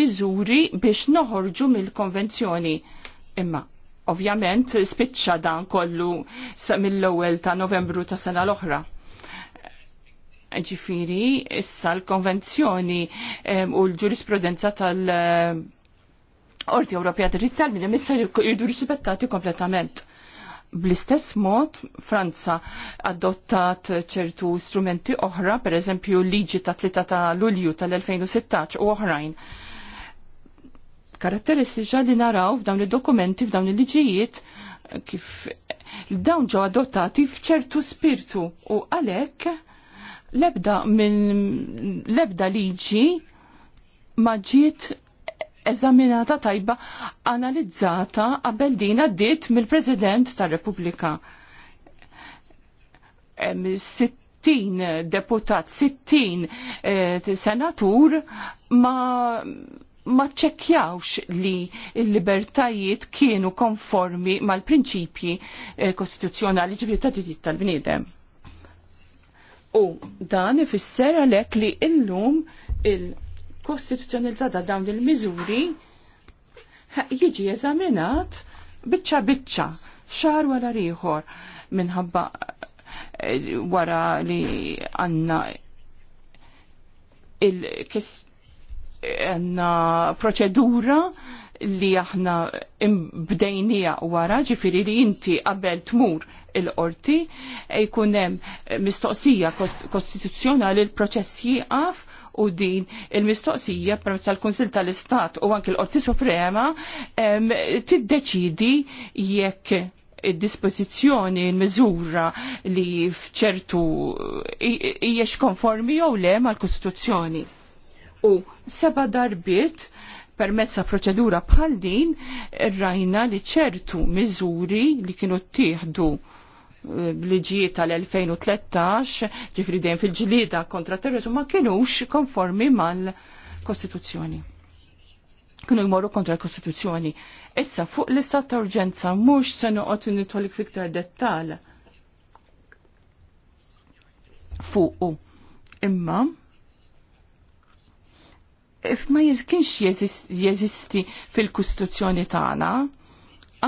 miżuri biex noħorġu mill-konvenzjoni. Imma ovvjament spiċċa dan kollu mill-ewwel ta' Novembru ta' sena l-oħra. Ġifiri, issa l-konvenzjoni u l-ġurisprudenza tal- Orti Ewropea trid tal-min issa jirdu rispettati kompletament. Bl-istess mod, Franza adottat ċertu strumenti oħra, per eżempju liġi ta' 3 ta' Lulju tal-2016 u oħrajn karatteristiġa li naraw f'dawn il-dokumenti, f'dawn il-liġijiet, kif dawn ġo adottati f'ċertu spirtu u għalek lebda minn lebda liġi maġiet eżaminata tajba analizzata qabel din għaddiet mill-President tar-Repubblika. 60 deputat, 60 eh, senatur ma ma ċekjawx li l-libertajiet kienu konformi mal-prinċipji eh, kostituzzjonali ġifri ta' diritt tal-bniedem. U dan ifisser għalhekk li illum il-kostituzzjonalità ta' dawn il-miżuri jiġi eżaminat biċċa biċċa xar wara rieħor minħabba eh, wara li għanna il kist għanna proċedura li aħna imbdejnija wara, ġifiri li inti qabel tmur il-qorti, e jkunem mistoqsija kostituzzjonali l-proċess jieqaf, u din il-mistoqsija permezz l kunsil tal-Istat u anke l-Qorti Suprema tiddeċidi jekk id-dispożizzjoni, il-miżura li fċertu jiex konformi jew le mal-Kostituzzjoni u seba darbiet permezza proċedura bħal din rajna li ċertu miżuri li kienu ttieħdu bliġijiet eh, tal-2013 ġifri dejjem fil-ġlida kontra terrorizmu ma kienux konformi mal-Kostituzzjoni. Kienu jmorru kontra l-Kostituzzjoni. Issa fuq l-istat ta' urġenza mhux se noqgħod nitolik fiktar dettal fuq imma ma jizkinx jeżisti fil-kustituzzjoni tagħna,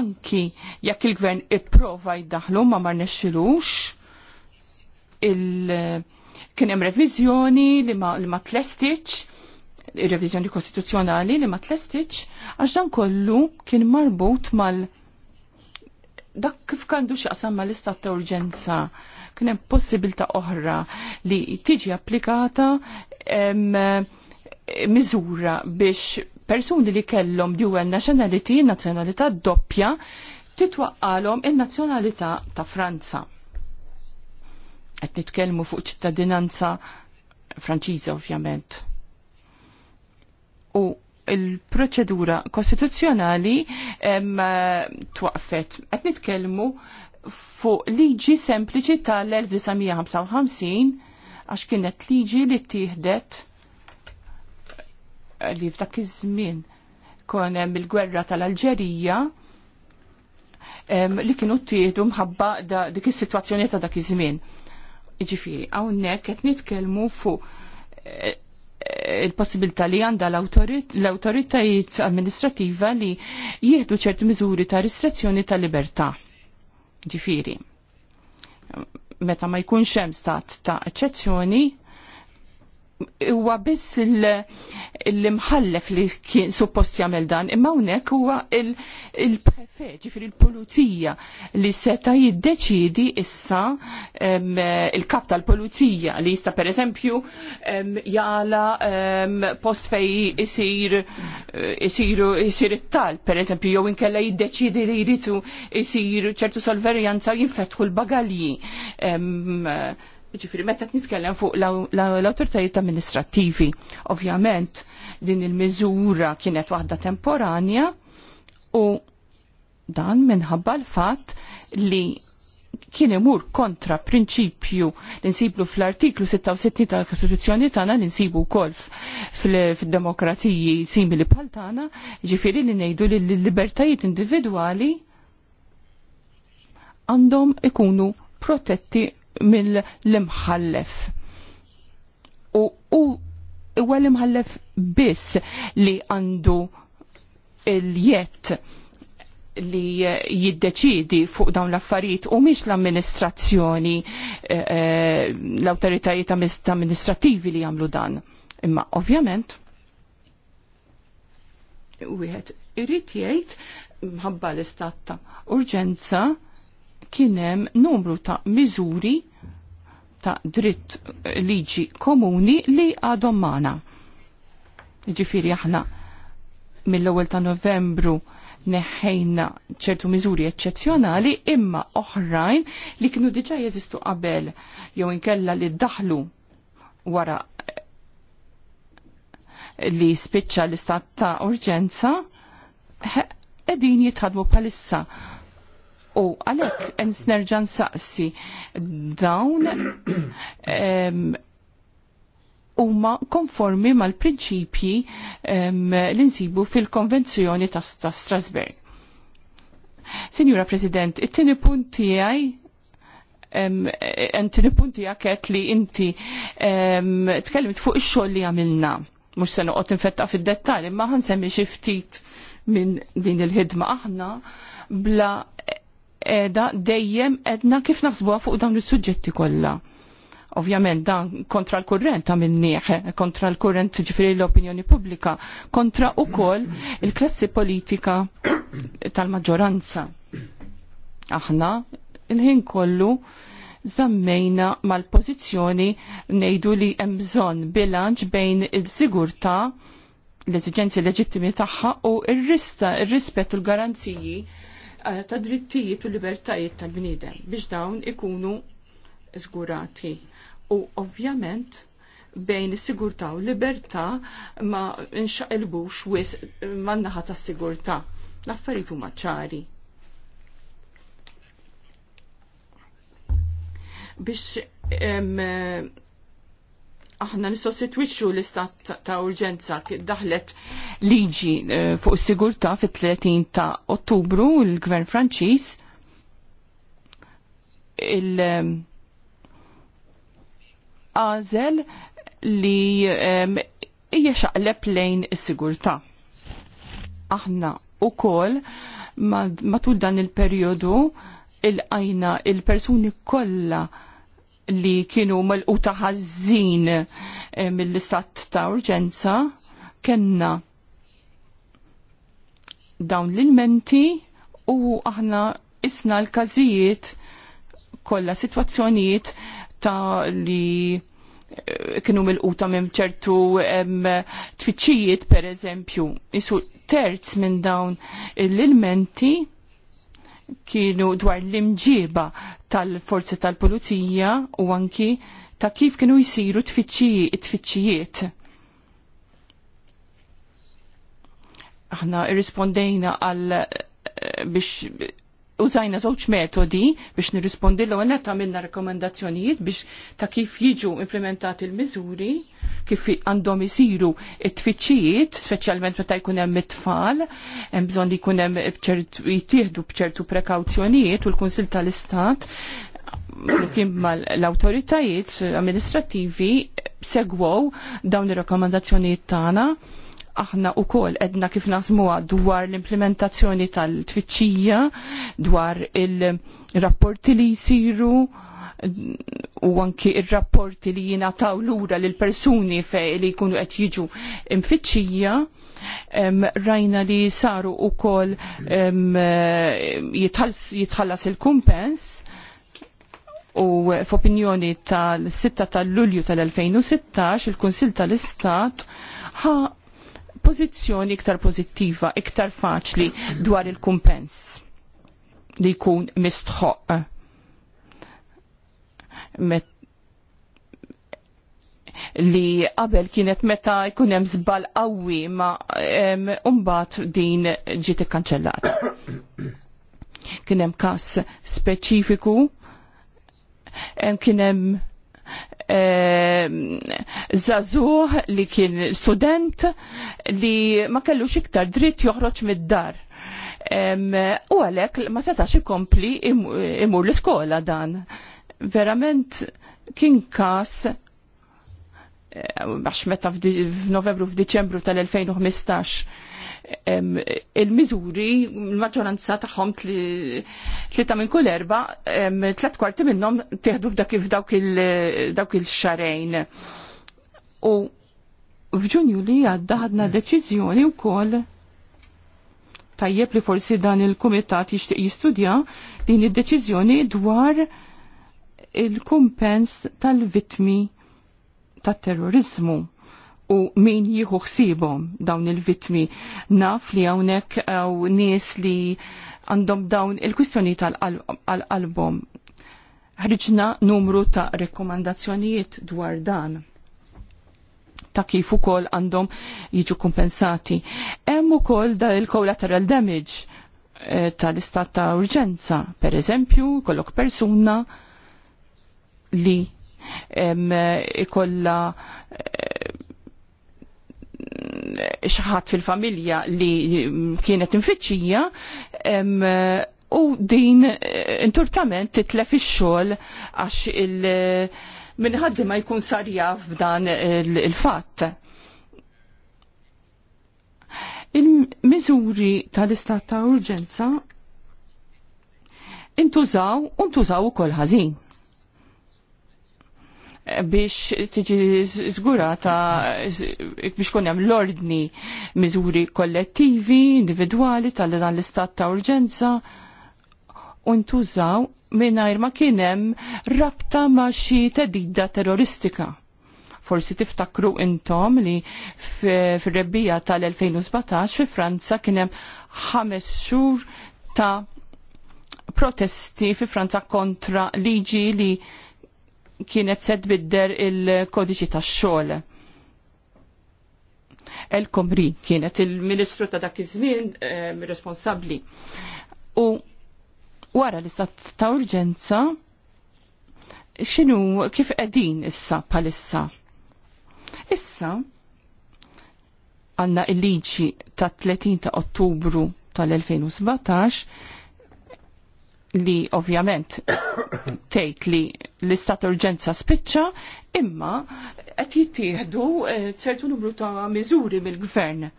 anki jekk il-gvern ipprova jiddaħlu ma ma nexxilux il kien hemm reviżjoni li ma, ma tlestiċ, revizjoni kostituzzjonali li ma tlestiċ, għax dan kollu kien marbut mal dak kif kandu xaqsam ma l-istat ta' urġenza kien hemm possibilità oħra li tiġi applikata em, miżura biex persuni li kellhom dual nationality, nazzjonalità doppja, titwaqqalhom in-nazzjonalità ta' Franza. Qed nitkellmu fuq ċittadinanza Franċiża ovvjament. U il-proċedura kostituzzjonali twaqfet. Qed nitkellmu fuq liġi sempliċi tal-1955 għax kienet liġi li tieħdet li f'dak iż-żmien kon hemm il-gwerra tal-Alġerija li kienu ttieħdu mħabba dik is-sitwazzjoni ta' dak iż-żmien. Jiġifieri hawnhekk qed nitkellmu fuq eh, eh, il-possibilità li għanda l-autoritajiet amministrativa li jieħdu ċerti miżuri ta' ristrezzjoni ta' libertà. Ġifiri, meta ma jkunx hemm stat ta' eċċezzjoni, huwa biss l-imħallef li kien suppost jagħmel dan, imma hawnhekk huwa il-prefet, ġifier il pulizija li seta' jiddeċidi issa il-kap tal-pulizija li jista' pereżempju jala post fej isir isiru isir it-tal, pereżempju jew inkella jiddeċidi li jridu isir ċertu solverjanza jinfetħu l-bagalji Ġifiri, meta nitkellem fuq l-autoritajiet amministrativi, ovvjament din il-miżura kienet waħda temporanja u dan minħabba l-fatt li kien imur kontra prinċipju li nsiblu fl-artiklu 66 tal-Kostituzzjoni tagħna li nsibu wkoll fid demokraziji simili bħal tagħna, ġifieri li ngħidu li l-libertajiet individwali għandhom ikunu protetti mill-imħallef. U u l-imħallef biss li għandu il-jett li jiddeċidi fuq dawn l-affarijiet u miex l-amministrazzjoni eh, eh, l-autoritajiet amministrativi li jagħmlu dan. Imma ovvjament wieħed irid jgħid mħabba l-istat ta' urġenza kienem numru ta' miżuri ta' dritt eh, liġi komuni li għadhom magħna. Ġifiri aħna mill-ewwel ta' Novembru neħħejna ċertu miżuri eċċezzjonali imma oħrajn li kienu diġà jeżistu qabel jew inkella li daħlu wara eh, li spiċċa l-istat ta' urġenza qegħdin jitħadmu bħalissa U għalek, nsnerġan saqsi, dawn huma konformi mal-prinċipji l-insibu fil-konvenzjoni ta' Strasberg. Signora President, it-tini punti għaj it-tini punt tiegħek li inti tkellimt fuq ix-xogħol li għamilna. Mhux se noqgħod infetta fid dettali imma għan xi ftit minn din il-ħidma aħna bla edha dejjem edna kif nafsbuha fuq dawn is-suġġetti kollha. Ovvjament dan kontra l-kurrent ta' minnieħ, kontra l-kurrent ġifri l-opinjoni pubblika, kontra u koll il-klassi politika tal-maġġoranza. Aħna il-ħin kollu zammejna mal-pozizjoni nejdu li emżon bilanċ bejn il-sigurta l-eżigenzi leġittimi tagħha u ir rispet u l-garanziji Eh, ta' drittijiet u libertajiet tal-bniedem biex dawn ikunu żgurati. U ovvjament bejn is u libertà ma nxaqilbux wis man-naħa tas-sigurtà. L-affarijiet huma ċari. biex aħna nissostitwixxu l-istat ta' urġenza kif daħlet liġi eh, fuq is-sigurtà fit-30 ta' Ottubru l-Gvern Franċiż il eh, għażel li hija eh, xaqleb lejn is-sigurtà. Aħna wkoll matul dan il-perjodu il-qajna il-persuni kollha li kienu mal-quta ħażin eh, mill-istat ta' urġenza kenna dawn l-ilmenti u aħna isna l-każijiet kollha sitwazzjonijiet ta' li eh, kienu mill-quta minn ċertu tfittxijiet per eżempju. Isu terz minn dawn l-ilmenti kienu dwar l-imġiba tal-forzi tal-pulizija u anki ta' kif kienu jisiru tfittxijiet. Aħna irrispondejna għal eh, biex użajna żewġ metodi biex nirrispondi l ta' minna rekomendazzjonijiet biex ta' kif jiġu implementati l-miżuri, kif għandhom isiru t-tfittxijiet, speċjalment meta jkun hemm it-tfal, hemm bżonn li jkun hemm jittieħdu b'ċertu prekawzjonijiet u l-Kunsil tal-Istat kien mal-autoritajiet amministrativi segwow dawn ir-rakkomandazzjonijiet tagħna aħna u kol edna kif naħsmuha dwar l-implementazzjoni tal-tfittxija, dwar il-rapporti li jisiru, u anki il-rapporti li jina taw lura l persuni fej li jkunu qed jiġu imfittxija, rajna li saru u kol jitħallas il-kumpens, u f'opinjoni tal-6 tal-Lulju tal-2016 il-Kunsil tal-Istat ħa pożizzjoni iktar pozittiva, iktar faċli dwar il-kumpens li jkun mistħoq. Met li qabel kienet meta jkun hemm żball qawwi ma mbagħad din ġiet ikkanċellat. Kien hemm każ speċifiku kien hemm Ehm, zazuh li kien student li ma kellux iktar dritt joħroġ mid-dar. Ehm, u għalek ma setax ikompli imur l-iskola dan. Verament kien kas eh, għax meta f'Novembru f'Diċembru tal-2015 il-miżuri, il-maġġoranza tagħhom tlita minn kull erba, tliet kwarti minnhom teħdu f'dak dawk il-xarejn. U f'Ġunju li għadda ħadna deċiżjoni wkoll tajjeb li forsi dan il-kumitat jixtieq jistudja din id-deċiżjoni dwar il-kumpens tal-vitmi tat-terrorizmu u min jieħu ħsiebhom dawn il-vitmi. Naf li hawnhekk u nies li għandhom dawn il-kwistjoni tal-album. Ħriġna numru ta' rekomandazzjonijiet dwar dan ta' kif ukoll għandhom jiġu kompensati. Hemm ukoll da il-collateral damage eh, tal-istat ta' urġenza, per eżempju, kollok persuna li ikolla xaħat fil-familja li kienet infittxija u din eh, inturtament titlef ix-xogħol għax il- eh, minħaddi ma jkun sarjaf f'dan il-fatt. Il-miżuri tal-istat ta' urġenza intużaw u intużaw ukoll ħażin biex tiġi zgurata biex kun hemm l-ordni miżuri kollettivi, individwali tal dan l-istat ta' urġenza u ntużaw mingħajr ma kien hemm rabta ma xi tedidda terroristika. Forsi tiftakru intom li fir-rebbija tal-2017 fi Franza kien hemm ħames xhur ta' protesti fi Franza kontra liġi li kienet se tbidder il-kodiċi tax-xogħol. El Komri kienet il-Ministru ta' dak iż-żmien eh, responsabbli. U wara l-istat ta' urġenza x'inhu kif qegħdin issa bħalissa. Issa għandna il-liġi ta' 30 ta' Ottubru tal-2017 li ovvjament tejt li l-istat urġenza spiċċa imma qed jittieħdu eh, ċertu numru ta' miżuri mill-gvern.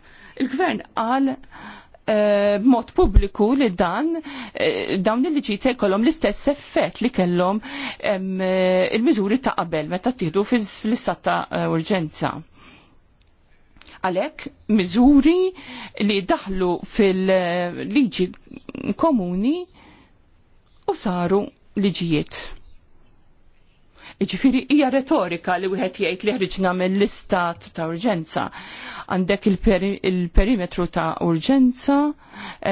Il-gvern qal eh, b'mod pubbliku li dan eh, dawn il-liġi se jkollhom l-istess effett li kellhom il-miżuri ta' qabel meta tieħdu fl-istat ta' urġenza. Għalhekk miżuri li daħlu fil-liġi komuni u saru liġijiet. Iġifiri hija retorika li wieħed jgħid li ħriġna mill-istat ta' urġenza. Għandek il-perimetru ta' urġenza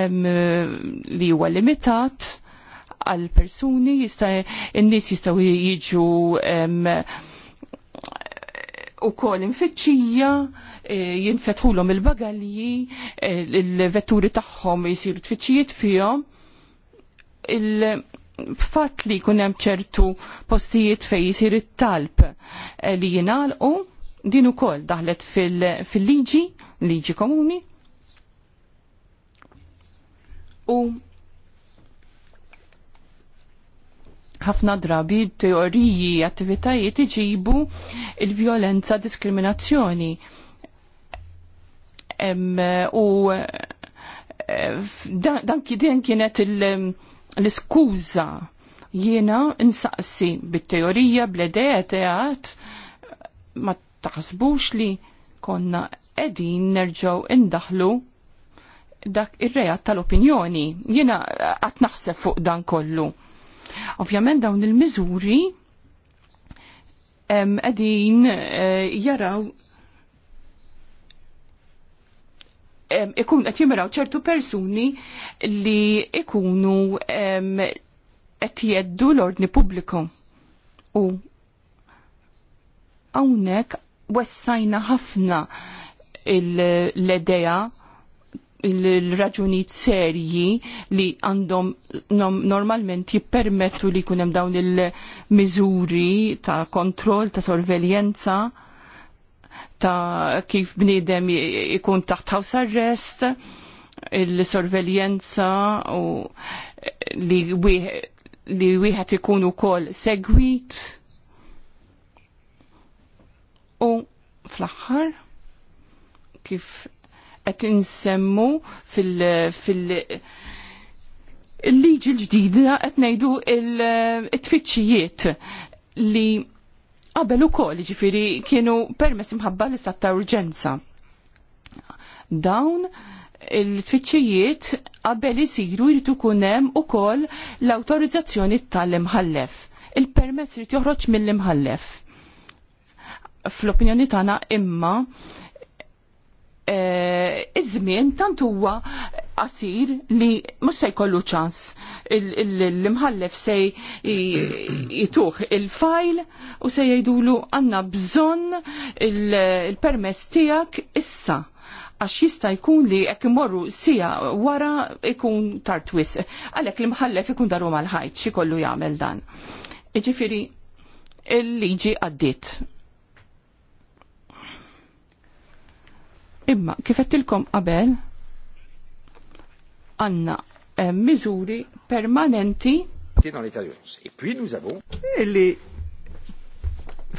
li huwa limitat għal persuni jista' n-nies jistgħu jiġu u kol infittxija, e, jinfetħulhom il-bagalji, il-vetturi e, tagħhom jisiru tfittxijiet fihom fatt li jkun hemm ċertu postijiet fejn jisir it-talb eh, li jingħalqu din ukoll daħlet fil-liġi, fil liġi komuni. U ħafna drabi teoriji, attivitajiet iġibu il-violenza, diskriminazzjoni. u eh, dan, kienet il- l-iskuża jiena insaqsi bit-teorija bl-edeja teat ma taħsbux li konna edin nerġaw indaħlu dak ir-rejat tal-opinjoni. Jiena qatt naħseb fuq dan kollu. Ovvjament dawn il-miżuri qegħdin eh, jaraw ikun qed jimraw ċertu persuni li ikunu qed jeddu l-ordni pubbliku. U hawnhekk wessajna ħafna l-idea il-raġunijiet serji li għandhom normalment jippermettu li kunem dawn il-miżuri ta' kontroll, ta' sorveljenza ta' kif bniedem ikun taħt house arrest, il-sorveljenza u li wieħed ikun ukoll segwit. U fl-aħħar kif qed insemmu fil-, fil il-liġi l-ġdida qed ngħidu il-tfittxijiet li qabel ukoll ġifiri kienu permess imħabba li ta' urġenza. Dawn il-tfittxijiet qabel isiru jritu kunem ukoll l-autorizzazzjoni tal-imħallef. Il-permess jrid joħroġ mill-imħallef. Fl-opinjoni tagħna imma Eh, iż-żmien tant huwa qasir li mhux se jkollu ċans l-imħallef se jituh il-fajl u se jgħidulu għandna bżonn il-permess tiegħek issa għax jista' jkun li jekk imorru sija wara ikun tartwis. Għalhekk l-imħallef ikun daru mal-ħajt xi kollu jagħmel dan. Jiġifieri il liġi għaddiet Imma kifettilkom qabel għanna eh, miżuri permanenti illi e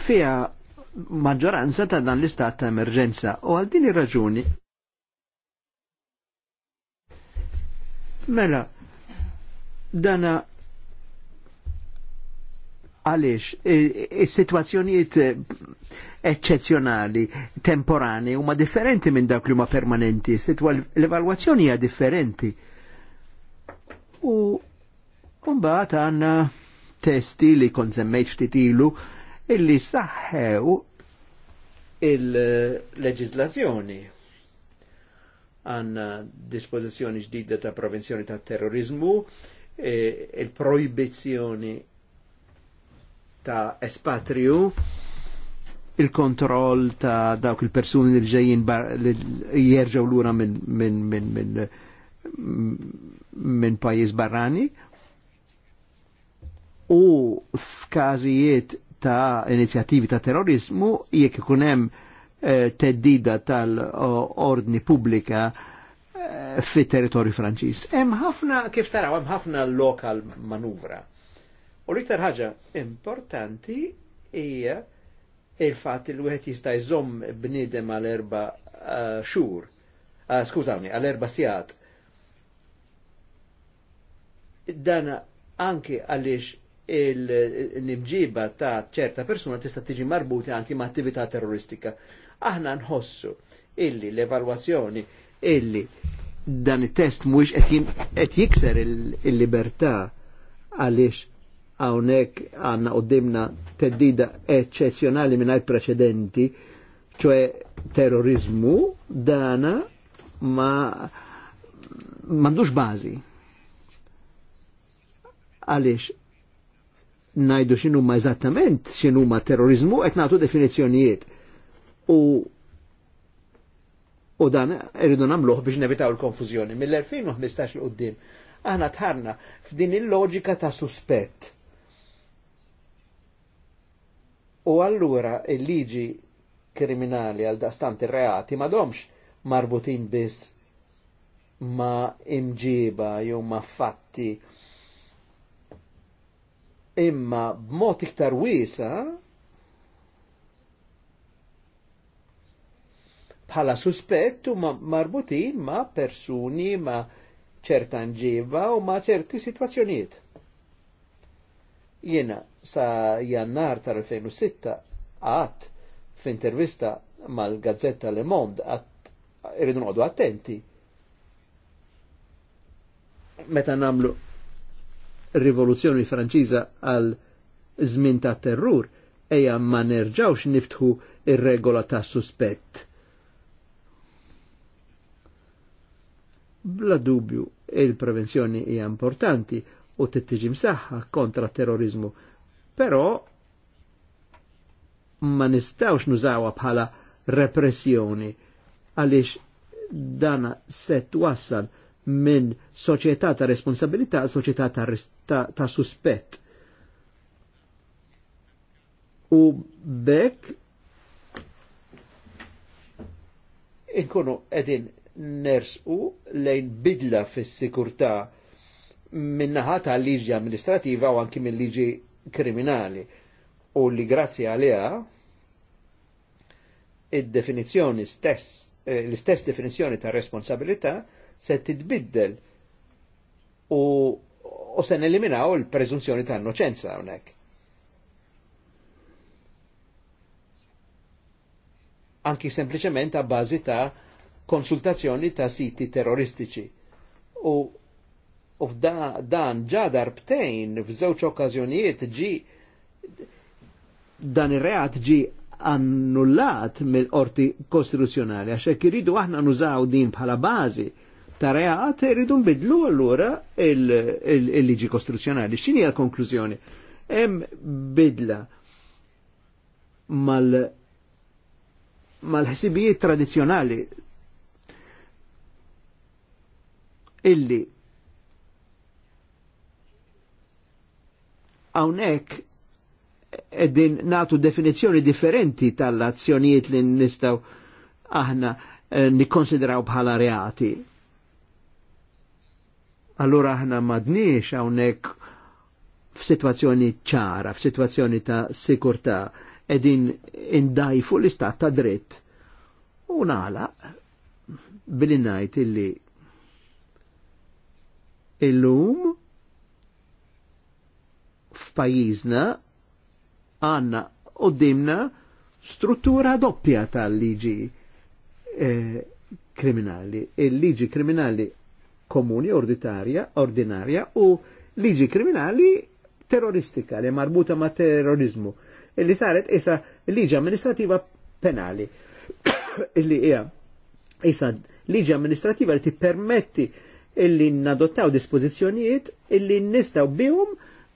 fija maġġoranza ta' dan l-istat ta' emerġenza u għal din ir-raġuni mela dana għaliex is-sitwazzjonijiet e, e, eccezjonali, temporani, huma differenti minn dak li huma permanenti, l-evalwazzjoni hija differenti. U mbagħad għandna testi li kont semmejt ftit ilu illi saħħew il-leġislazzjoni għanna dispożizzjoni ġdida ta' prevenzjoni ta' terrorizmu, e, il-projbizzjoni ta' espatriu, il-kontroll ta' dawk il-persuni li ġejjin jerġaw lura minn min, min, min, min pajis barrani u f'każijiet ta' inizjattivi ta' terrorizmu jekk ikun hemm eh, teddida tal-ordni pubblika eh, fi territorju Franċiż. Hemm ħafna kif taraw hemm ħafna lokal manuvra. U l-iktar ħaġa importanti hija il-fat il-wieħed jista' jżomm bniedem għal erba' eh, xhur. Eh, skużawni, għal erba' sigħat. Dan anki għaliex il-nibġiba ta' ċerta persuna tista' tiġi marbuti anki ma' attività terroristika. Aħna nħossu illi l-evalwazzjoni illi dan it-test mhuwiex qed jikser il-libertà għaliex għawnek għanna u dimna teddida eccezjonali minnaj preċedenti, ċoe terrorizmu, dana ma mandux bazi. Għalix, najdu xinu ma eżattament xinu ma terrorizmu, et natu definizjonijiet. U u dan eridu namluħ biex nevitaw il-konfuzjoni. Mill-2015 l-qoddim, aħna tħarna f'din il-loġika ta' suspett U allura il-liġi kriminali għal dastanti reati ma domx marbutin biss ma imġiba jew ma fatti imma b'mod iktar wiesa bħala suspettu ma marbutin ma persuni ma ċerta nġiba u ma ċerti situazzjonijiet. Jena sa jannar tal-2006 għat f'intervista mal-Gazzetta Le Monde għat irridu noqdu attenti meta namlu rivoluzzjoni franċiża għal żmien ta' terrur eja ma nerġawx niftħu ir-regola ta' suspett. Bla dubju, il-prevenzjoni hija importanti u t-tiġim saħħa kontra terrorizmu Però ma nistawx nużawha bħala repressjoni għaliex dana set wassal minn soċjetà ta' responsabilità soċjetà ta', ta, ta suspett. U bekk inkunu edin nersqu lejn bidla fis-sikurtà minnaħa ta' liġi amministrativa u anki minn liġi kriminali u li grazzi għalija il-definizjoni stess, eh, l-istess definizjoni ta' responsabilità se titbiddel u, u se neliminaw il-prezunzjoni ta' innoċenza hawnhekk. Anki sempliciment ta' bazi ta' konsultazzjoni ta' siti terroristiċi u U f'dan ġa darbtejn f'żewġ okkażjonijiet ġi dan ir-reat ġi annullat mill-qorti kostituzzjonali għax hekk iridu aħna nużaw din bħala bażi ta' reat iridu nbidlu allura il-liġi kostituzzjonali. X'inhi l-konklużjoni? Hemm bidla mal mal-ħsibijiet tradizzjonali illi hawnhekk qegħdin nagħtu definizzjoni differenti tal-azzjonijiet li nistgħu aħna eh, nikkonsidraw bħala reati. Allura aħna madniex hawnhekk f'sitwazzjoni ċara, f'sitwazzjoni ta' sikurta edin indajfu l-istat ta' dritt. U bil billi illi illum għanna u dimna struttura doppja tal-liġi eh, kriminali. Il-liġi kriminali komuni, orditarja, ordinarja u liġi kriminali terroristika li marbuta ma' terrorizmu. Illi saret isa liġi amministrativa penali. illi hija isa liġi amministrativa li permetti illi nadottaw dispożizzjonijiet illi nistaw bihum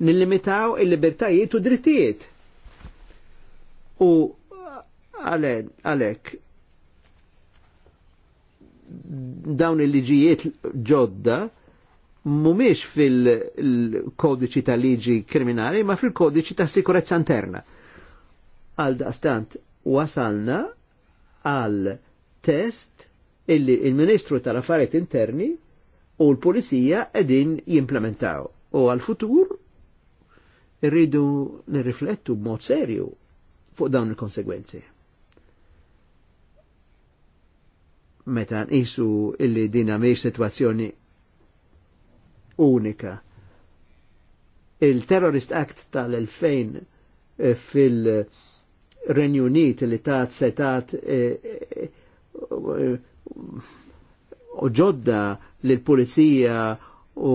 nillimitaw il-libertajiet u drittijiet. U għalek, dawn il-liġijiet ġodda mumiex fil-kodiċi ta' liġi kriminali, ma fil-kodiċi ta' sikurezza interna. Għal daqstant wasalna għal test illi il-Ministru tal-Affarijiet Interni u l-Pulizija edin jimplementaw. U għal-futur irridu nirriflettu b'mod serju fuq dawn il-konsegwenzi. Meta nqisu illi dina mhijiex sitwazzjoni unika. Il-Terrorist Act tal-2000 eh, fil-Renju Unit li tat setat eh, eh, u ġodda l-Pulizija u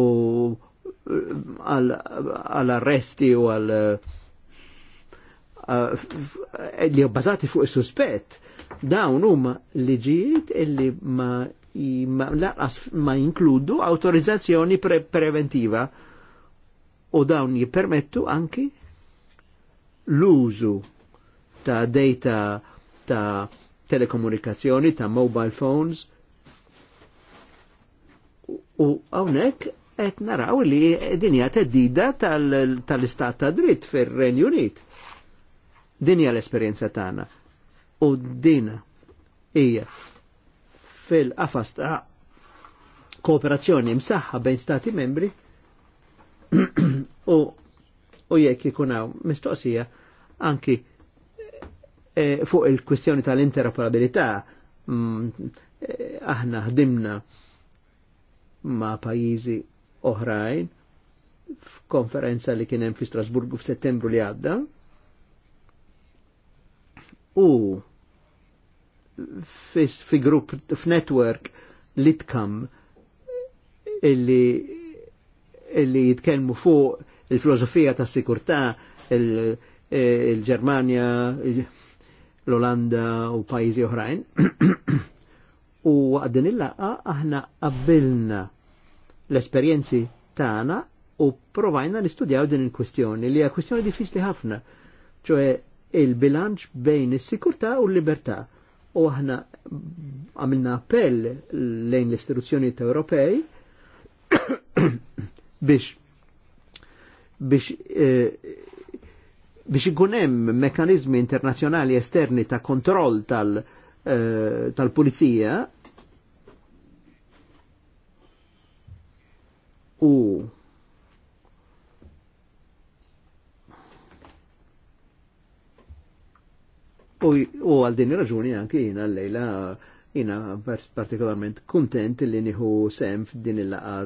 għal arresti u għal eh, eh, li bazati fuq il-suspett dawn huma liġijiet illi ma laqas ma jinkludu autorizzazzjoni preventiva u dawn jippermettu anki l-użu ta' data ta' telekomunikazzjoni, ta' mobile phones, u għawnek et naraw li dinja teddida tal-istat ta' dritt fir-Renju Unit. Dinja l-esperjenza tagħna. U din hija fil-qafas ta' kooperazzjoni msaħħa bejn stati membri u u jekk ikun hawn mistoqsija anki e, fuq il-kwistjoni tal-interoperabilità mm, eh, aħna ħdimna ma' pajjiżi oħrajn f'konferenza li kien hemm fi Strasburgu f'Settembru li għadda. U fi grupp f'network li tkam illi illi jitkellmu fuq il-filosofija ta' sikurta il germania l olanda u pajizi oħrajn. u għaddin il-laqa aħna qabbilna l-esperjenzi tagħna u provajna nistudjaw din il-kwistjoni li hija kwistjoni diffiċli ħafna, ċoe il-bilanċ bejn is-sikurtà u l-libertà. U aħna għamilna appell lejn l-istituzzjonijiet Ewropej biex biex eh, biex ikun hemm internazjonali esterni ta' kontroll eh, tal-pulizija u U għal din raġuni anki jina l-lejla jina partikolarment kontent li niħu sem f'din il-laqa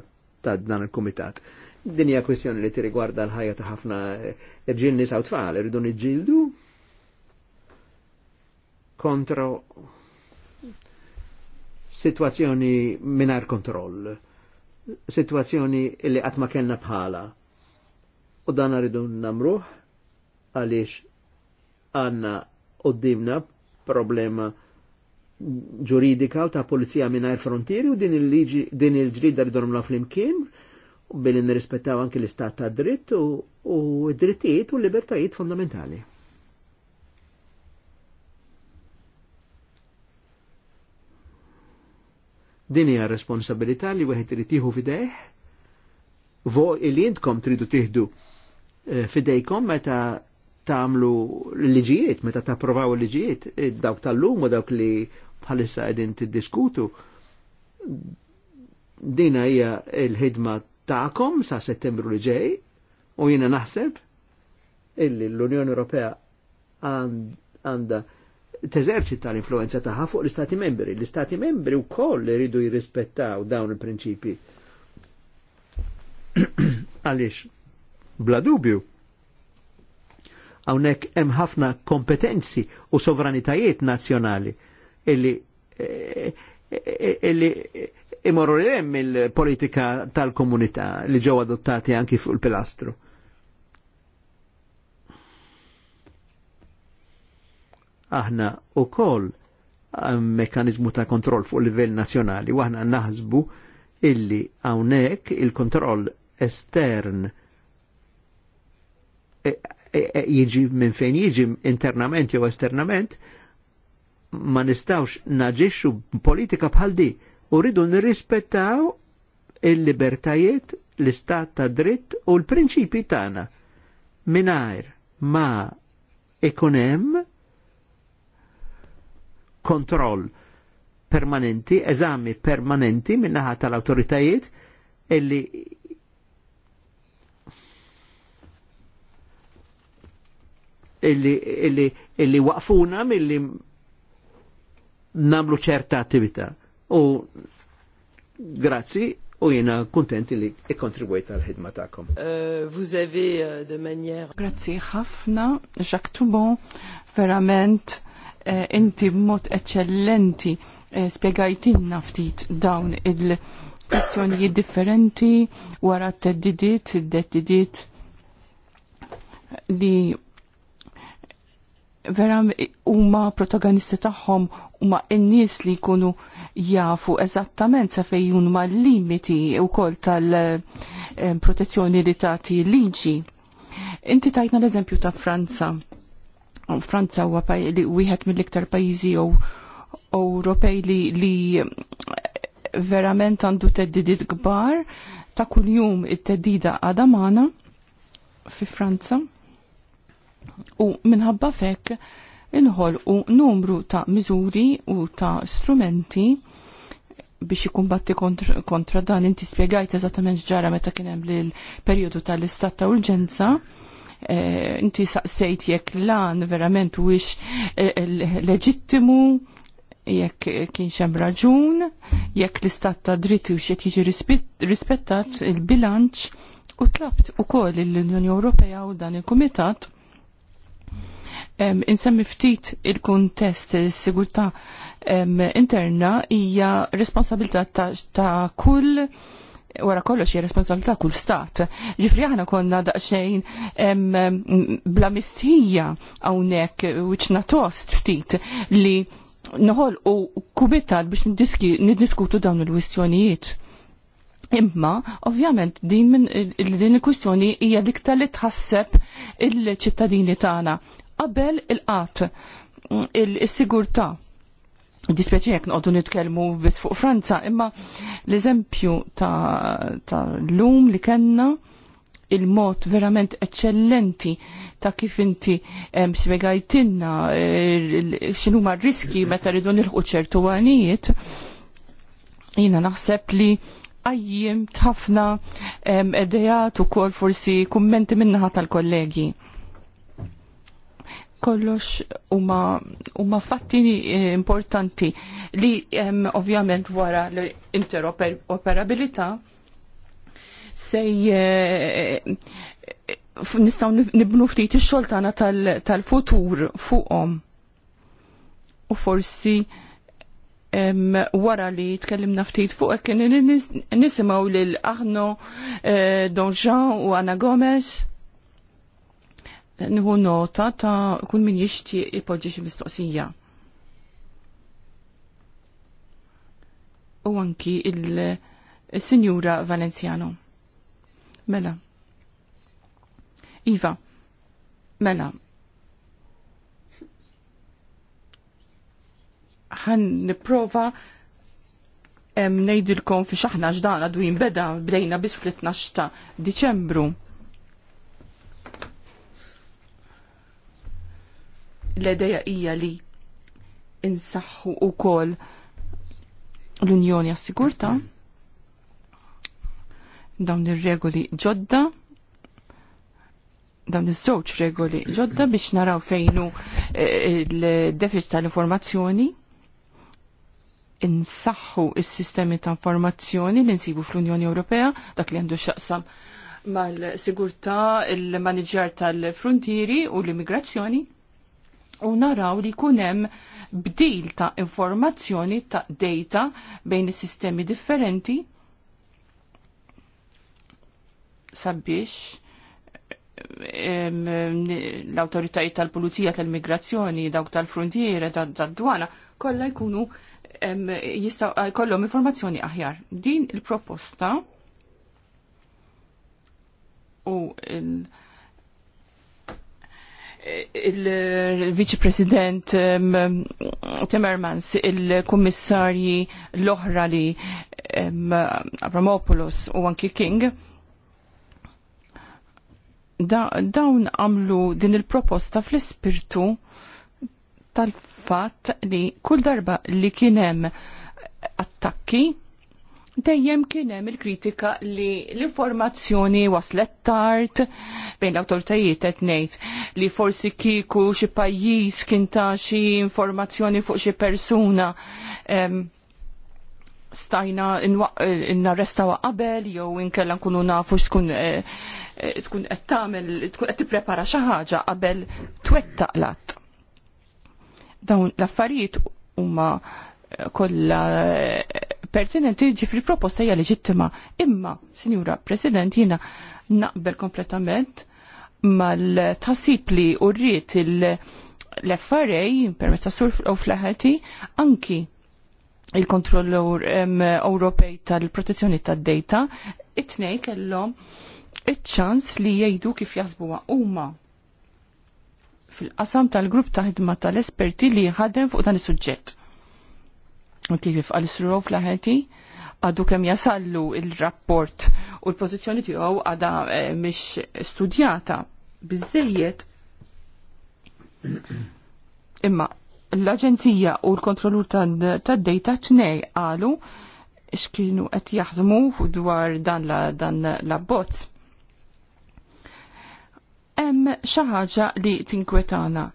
ta' dan il-komitat. Din hija kwestjoni li tirigwarda l-ħajja ta' ħafna irġiel eh, nisa u tfal irridu niġġieldu kontra situazzjoni minar kontroll situazzjoni li qatt ma kellna bħala. U dan rridu namruħ għaliex għanna dimna problema ġuridika u ta' polizija mingħajr frontieri u din il-liġi din il-ġrida rridu la flimkien billi nirrispettaw anki l-istat ta' dritt u, u drittijiet u libertajiet fondamentali. Din hija responsabilità li wieħed irid tieħu fidejh, vo li intkom tridu tieħdu eh, fidejkom meta tagħmlu l-liġijiet, meta tapprovaw l-liġijiet, eh, dawk tal-lum u dawk li bħalissa qegħdin tiddiskutu. Din hija l-ħidma tagħkom sa settembru li ġej u jiena naħseb illi l-Unjoni Ewropea għandha and, teżerċita l-influenza tagħha fuq l-Istati membri. L-Istati membri wkoll iridu jirrispettaw dawn il-prinċipi. Għalix, bla dubju, hawnhekk hemm ħafna kompetenzi u sovranitajiet nazjonali illi eh, eh, illi imorru il-politika tal-komunità li ġew adottati anki fuq il-pilastru aħna u kol eh, mekanizmu ta' kontroll fuq livell nazjonali, u aħna naħsbu illi hawnhekk il-kontroll estern jieġi e, e, jiġi minn fejn jiġi internament jew esternament ma nistawx naġixxu politika bħal di u rridu nirrispettaw il-libertajiet, l-istat ta' dritt u l-prinċipi tagħna mingħajr ma ikunem kontroll permanenti, eżami permanenti minnaħa tal-autoritajiet illi illi, illi, illi waqfuna milli namlu ċerta attività. U grazzi u jena kontenti li ikkontribwejt għal ħidma ta'kom. Uh, vous avez uh, de manière Grazzi ħafna, Jacques Toubon, verament Eh, inti b'mod eccellenti eh, spiegajtinna ftit dawn il kwestjoni differenti wara t-teddidiet, t teddidiet li vera huma protagonisti tagħhom huma n-nies li jkunu jafu eżattament sa fejn ma limiti wkoll tal-protezzjoni eh, li tagħti liġi. Inti tajna l-eżempju ta' Franza Franza huwa wieħed mill-iktar pajjiżi Ewropej li, li verament għandu teddidiet kbar ta' kuljum it-teddida għadha magħna fi Franza. U minħabba fekk inħolqu numru ta' miżuri u ta' strumenti biex jikumbatti kontra, kontra dan inti spiegajt eżattament ġara meta kien hemm lil perjodu tal-istat ta' urġenza Eh, inti saqsejt jekk lan verament wix eh, eh, leġittimu jekk kien xem raġun, jekk l-istat ta' dritti u xiet jiġi rispettat il-bilanċ u tlabt u koll l-Unjoni Ewropea u dan il-Komitat insemmi ftit il-kuntest sigurta interna hija responsabilità ta' kull wara kollox hija responsabilità kull stat. Ġifri aħna konna daqsxejn bla mistija hawnhekk wiċċna tost ftit li noħol u kubital biex niddiskutu dawn il-kwistjonijiet. Imma, ovvjament, din min, din il-kwistjoni hija diktar li tħasseb il-ċittadini tagħna qabel il-qatt il-sigurtà dispjaċi jek noqdu nitkelmu bis fuq Franza, imma l-eżempju ta', ta l-lum li kenna il-mod verament eccellenti ta' kif inti spiegajtinna xinu ma' riski meta rridu nilħu ċertu għanijiet, jina naħseb li għajjim tħafna edejat u kol forsi kummenti minnaħat tal-kollegi kollox huma huma fatti eh, importanti li ovvjament wara l-interoperabilità sej eh, nistaw nibnu ftit ix-xogħol tagħna tal-futur fuqhom. U forsi wara li tkellimna ftit fuq kien nisimgħu lil Aħno eh, Donjan u Anna Gomez nħu nota ta' kull min jixtieq ipoġġi xi mistoqsija. U anki il-Sinjura Valenziano. Mela. Iva, mela, ħan niprofa nejdilkom fi xaħna ġdana dwin beda bdejna bis fl-12 ta' Diċembru. l-edeja hija li insaħħu wkoll l-Unjoni għas-Sigurta dawn ir-regoli ġodda dawn iż-żewġ regoli ġodda biex naraw fejnu eh, il-deficit tal-informazzjoni insaħħu is-sistemi ta' informazzjoni li nsibu fl-Unjoni Ewropea dak li għandu xaqsam mal-sigurtà il manager tal-frontieri u l-immigrazzjoni u naraw li kunem bdil ta' informazzjoni ta' data bejn is-sistemi differenti sabiex l-autoritajiet tal-pulizija tal-migrazzjoni, dawk tal-frontiere, tad-dwana, kollha jkunu jistgħu jkollhom informazzjoni aħjar. Din il-proposta u il- il-Vice President um, Timmermans, il-Kummissarji l-oħra li um, Avramopoulos u anki King, dawn għamlu din il-proposta fl-ispirtu tal-fat li kull darba li kienem attakki dejjem kien hemm il-kritika li l-informazzjoni waslet tard bejn l-awtoritajiet qed ngħid li forsi kieku xi pajjiż kien ta' xi informazzjoni fuq xi persuna um, stajna wa eh, qabel jew inkella nkunu nafu xkun eh, eh, tkun qed tagħmel tkun qed tipprepara xi ħaġa qabel twettaq Dawn l-affarijiet huma kollha pertinenti ġifri proposta hija leġittima. Imma, Sinjura President, jiena naqbel kompletament mal-tasib li urrit l-FRA, permezz ta' surf u flaħati, anki il-kontrollur Ewropej tal-protezzjoni tad-data, it-tnej kellhom iċ-ċans li jgħidu kif jasbuha huma fil-qasam tal-grupp ta' ħidma tal-esperti li ħadem fuq dan is-suġġett kif għal fl laħeti għadu kem jasallu il-rapport u l-pozizjoni tiegħu għada eh, mhix studjata biżejjed imma l-Aġenzija u l-Kontrollur tad-Dejta tnej qalu x'kienu qed jaħdmu dwar dan la dan l-abbozz. Hemm xi ħaġa li tinkwetana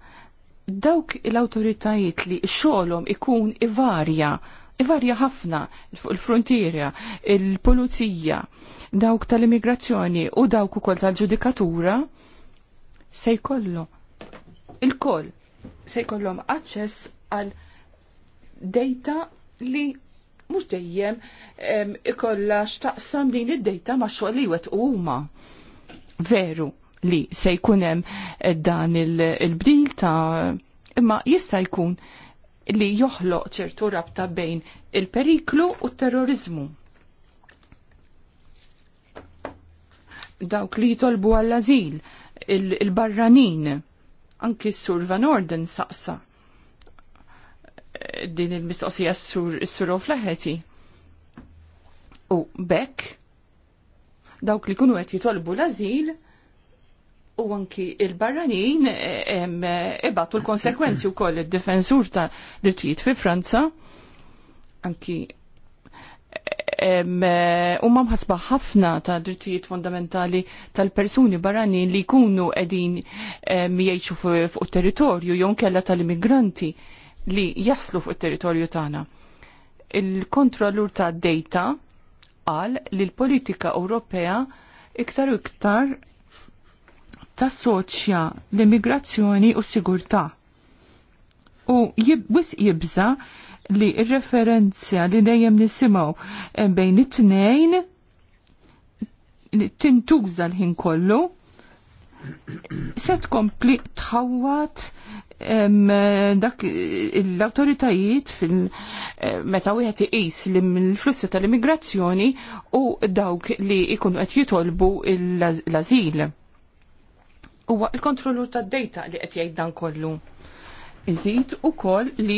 dawk l-autoritajiet li xogħolhom ikun ivarja varja ħafna fuq il-frontiera, il-pulizija, dawk tal-immigrazzjoni u dawk ukoll tal-ġudikatura se kollu. il-koll se jkollhom aċċess għal data li mhux dejjem ikollha x'taqsam din id-data ma' xogħol għet u Veru, li se jkunem eh, dan il-bdil ta' imma jista' jkun li joħloq ċertu rabta bejn il-periklu u terrorizmu. Dawk li jitolbu għall-azil, il-barranin, anki s-sur Van Orden saqsa eh, din il-mistoqsija s-sur fleħeti. U bekk, dawk li kunu għet jitolbu l-azil, u anki il-barranin eh, ibatu l-konsekwenzi u koll il-defensur ta' drittijiet fi Franza anki u mamħasba ħafna ta' drittijiet fondamentali tal-persuni barranin li kunu edin miejxu fuq territorju jom kella tal-immigranti li jaslu fuq territorju tagħna. Il-kontrollur ta' data qal li l-politika Ewropea iktar u iktar tassoċja l-immigrazzjoni u s-sigurtà. U jibbis jibza li referenzja li dejjem nisimaw eh, bejn it-tnejn tintuża l-ħin kollu se tkompli tħawat dak l-autoritajiet eh, meta wieħed iqis li mill-flussi tal-immigrazzjoni u dawk li jkunu qed jitolbu l-ażil huwa il-kontrollur tad-data li qed jgħid dan kollu. Iżid ukoll li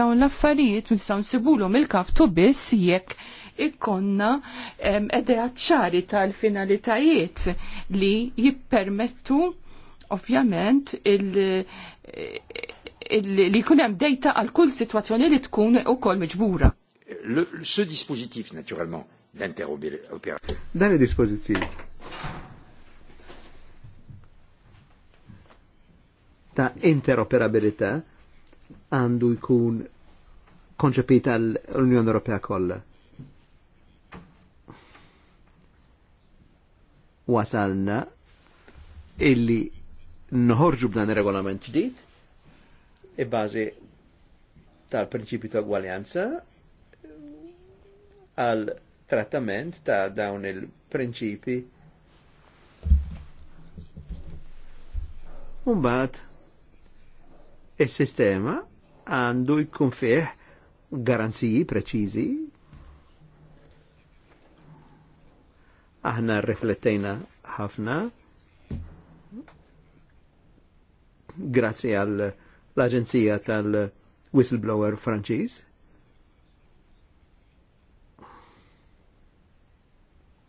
dawn l-affarijiet nistgħu nsibulhom il-kaptu biss jekk ikkonna edha ċari tal-finalitajiet li jippermettu ovvjament il- li jkun hemm dejta għal kull sitwazzjoni li tkun ukoll miġbura. Ce dispositif naturalment d'interopérabilité. Dan il-dispositif ta' interoperabilità għandu jkun konċepita l-Unjoni Ewropea kollha. Wasalna illi nħorġu b'dan ir-regolament ġdid ibbażi e tal-prinċipju ta' gwaljanza għal trattament ta' dawn il-prinċipi Umbat, Il-sistema għandu jkun fih garanziji preċizi. Aħna riflettejna ħafna. Grazzi għal l-Aġenzija tal-Whistleblower Franċiż.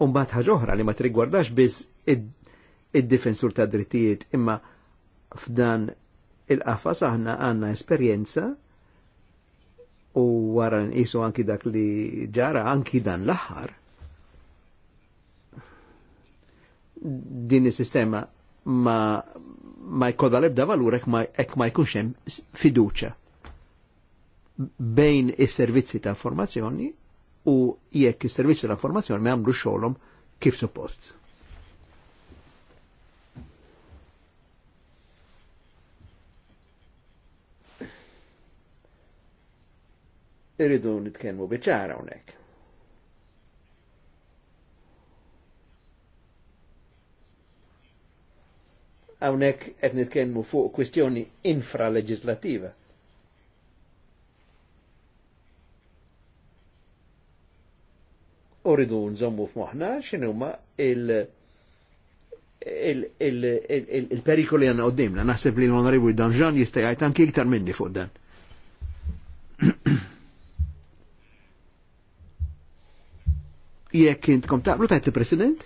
Umbat oħra, li ma trigwardax biss id-difensur ta' drittijiet imma f'dan il-qafas aħna għanna esperjenza u wara nqisu anki dak li ġara anki dan l-aħħar. Din is-sistema ma ma jkollha ebda valur ek ma, ma jkunx hemm fiduċa bejn is-servizzi ta' informazzjoni u jekk is-servizzi ta' informazzjoni ma jagħmlu xogħolhom kif suppost. Irridu nitkellmu biċara hawnhekk. Hawnhekk qed nitkellmu fuq kwistjoni infraleġislativa. Uridu nżommu f'moħħna x'inhuma il- il-perikoli għanna għoddimna, naħseb li l-onorevoli Danġan jistajajt anki iktar minni fuq dan. Jekk intkom taqblu tajt il-President?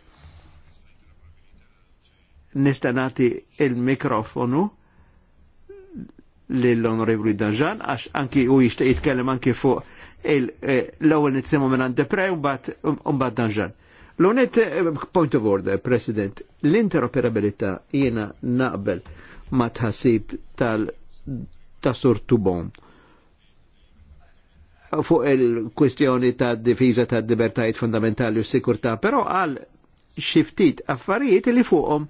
Nista' nagħti il-mikrofonu l onorevoli Danġan għax anki u jishtaq jitkellem anki fuq eh, l-ewwel nitsimgħu minn għand Depre u mbagħad Danġan. L-unet eh, point of order, President, l-interoperabilità jiena naqbel ma tħassib tal-tasur tubon fuq il kwestjoni ta' difiża ta' libertajiet fundamentali u sikurtà, però għal xiftit affarijiet li fuqhom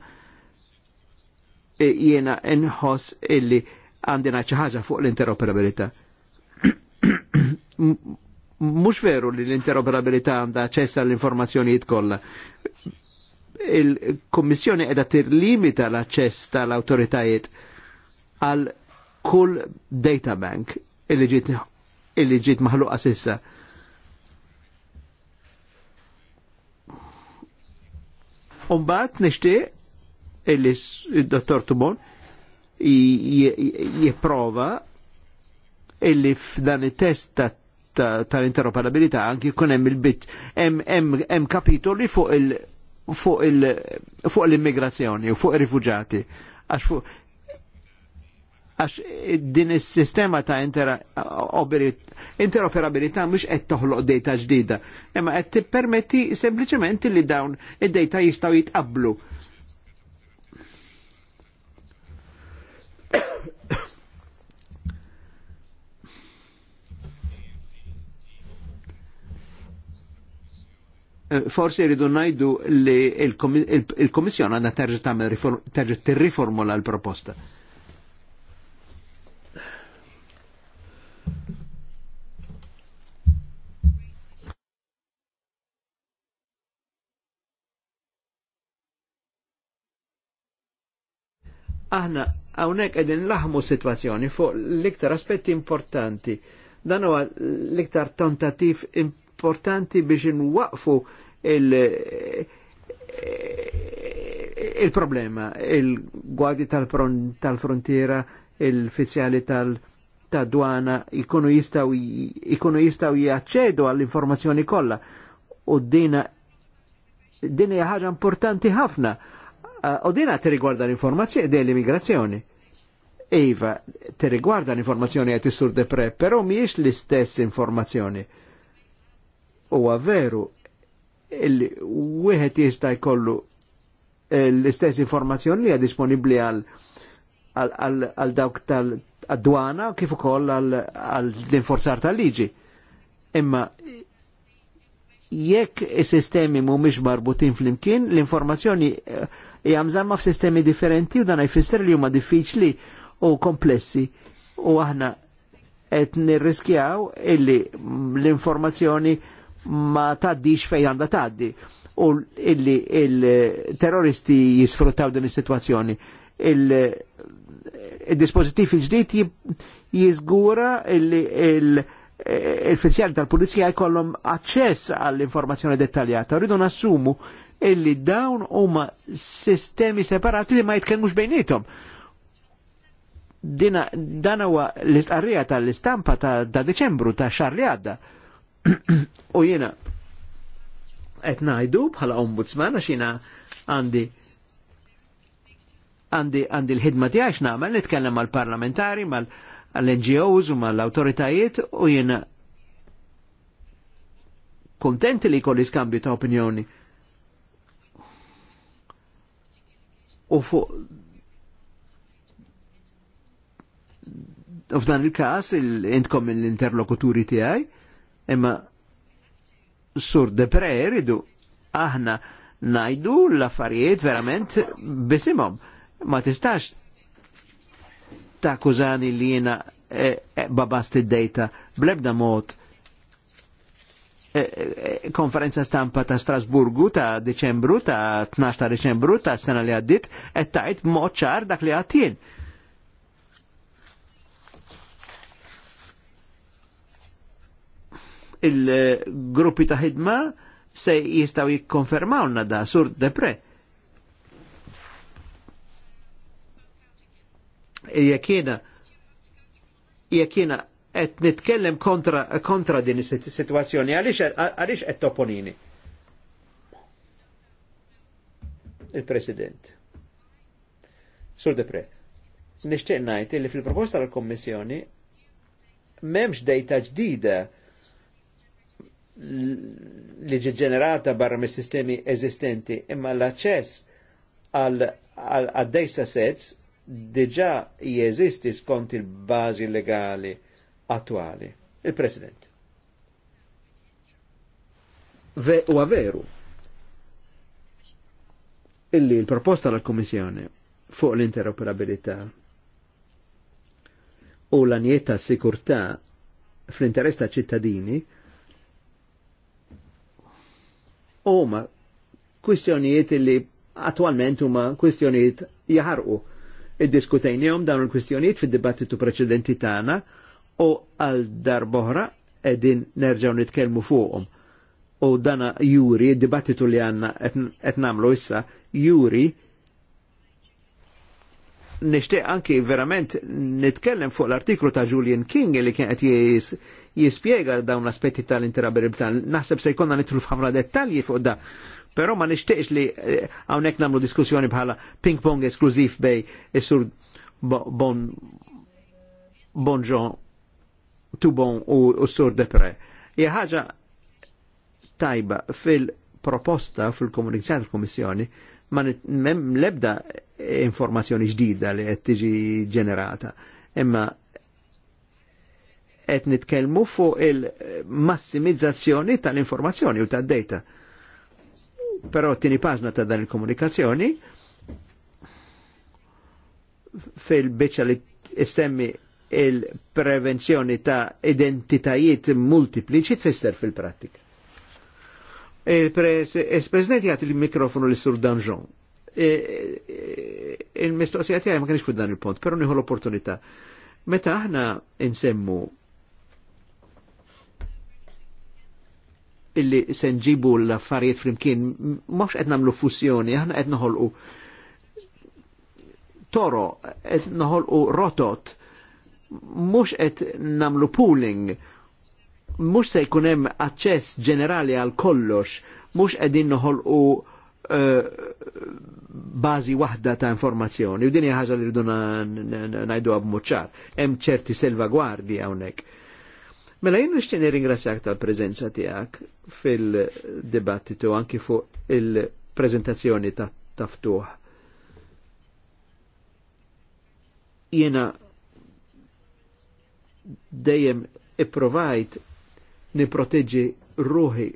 e jiena nħoss illi għandina xi ħaġa fuq l-interoperabilità. Mhux veru li l-interoperabilità għandha ċessa għall-informazzjonijiet kollha. Il-Kummissjoni qiegħda tirlimita l-aċċess tal-awtoritajiet għal kull data bank illi ġiet illi ġiet maħluqa sissa. Umbat nixtieq illi il-dottor Tumon jiprova illi f'dan il test tal-interoperabilità anki jkun hemm il-bit hemm kapitoli fuq il- fuq l immigrazzjoni u fuq ir-rifuġati. Għax fuq għax din is-sistema ta' interoperabilità mhux qed toħloq data ġdida, imma qed tippermetti sempliciment li dawn id-data jistgħu jitqablu. forsi rridu najdu li il-Komissjoni għandha terġet tagħmel terġa' tirriformula l-proposta. Aħna hawnhekk qegħdin laħmu situazzjoni fuq l-iktar aspetti importanti. Dan huwa l-iktar tentativ importanti biex inwaqfu il- il-problema, il-gwadi gwardi tal frontiera il fizzjali tal dwana ikunu jistaw ikunu jaċċedu għall-informazzjoni kollha. U dina din hija ħaġa importanti ħafna Eh, u dina riguarda l-informazzjoni l immigrazzjoni Iva, riguarda l-informazzjoni għet de depre, pero miex l-istess informazzjoni. U veru, il-wihet jista' jkollu eh, l-istess informazzjoni li hija disponibbli għal dawk tal-dwana kif ukoll għal dinforzar inforzar tal-liġi. Imma jekk is-sistemi mhumiex marbutin flimkien, l-informazzjoni eh, hija f-sistemi differenti u dan jfisser li huma diffiċli u komplessi u aħna qed nirriskjaw illi l-informazzjoni ma taddix fejn għanda taddi u illi il-terroristi jisfruttaw din is-sitwazzjoni. Il-dispożittiv il-ġdid jizgura illi il- il-fizzjali tal-pulizija jkollhom aċċess għall-informazzjoni dettaljata. Rridu nassumu illi dawn huma sistemi separati li ma jitkellmux bejnietom. Dina, dan huwa l-istqarrija tal-istampa ta', ta Deċembru ta' xar li għadda. U jiena qed ngħidu bħala ombudsman għax jiena għandi għandi għandi l-ħidma tiegħi nagħmel nitkellem mal-parlamentari, mal-NGOs u mal-awtoritajiet u jiena kuntenti li jkolli skambju ta' opinjoni u fuq u f'dan il-każ intkom l-interlokuturi tiegħi imma sur de idu aħna najdu l-affarijiet verament bisimom Ma tistax takkużani li jena e, eh, e, eh, babast id-dejta blebda mod konferenza stampa ta' Strasburgu ta' Deċembru ta' 12 ta' Deċembru ta' sena li għaddit et tajt moċar dak li għattin. Il-gruppi ta' ħidma se jistaw jikkonfermawna da' sur depre. Jekk jiena jekk jiena et nitkellem kontra, kontra din situazzjoni, għalix et qed topponini. Il-President. Sur de Depre, nixtieq ngħid li fil-proposta tal-Kommissjoni memx dejta ġdida li ġi ġenerata barra mis sistemi eżistenti imma l-aċċess għal data sets diġa jeżisti skont il-bażi legali attuali. Il-President. Ve u veru illi il proposta il tal-Komissjoni fuq l-interoperabilità u l-anjiet ta' fl-interess ta' ċittadini ma kwistjonijiet li attualment huma kwistjonijiet jaħarqu iddiskutejnihom dawn il-kwistjonijiet fil dibattitu preċedenti tagħna u għal darboħra edin nerġaw nitkelmu fuqhom. U dana juri, dibattitu li għanna etnamlu issa, juri nishtiq anki verament nitkellem fuq l-artiklu ta' Julian King li kien qed jispjega dawn l-aspetti tal-interabilità. Naħseb se jkollna nitlu f'ħafna dettalji fuq da. Però ma nixtieqx li eh, hawnhekk nagħmlu diskussjoni bħala ping-pong esklużiv bej is-sur Bon Bonġon Tubon u Sur de Pre. Hija ħaġa tajba fil-proposta fil komunikazzjoni tal-Kummissjoni ma lebda informazzjoni ġdida li qed tiġi ġenerata. Imma qed nitkellmu fuq il-massimizzazzjoni tal-informazzjoni u tad-data. Però tini pażna ta' dan il-komunikazzjoni fil-biċċa li issemmi il-prevenzjoni ta' identitajiet multipliċi tfisser fil-prattika. Il-President jgħat il-mikrofonu li sur Danjon. E, e, il-mistoqsija tiegħi ma kienx dan il-pont, pero nieħu l-opportunità. Meta aħna insemmu illi senġibu l-affarijiet flimkien, mux qed nagħmlu fusjoni, aħna qed noħolqu toro, qed noħolqu rotot mhux qed namlu pooling, mhux se jkun hemm aċċess ġenerali għal kollox, mhux qegħdin noħolqu uh, bażi waħda ta' informazzjoni. U din ħaġa li najdu għab muċċar, Hemm ċerti selvagwardi hawnhekk. Mela jien nixtieq ringrazzjak tal-preżenza tiegħek fil-dibattitu anki fuq il-preżentazzjoni ta' taftuħ. Jiena dejjem ipprovajt niproteġi ruħi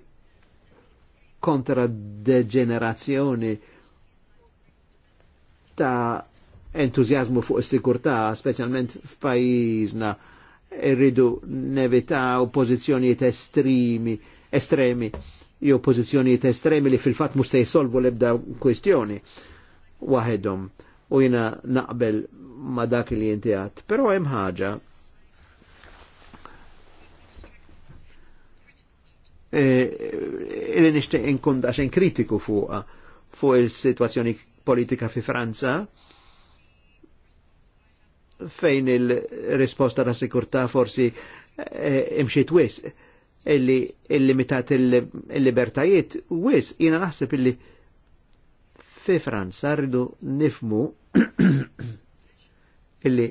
kontra degenerazzjoni ta' entuzjazmu fuq is-sikurtà, speċjalment f'pajjiżna irridu nevitaw pożizzjonijiet estremi, estremi jew pożizzjonijiet estremi li fil-fatt mhux se jsolvu l-ebda kwistjoni waħedhom u jina naqbel ma dak li inti Però hemm ħaġa illi e, e, nishtiq inkun daċen kritiku fuq fuq il-situazzjoni politika fi Franza fejn il-risposta ta' sikurta forsi e, imxiet wis illi il-limitat il-libertajiet wis jina naħseb illi fi Franza rridu nifmu illi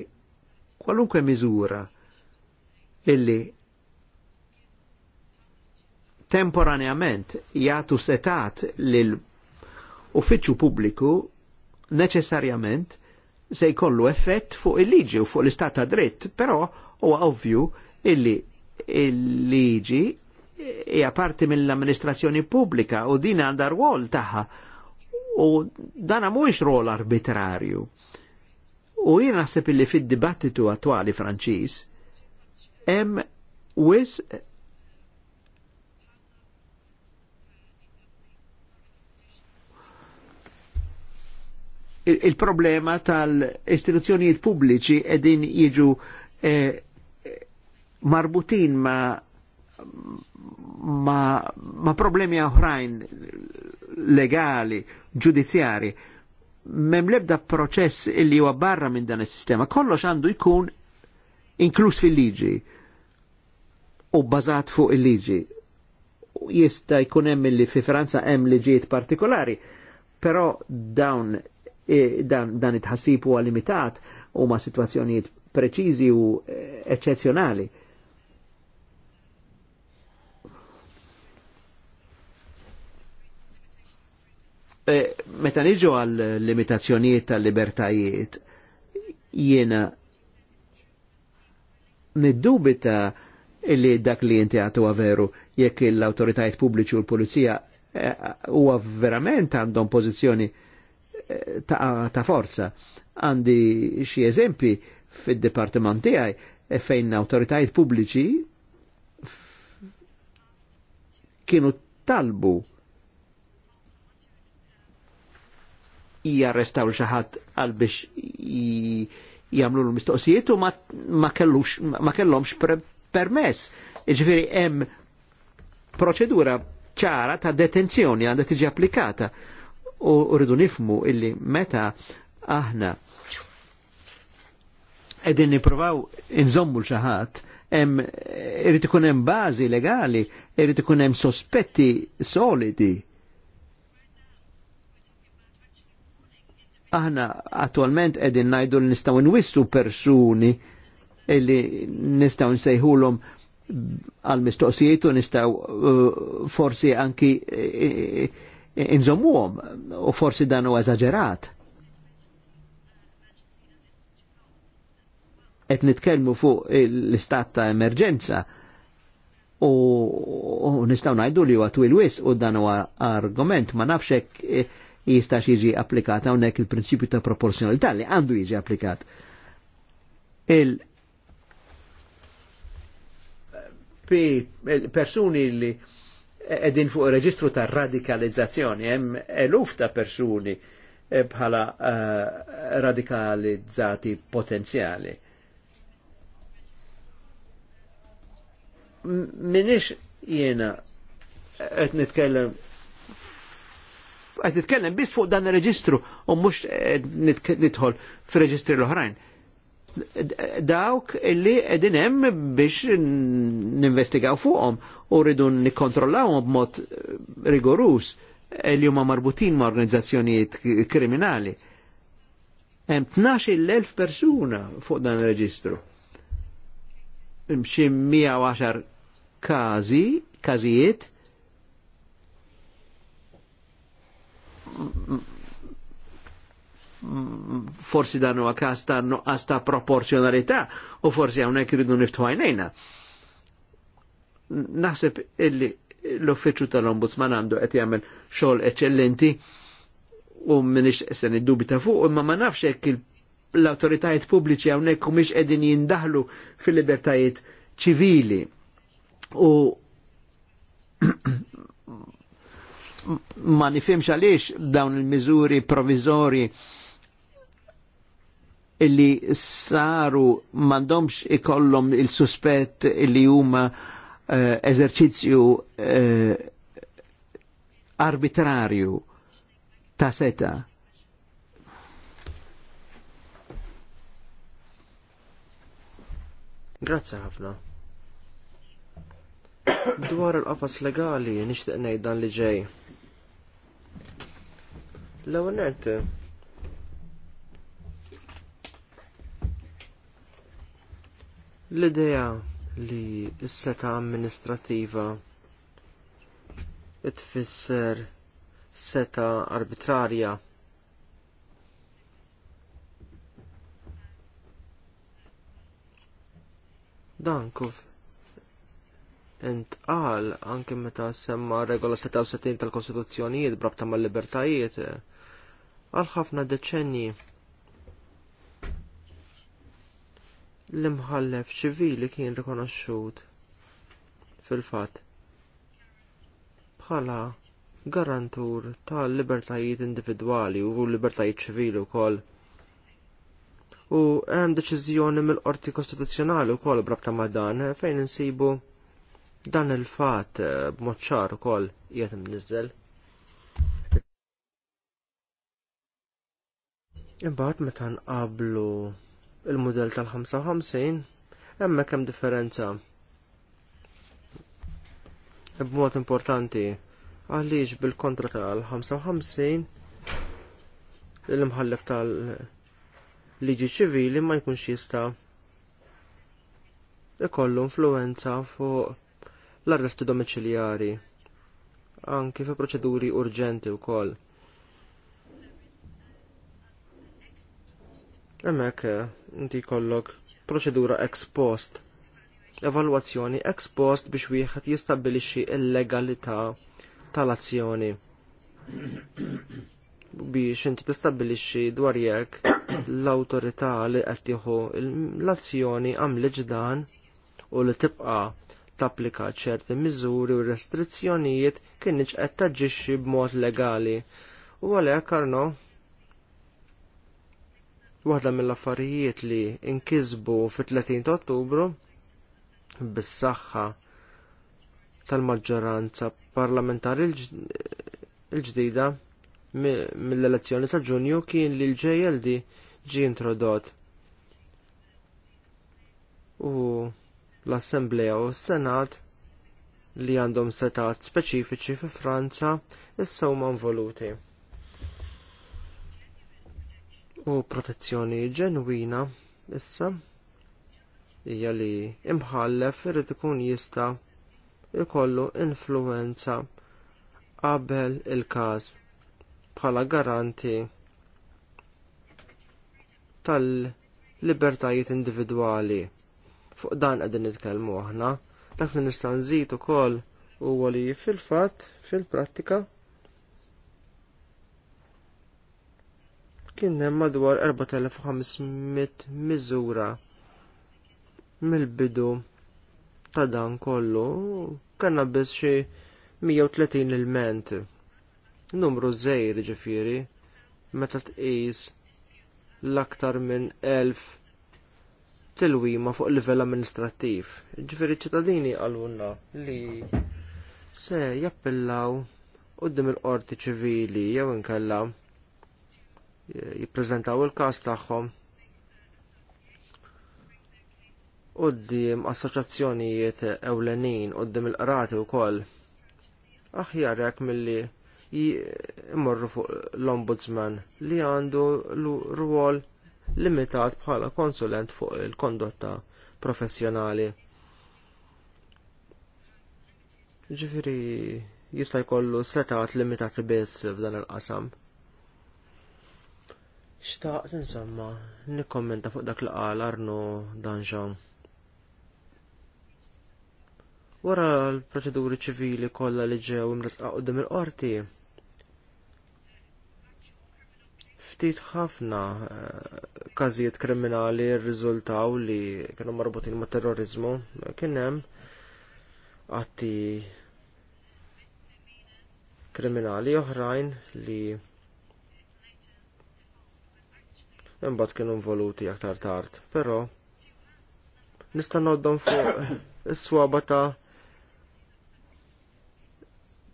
kwalunkwe miżura illi temporanjament jagħtu setat lil uffiċċju pubbliku neċessarjament se jkollu effett fuq il-liġi u fuq l-istat ta' dritt, però huwa ovvju illi il-liġi hija parti mill-amministrazzjoni pubblika u din għandha rwol tagħha. U dan mhuwiex rwol arbitrarju. U jien naħseb illi fid-dibattitu attwali Franċiż hemm wis il-problema il tal-istituzzjonijiet pubbliċi edin jiġu eh, marbutin ma, ma, ma problemi oħrajn legali, ġudizzjari, mem lebda proċess illi huwa barra minn dan is-sistema, kollox għandu jkun inkluż fil-liġi u bażat fuq il-liġi. Jista' jkun hemm illi fi Franza hemm liġijiet partikolari, però dawn E, dan, dan it-ħassib huwa limitat u ma' situazzjonijiet preċiżi u eccezzjonali. E, meta niġu għal limitazzjonijiet tal-libertajiet, jiena niddubita illi dak li jinti għatu għaveru jekk l-autoritajiet pubbliċi u l-polizija e, huwa verament għandhom pożizzjoni ta', ta forza. Għandi xi eżempi fid-dipartiment tiegħi e fejn awtoritajiet pubbliċi kienu talbu jarrestaw xi ħadd għal biex jamlu l-mistoqsijiet u ma kellux ma kellhomx permess. Jiġifieri hemm proċedura ċara ta' detenzjoni għandha tiġi applikata u rridu nifmu illi meta aħna edin niprovaw inżommu l-xaħat, irrit ikun hemm bażi legali, irrit ikun hemm sospetti solidi. Aħna attualment edin najdu li nistaw nwissu persuni illi nistaw nsejħulhom għal mistoqsijiet u nistaw uh, forsi anki uh, għom, u forsi dan u eżaġerat. Et nitkelmu fuq l-istat ta' emerġenza u, nistaw nistgħu ngħidu li huwa twil wis u dan u argument ma nafx hekk eh, jistax jiġi applikat hawnhekk il-prinċipju ta' proporzjonalità li għandu jiġi applikat. Il persuni li edin fuq reġistru ta' radikalizzazzjoni, hemm eluf ta' persuni eh, bħala uh, radikalizzati potenzjali. Minix jena eh, qed nitkellem qed nitkellem biss fuq dan ir-reġistru u mhux nidħol fir-reġistri l-oħrajn dawk illi edin hemm biex ninvestigaw fuqhom u rridu nikkontrollawhom b'mod eh, rigorus e li huma marbutin ma' organizzazzjonijiet kriminali. Hemm l elf persuna fuq dan ir-reġistru. Xi 110 każi, każijiet forsi dan huwa każ ta' nuqqas ta' proporzjonalità u forsi hawnhekk iridu niftħu għajnejna. Naħseb illi l-uffiċċju tal-Ombudsman għandu qed jagħmel xogħol eċċellenti u minix se niddubita fuq imma ma nafx hekk l-awtoritajiet pubbliċi hawnhekk mhix qegħdin jindaħlu fil-libertajiet ċivili u ma nifhimx għaliex dawn il-miżuri provizori illi saru mandomx ikollom il-suspett illi huma eh, eżerċizzju eh, arbitrarju ta' seta. Grazzi ħafna. Dwar il-qafas legali nixtieq ngħid dan li ġej. L-ewwel L-idea li s-seta amministrativa tfisser seta arbitrarja dan kif intqal anke meta semma regola 67 tal-Kostituzzjonijiet brabta mal-libertajiet għal ħafna deċenji l-imħallef ċivili kien rikonoxxut fil-fatt bħala garantur tal-libertajiet individwali u libertajiet ċivili wkoll. U hemm deċiżjoni mill-Qorti Kostituzzjonali wkoll brabta ma' dan fejn insibu dan il-fatt eh, b'mod ċar ukoll qiegħed imniżżel. Imbagħad meta nqablu il-modell tal-55 hemmhekk hemm differenza b'mod importanti għaliex bil-kontra tal-55 il imħallef tal-liġi ċivili ma jkunx jista ikollu influenza fuq l-arresti domiciliari anki fi proċeduri urġenti wkoll. Hemmhekk eh, inti jkollok proċedura ex post, evalwazzjoni ex post biex wieħed jistabilixi l-legalità tal-azzjoni. Biex inti tistabilixi dwar jekk l-awtorità li qed tieħu l-azzjoni għamliġ dan u li tibqa' tapplika ċerti miżuri u restrizzjonijiet kienx qed taġġixxi b'mod legali. U għalhekk Arno Waħda mill-affarijiet li inkisbu fit-30 ta' Ottubru bis-saħħa tal-maġġoranza parlamentari l-ġdida mill-elezzjoni ta' Ġunju kien li l-JLD ġie introdott u l assemblea u s-Senat li għandhom setat speċifiċi fi Franza issa huma involuti u protezzjoni ġenwina issa hija li imħallef irid ikun jista' jkollu influwenza qabel il-każ bħala garanti tal-libertajiet individwali. Fuq dan qegħdin nitkellmu aħna, dak li nista' nżid ukoll huwa li fil-fatt fil-prattika kien hemm madwar 4500 miżura mill-bidu ta' dan kollu kanna biss xi 130 il-ment. Numru żgħir ġifieri meta tqis l-aktar minn 1000 tilwima fuq livell amministrattiv. Ġifieri ċittadini għalunna li se jappillaw qudiem il-qorti ċivili jew inkella jippreżentaw il-każ tagħhom qoddim assoċjazzjonijiet ewlenin qoddim il-qrati wkoll aħjar jekk milli jmorru fuq l-ombudsman li għandu rwol limitat bħala konsulent fuq il-kondotta professjonali. Ġifiri jista' jkollu setat limitat biss f'dan il-qasam. Xtaqt insomma, nikkommenta fuq dak li qal Arno Danġan. Wara l-proċeduri ċivili kollha li ġew imresqa qudiem il-qorti. Ftit ħafna eh, każijiet kriminali rriżultaw li kienu marbutin mat terrorizmu kien hemm atti kriminali oħrajn li imbagħad kienu involuti aktar tard. Però nista' noddhom fuq is-swaba ta'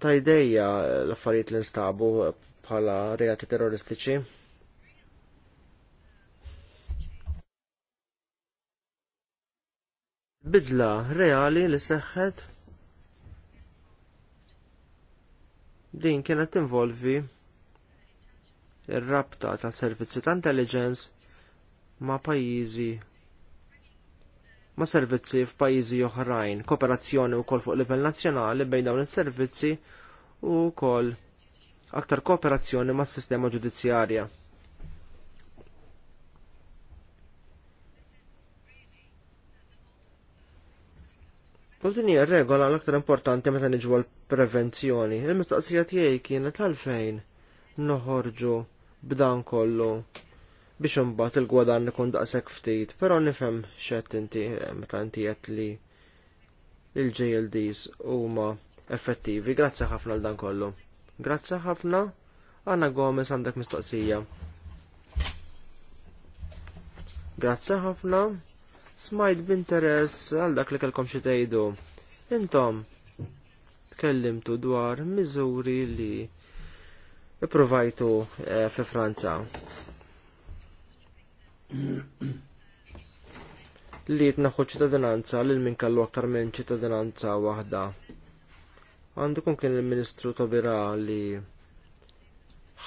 ta' idejja l-affarijiet li nstabu bħala reati terroristiċi. bidla reali li seħħet din kienet involvi ir-rabta ta' servizzi ta' intelligence ma' pajjiżi ma' servizzi f'pajjiżi oħrajn, kooperazzjoni wkoll fuq livell nazzjonali bejn dawn is-servizzi u wkoll aktar kooperazzjoni mas sistema ġudizzjarja. U din hija regola l-aktar importanti meta niġu għal prevenzjoni Il-mistoqsija tiegħi kienet għalfejn noħorġu b'dan kollu biex imbagħad il-gwadan ikun daqshekk ftit, però nifhem x'qed inti eh, meta inti qed li il-JLDs huma effettivi. Grazzi ħafna l dan kollu. Grazzi ħafna. Anna Gomez għandek mistoqsija. Grazzi ħafna. Smajt b'interess għal dak li kellkom xi tgħidu. Intom tkellimtu dwar miżuri li provajtu eh, fi Franza. Li jitnaħu ċittadinanza lil min kellu aktar minn ċittadinanza waħda. Għandu kun kien il-Ministru Tobira li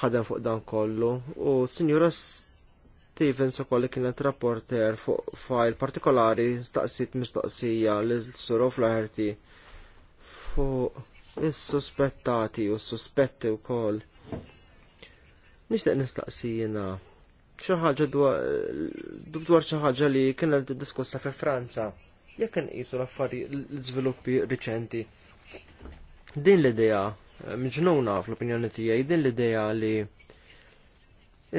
ħadem fuq dan kollu u Sinjura Stevens ukoll kienet rapporter fuq fajl partikolari staqsit mistoqsija li s suruf laħerti fuq is-suspettati u s-suspetti wkoll Nixtieq nistaqsi jena xi ħaġa dwar xi ħaġa li kienet diskussa fi Franza jekk jisu l-affarijiet l-iżviluppi riċenti. Din l-idea mġnuna fl-opinjoni tiegħi din l-idea li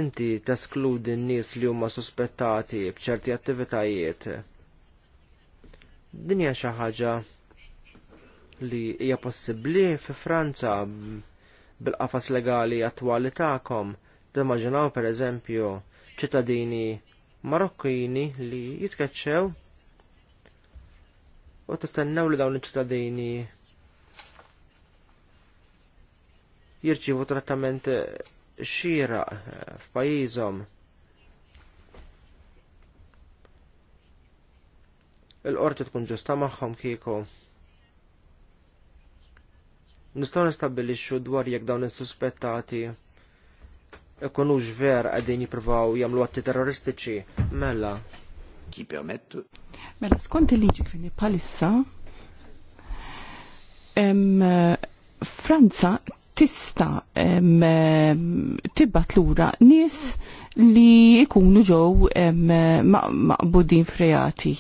inti teskludi n-nies li huma suspettati b'ċerti attivitajiet. Din hija xi ħaġa li hija possibbli fi Franza bil-qafas legali attwali tagħkom. Dimmaġinaw pereżempju ċittadini Marokkini li jitkeċċew u tistennew li dawn iċ-ċittadini jirċivu trattament xira f'pajjiżhom. Il-qorti tkun ġusta magħhom kieku. Nistgħu nistabbilixxu dwar jekk dawn is-suspettati ikunux ver qegħdin jippruvaw jagħmlu atti terroristiċi mela. Ki permettu? Mela skont il-liġi kvini palissa Franza tista tibbat lura nies li jkunu ġew maqbudin ma frejati.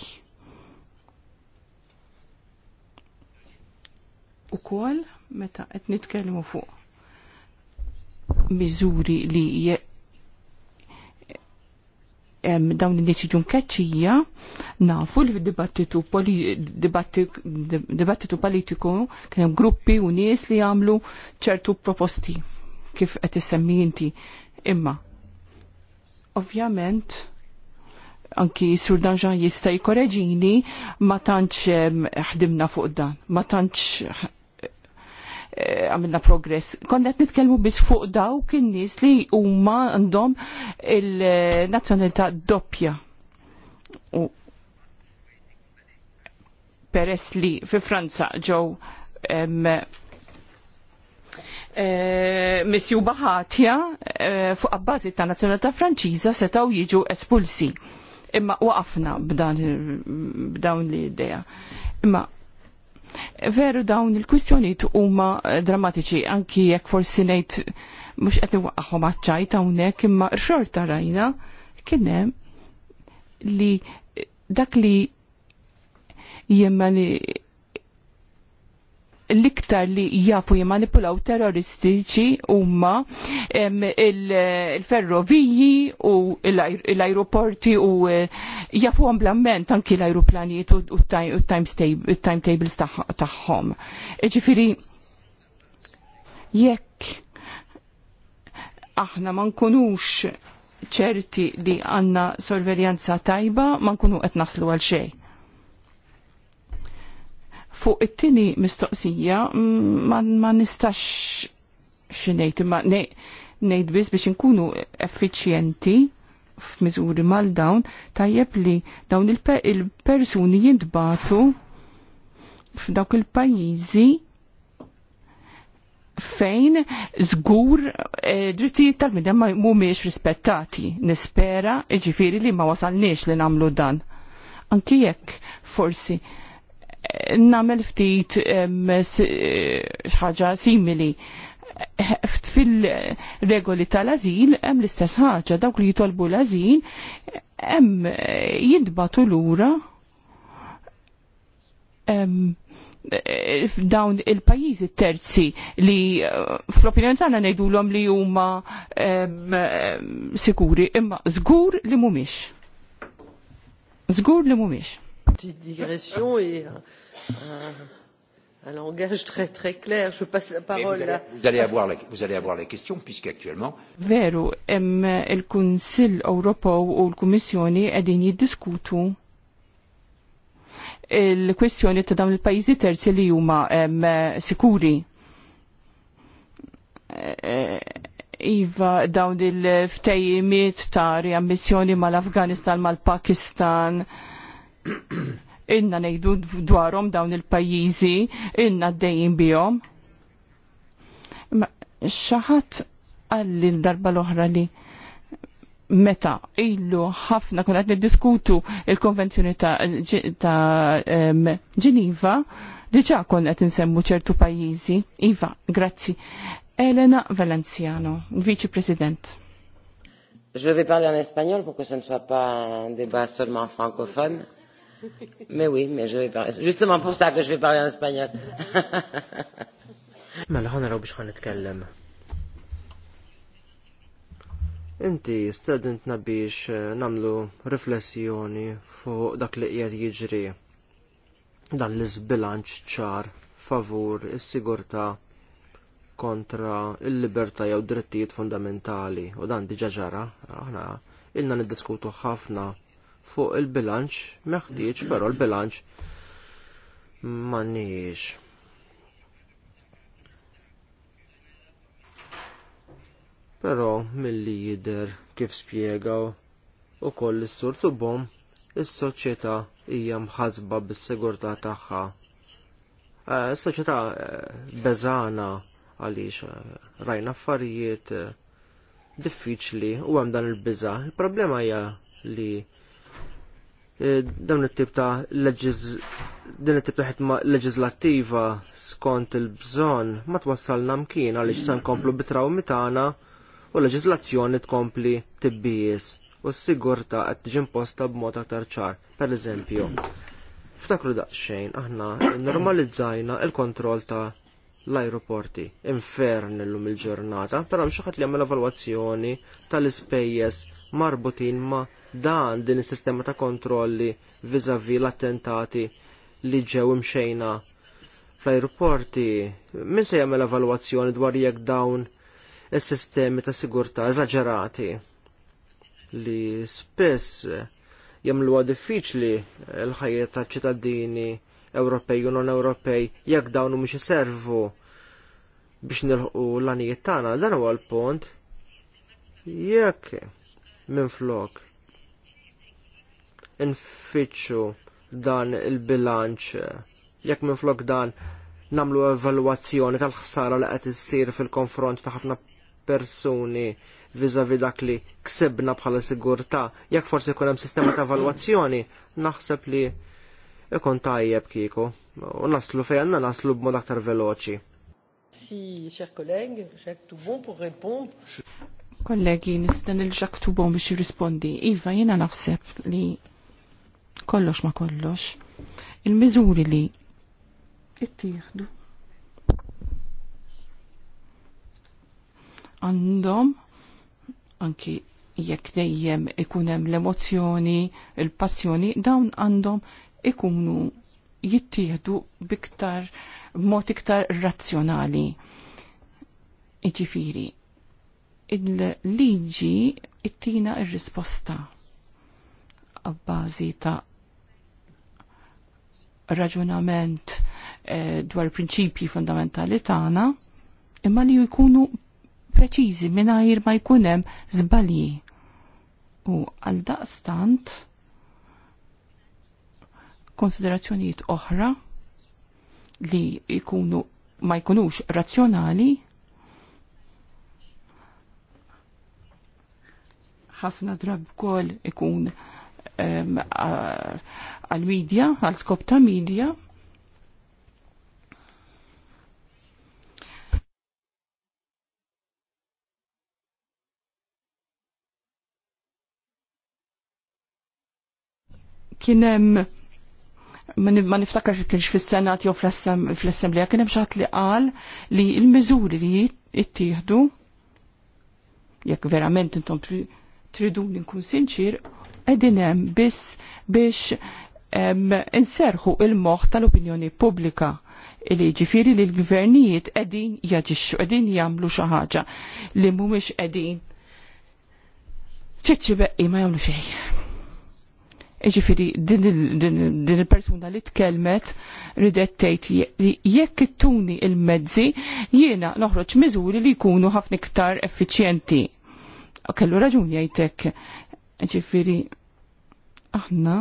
U kol? meta qed nitkellmu fuq miżuri li dawn in-nies jiġu mkeċċija, nafu li dibattitu dibattitu politiku kien hemm gruppi u nies li jagħmlu ċertu proposti kif qed issemmi inti. Imma ovvjament anki Sur Danġan jista' jkoreġini ma tantx ħdimna fuq dan, ma tantx Eh, għamilna progress. Konnet nitkellmu biss fuq dawk in-nies li huma għandhom il-nazzjonalità doppja. U peress li fi Franza ġew missju eh, baħatja eh, fuq abbażi ta' nazzjonalità Franċiża setgħu jiġu espulsi. Imma waqafna b'dawn l-idea. Imma Veru dawn il-kwistjoniet huma drammatiċi anki jekk forsi ngħid mhux qed niwaqqagħhom għaċċajt hawnhekk imma xorta rajna kien hemm li dak li jemma li l-iktar li jafu jimanipulaw terroristiċi huma il-ferroviji u l-aeroporti u eh, jafu amblament anki l ajruplanijiet u timetables tagħhom. Ġifiri, jekk aħna ma nkunux ċerti li għanna sorveljanza tajba, ma nkunu qed naslu għal xejn Fuq it-tini mistoqsija mm, ma nistax xinejt imma nejt biss biex nkunu effiċjenti f'miżuri mal-dawn tajjeb li dawn il-persuni jintbatu f'dawk il-pajjiżi fejn żgur e, drittijiet tal-midem ma mhumiex rispettati. Nispera ġifiri li ma wasalniex li nagħmlu dan. Anki jekk forsi namel ftit xaġa simili. Fil-regoli tal-azil, hemm l-istess ħaġa, dawk li jitolbu l-azil, hemm jidbatu lura dawn il pajjiżi terzi li fl-opinjoni tagħna ngħidulhom li huma sikuri, imma żgur li mhumiex. Żgur li mhumiex Petite digression et un, un, un langage très très clair. Je passe la parole vous allez, à... Vous allez, avoir la, vous allez avoir la question puisqu'actuellement... Vero, em, il-Kunsill ou u l a déni jiddiskutu il-kwestjoni ta' dawn il-pajjiżi terzi li huma sikuri. E, iva dawn il-ftejimiet ta' riammissjoni mal-Afganistan, mal-Pakistan, mal afganistan mal pakistan inna nejdu dwarom dawn il-pajizi, inna d-dejjin bijom. xaħat għalli l-darba l-oħra li meta illu ħafna kun għad diskutu il-konvenzjoni ta', ta um, Ġeniva, diġa kon għad nsemmu ċertu pajizi. Iva, grazzi. Elena Valenciano, vice president. Je vais parler en espagnol pour que ce ne soit pas un débat seulement francophone. Mais oui, mais je vais parler. Justement pour ça que je vais parler en espagnol. Mela on a biex de parler. Inti stedintna biex eh, namlu riflessjoni fuq dak li qiegħed jiġri dan l-iżbilanċ ċar favur is-sigurtà kontra il-libertà jew drittijiet fundamentali u dan diġa ġara aħna ilna niddiskutu ħafna fuq il-bilanċ meħtieġ, però l-bilanċ m'għandniex. Però milli jidher kif spjegaw ukoll is-sur tubhom is-soċjetà hija mħasba bis-sigurtà tagħha. Is-soċjetà eh, eh, beżana għaliex eh, rajna affarijiet diffiċli u hemm dan il-biża. Il-problema hija li Eh, dawn it-tip ta' din it-tip ta' ħitma leġislattiva skont il-bżonn ma twassalna mkien għaliex se nkomplu bitraw mitana u leġislazzjoni tkompli tibbies u s-sigurta qed tiġi imposta b'mod aktar ċar. Pereżempju, ftakru daqsxejn aħna normalizzajna l kontroll ta' l-aeroporti infern illum il-ġurnata, però hemm xi ħadd li jagħmel evalwazzjoni tal-ispejjeż marbutin ma dan din is-sistema ta' kontrolli vizavi l-attentati li ġew imxejna fl-ajruporti. Min se jagħmel evalwazzjoni dwar jekk dawn is-sistemi ta' sigurtà eżaġerati li spiss jagħmluha diffiċli l-ħajja ta' ċittadini Ewropej u non Ewropej jekk dawn mhumiex iservu biex nilħu l-għanijiet tagħna dan huwa l-punt. Jekk minflok. Infittxu dan il-bilanċ, jekk minflok dan namlu evalwazzjoni tal-ħsara li qed issir fil-konfront ta' ħafna persuni vizavi dak li ksebna bħala sigurtà, jekk forsi jkun hemm sistema ta' evalwazzjoni, naħseb li ikun tajjeb kieku u naslu fejanna naslu b'mod aktar veloċi. Si, cher collègue, pour répondre. Kollegi, nistan il tubom biex jirrispondi. Iva, jena naħseb li kollox ma kollox. Il-mizuri li it-tieħdu. għandhom anki jekk dejjem ikun hemm l-emozjoni, il-passjoni, dawn għandhom ikunu jittieħdu biktar b'mod iktar razzjonali. Iġifiri, il-liġi ittina il-risposta għabbażi ta' raġunament eh, dwar prinċipji fundamentali tagħna, imma li jkunu preċiżi mingħajr ma jkun hemm żbalji. U għal daqstant konsiderazzjonijiet oħra li jkunu ma jkunux razzjonali ħafna drab kol ikun għal-medja, għal-skop ta' medja. Kienem ma niftakarx kienx fis-Senat jew fl-Assembleja kien hemm xaħat li qal li l-miżuri li jittieħdu jekk verament intom tridun nkun sinċir, edinem hemm biss biex inserħu il-moħ tal-opinjoni pubblika li ġifiri li l-gvernijiet edin jaġixxu, edin jamlu xaħġa li mumiex edin ċeċi beqqi ma jamlu xej. Ġifiri din il-persuna li tkelmet ridet tgħid li jekk ittuni il-mezzi jiena noħroġ miżuri li jkunu ħafna iktar effiċjenti kellu raġun jajtek Ġifieri aħna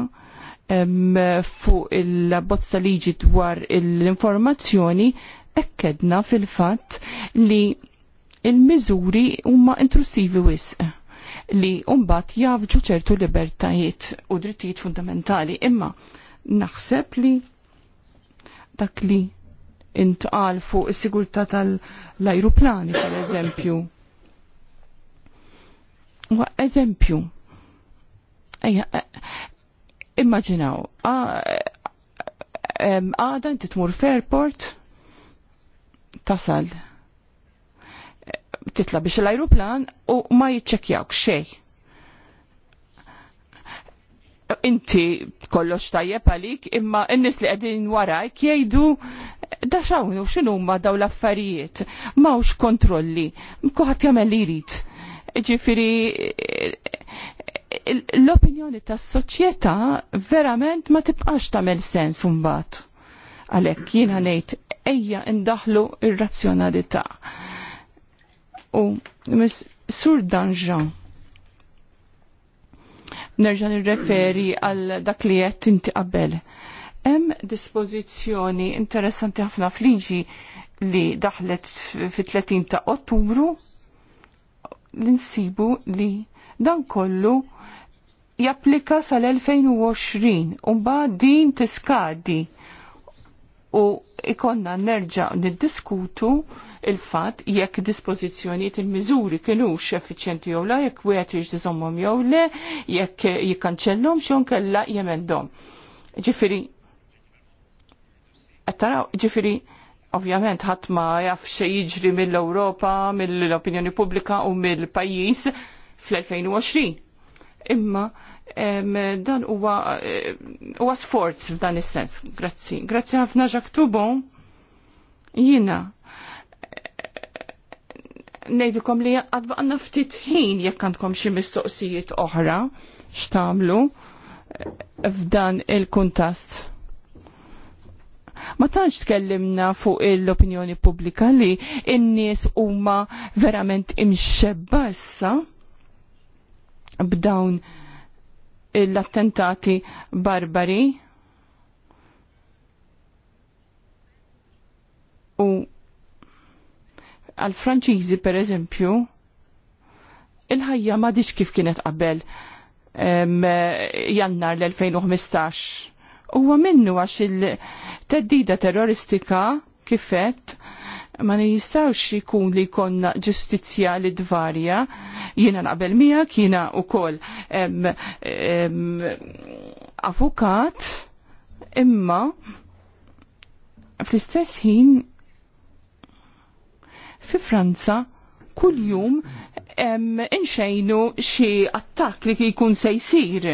fuq il bozza liġi dwar l-informazzjoni ekkedna fil-fatt li il-miżuri huma intrusivi wisq li umbat javġu ċertu libertajiet u drittijiet fundamentali. Imma naħseb li dak li intqal fuq is-sigurtà tal-ajruplani, per eżempju, Wa eżempju, e, immaġinaw, e, għada inti tmur f'airport, tasal, e, titla biex l-ajruplan u ma jitċekjawk xej. Inti kollox tajjeb għalik, imma n-nis li għedin warajk jgħidu da xawnu xinu ma daw l-affarijiet, ux kontrolli, mkuħat jamel li jrid ġifiri l-opinjoni tas soċjetà verament ma tibqax tagħmel sens imbagħad. Għalhekk jien ngħid ejja ndaħlu ir-razzjonalità. U mis Sur Danjean nerġa' referi għal dak li qed inti qabel. Hemm dispożizzjoni interessanti ħafna fliġi li daħlet fit-30 ta' Ottubru l-insibu li dan kollu japplika sal-2020 unba din tiskadi u ikonna nerġa' niddiskutu il-fat jekk dispożizzjonijiet il-miżuri x effiċjenti jew la, jekk wieħed jiżommhom jew le, jekk jikkanċellhom xi kella jemendhom. Ġifiri, qed taraw ġifieri ovvjament ħadd ma jaf xejn jiġri mill-Ewropa, mill-opinjoni pubblika u mill-pajjiż fl-2020. Imma em, dan huwa eh, huwa sforz f'dan is-sens. Grazzi. Grazzi ħafna ġaktubu. Jiena eh, ngħidilkom li għadbaqna ftit ħin jekk għandkom xi mistoqsijiet oħra x'tagħmlu eh, f'dan il-kuntast ma tantx tkellimna fuq l-opinjoni pubblika li n-nies huma verament imxebba issa b'dawn l-attentati barbari u għal-Franċiżi per eżempju il-ħajja ma diċ kif kienet qabel jannar l-2015 huwa minnu għax il-teddida terroristika kifet ma jistawx jkun li konna ġustizja li dvarja jiena naqbel miegħek u wkoll avukat imma fl-istess ħin fi Franza kuljum inxejnu xi attakk li jkun se jsir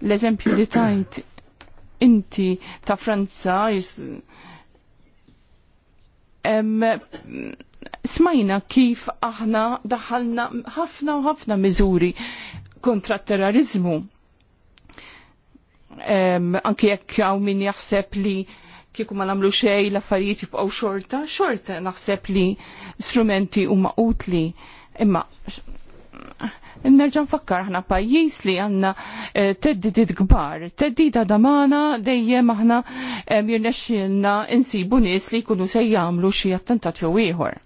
L-eżempju li tajt inti ta' Franza em, smajna kif aħna daħalna ħafna u ħafna miżuri kontra t terrorizmu. Anki jekk hawn min jaħseb li kieku ma namlu xej l-affarijiet jibqgħu xorta, xorta naħseb li strumenti huma utli imma Nerġa' nfakkar ħna pajjiż li għandna eh, teddidiet kbar, teddida damana dejjem aħna eh, jirnexxielna insibu nies li jkunu se jagħmlu xi attentat jew ieħor.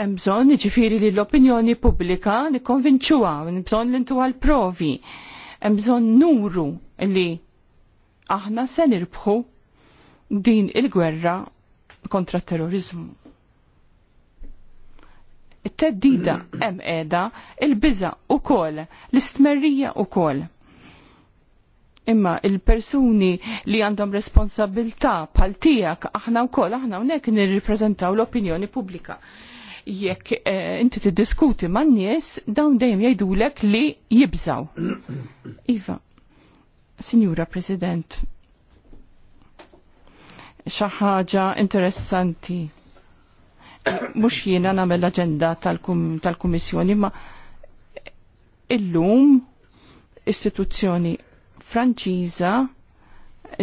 Hemm bżonn jiġifieri li l-opinjoni pubblika nikkonvinċuha, bżonn li ntuha l-provi, hemm bżonn nuru li aħna se nirbħu din il-gwerra kontra terrorizmu it-teddida hemm qiegħda, il-biża ukoll, l-istmerrija ukoll. Imma il-persuni li għandhom responsabilità bħal tiegħek aħna wkoll aħna hawnhekk nirrippreżentaw l-opinjoni pubblika. Jekk eh, inti tiddiskuti man-nies dawn dejjem jgħidulek li jibżaw. Iva, Signora President, xi ħaġa interessanti mhux jiena nagħmel l-aġenda tal-Kummissjoni ma illum istituzzjoni Franċiża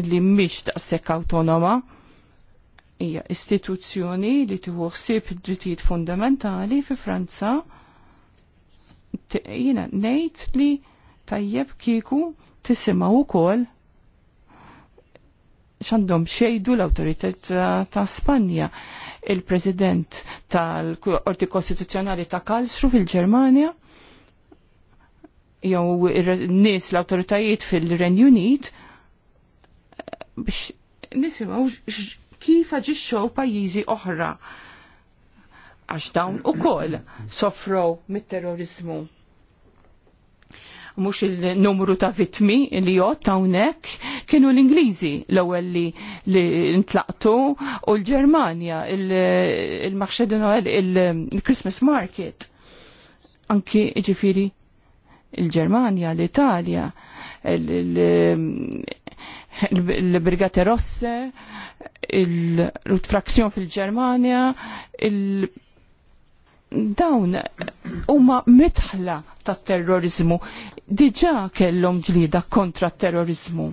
li mhix daqshekk awtonoma hija istituzzjoni li tieħu ħsieb id-drittijiet fundamentali fi Franza jiena ngħid li tajjeb kieku tisimgħu wkoll xandom xejdu l-autoritet eh, ta' Spanja. Il-president tal-Qorti Kostituzzjonali ta' Kalsru fil-Ġermanja, jew nis l-autoritajiet fil-Renju Unit, eh, biex nisimaw kif aġixxew pajjiżi oħra. Għax dawn ukoll sofrow mit-terrorizmu mhux il-numru ta' vitmi li jgħod hawnhekk kienu l-Ingliżi l-ewwel li intlaqtu u l-Ġermanja il-Maħxed il-Christmas Market. Anki ġifiri il-Ġermanja, l-Italja, il-Brigate Rosse, il-frazzjon fil-Ġermanja, il-, brigate dawn huma mitħla tat terrorizmu diġà kellhom ġlieda kontra t terrorizmu.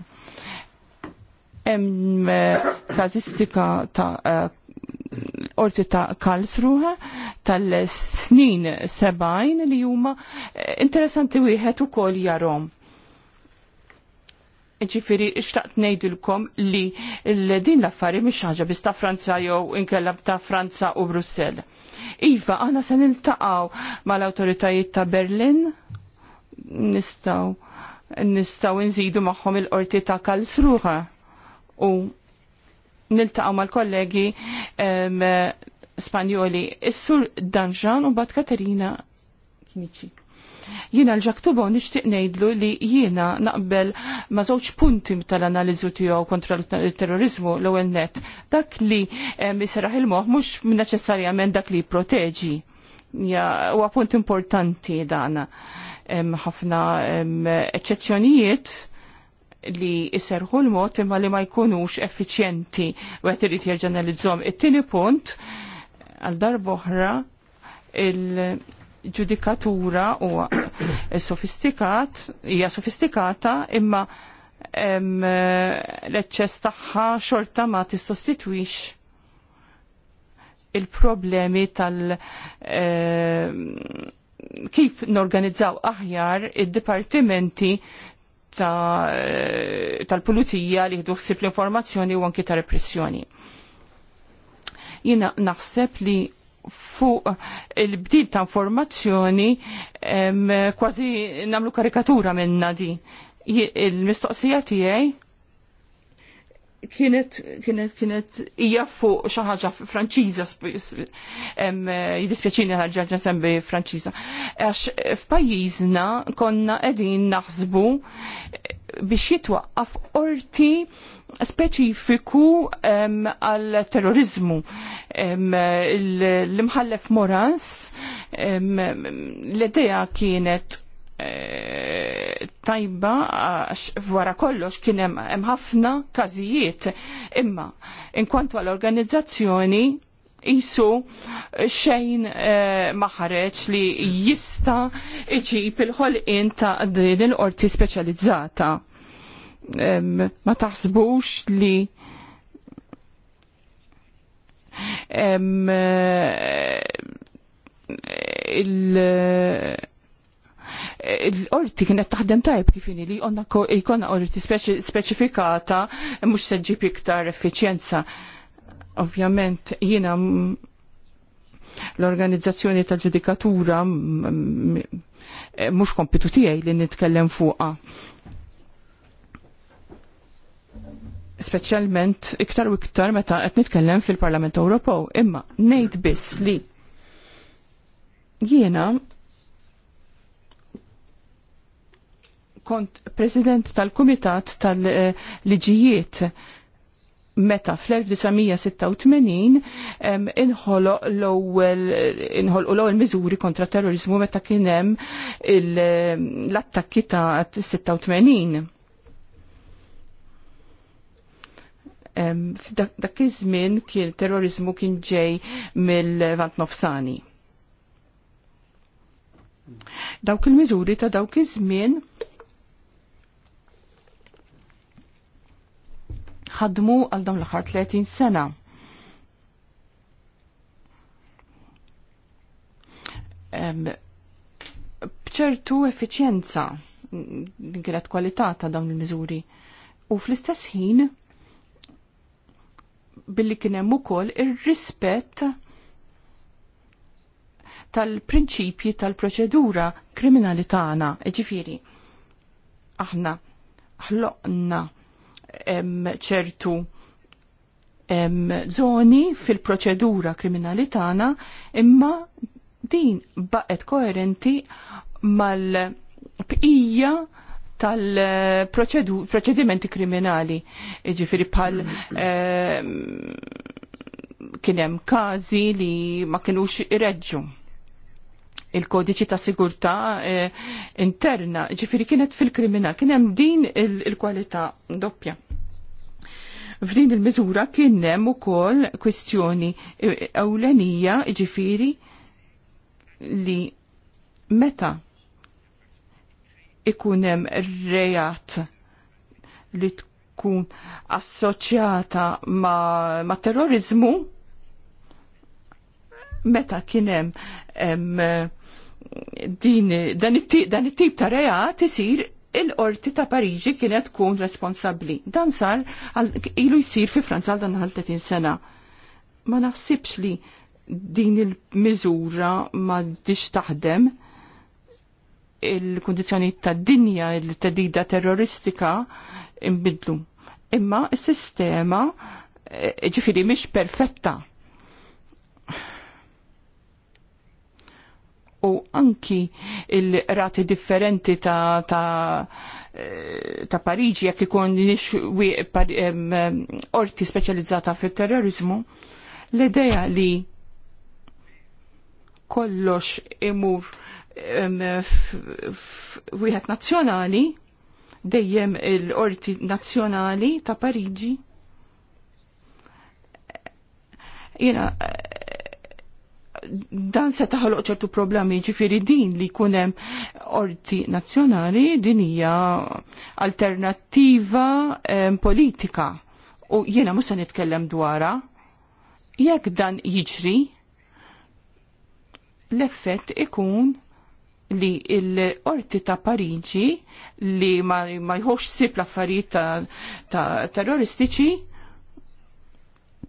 Hemm eh, kazistika ta' eh, orti ta' Karlsruhe tal-snin sebajn li huma eh, interessanti wieħed ukoll jarhom Ġifiri, xtaqt nejdilkom li din l-affari mhix ħaġa biss ta' Franza jew inkella ta' Franza u Brussell. Iva, aħna se niltaqgħu mal-awtoritajiet ta' Berlin, nistgħu nistaw nżidu magħhom il-qorti ta' Kalsruħa u niltaqgħu mal-kollegi Spanjoli, is-sur Danġan u bat Katerina Kinici. Jiena l-ġaktubo nixtieq ngħidlu li jiena naqbel ma żewġ punti tal analizu tiegħu kontra l-terrorizmu l-ewwel net. Dak li misraħ il-moħħ mhux neċessarjament dak li jipproteġi. Huwa punt importanti dan ħafna eċċezzjonijiet li jisserħu l-mod imma li ma jkunux effiċjenti u għet irrit jirġanalizzom. It-tini punt, għal darboħra, ġudikatura u sofistikat, hija sofistikata imma l-eċċess tagħha xorta ma tissostitwix il-problemi tal- kif norganizzaw aħjar id-dipartimenti eh, tal-pulizija li jihdu ħsib l-informazzjoni u anki ta' repressjoni. Jina naħseb li fuq il-bdil ta' informazzjoni kważi namlu karikatura minna di. Il-mistoqsija tiegħi kienet kienet kienet hija fuq xi ħaġa jidispieċin eh, jiddispjaċini ħarġa sembi Franċiża. Għax eh, f'pajjiżna konna qegħdin naħsbu eh, biex jitwaqqaf orti speċifiku għal terrorizmu. L-imħallef Morans l-idea kienet Eh, tajba għax wara kollox kien hemm ħafna każijiet. Imma inkwantu għall-organizzazzjoni jisu xejn eh, ma ħareġ li jista iġib il-ħolqien ta' din il-qorti speċjalizzata. Ma taħsbux li eh, il- l-orti kienet taħdem tajb kifini li jonna jkonna orti specifikata mux seġġib iktar effiċjenza. Ovvjament jiena l-organizzazzjoni tal-ġudikatura mux eh, kompitu tijaj li nitkellem fuqa. Speċjalment iktar u iktar meta qed nitkellem fil-Parlament Ewropew, imma ngħid biss li jiena kont president tal-Kumitat tal-Liġijiet meta fl-1986 inħolo l-ewwel inħolqu l-ewwel miżuri kontra terrorizmu meta kien hemm l-attakki ta' 86. Dak iż-żmien kien terrorizmu kien ġej mill-Vant Nofsani. Dawk il-miżuri ta' dawk iż-żmien ħadmu għal dawn l-aħħar 30 sena. Bċertu effiċjenza kienet kwalità ta' dawn il-miżuri. U fl-istess ħin billi kien hemm ukoll ir-rispett tal-prinċipji tal-proċedura kriminali tagħna, ġifieri. Aħna ħloqna ċertu zoni fil-proċedura kriminali tagħna imma din baqet koerenti mal-bqija tal-proċedimenti kriminali. Ġifiri bħal eh, kien kienem kazi li ma kinux ireġġu il-kodiċi ta' sigurtà eh, interna, ġifiri kienet fil-kriminal, kien hemm din il-kwalità doppja f'din il-miżura kien hemm ukoll kwestjoni eh, ewlenija ġifiri li meta ikun hemm rejat li tkun assoċjata ma, ma terrorizmu meta kien hemm din dan it-tip ta' reat isir il-qorti ta' Pariġi kienet tkun responsabbli. Dan sar ilu jsir fi Franza għal dan 30 sena. Ma naħsibx li din il-miżura ma dix taħdem il-kondizjoni ta' dinja, il-tedida terroristika imbidlu. Imma s-sistema eh, ġifiri mish perfetta u anki il-rati differenti ta', ta, eh, ta Pariġi jekk ikon nix orti speċjalizzata fit-terrorizmu, l-idea li kollox imur wieħed nazzjonali dejjem l orti nazzjonali ta' Pariġi. Jena dan se taħloq ċertu problemi ġifiri din li kunem orti nazjonali din hija alternattiva politika u jiena mhux se nitkellem dwara jekk dan jiġri l-effett ikun li l-orti ta' Pariġi li ma, ma jħoċ sib l-affarijiet ta', ta terroristiċi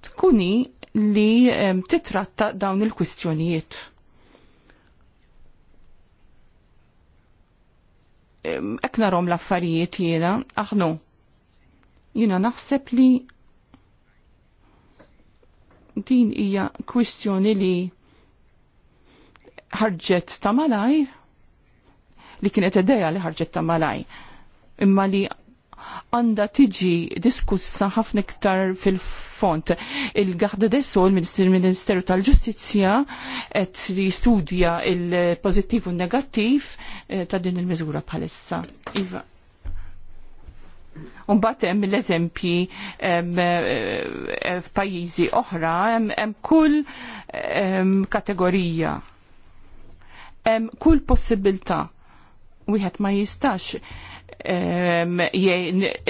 tkuni li titratta dawn il-kwistjonijiet. Ek l-affarijiet jiena, aħnu. Jiena naħseb li din hija kwistjoni li ħarġet ta' malaj, li kienet edeja li ħarġet ta' malaj, imma li għanda tiġi diskussa ħafna iktar fil-font. Il-Gahda Desso, il-Ministeru tal-Ġustizja, et jistudja il-pozittiv u negattiv eh, ta' din il-mizura bħalissa. Iva. Unbat hemm l-eżempji eh, eh, f'pajjiżi oħra hemm kull kategorija. Hemm kull possibilità wieħed ma jistax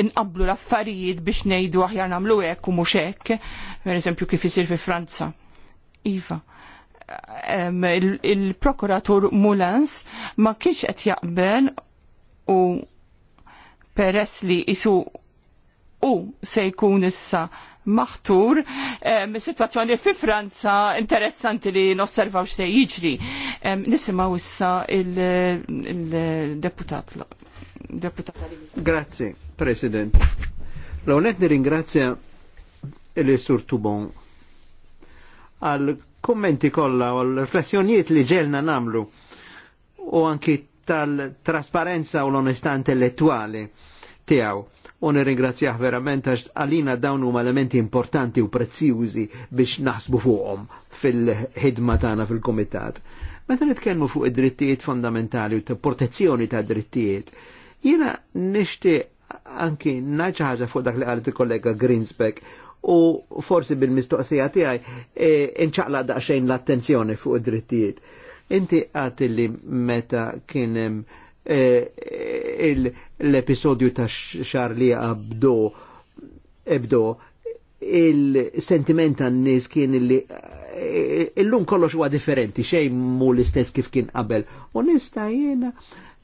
inqablu l-affarijiet biex ngħidu aħjar nagħmlu hekk u mhux hekk, pereżempju kif isir fi Franza. Iva. Il-prokuratur Mulans ma kienx qed jaqbel u peress li isu u se jkun issa maħtur eh, situazzjoni fi Franza interessanti li nosservaw x'se jiġri. Nisimaw issa il-deputat. Il deputat President. L-għonet ringrazja il-Sur Tubon għal kommenti kollha u l-riflessjonijiet li ġelna namlu u anki tal-trasparenza u l-onestà intellettuali tiegħu u nirringrazzjah verament għax għalina dawn huma elementi importanti u prezzjużi biex naħsbu fuqhom fil-ħidma tagħna fil-kumitat. Meta nitkellmu fuq id-drittijiet fondamentali u ta' protezzjoni ta' drittijiet, jiena nixtieq anki ngħid ħaġa fuq dak li qalet il-kollega Greensbeck u forsi bil-mistoqsija tiegħi e, inċaqla daqsxejn l-attenzjoni fuq id-drittijiet. Inti qatilli li meta hemm Eh, eh, l-episodju ta' xar li għabdo ebdo il-sentiment tan kien li eh, illum kollox huwa differenti, xejn mu l-istess kif kien qabel. U nista' jiena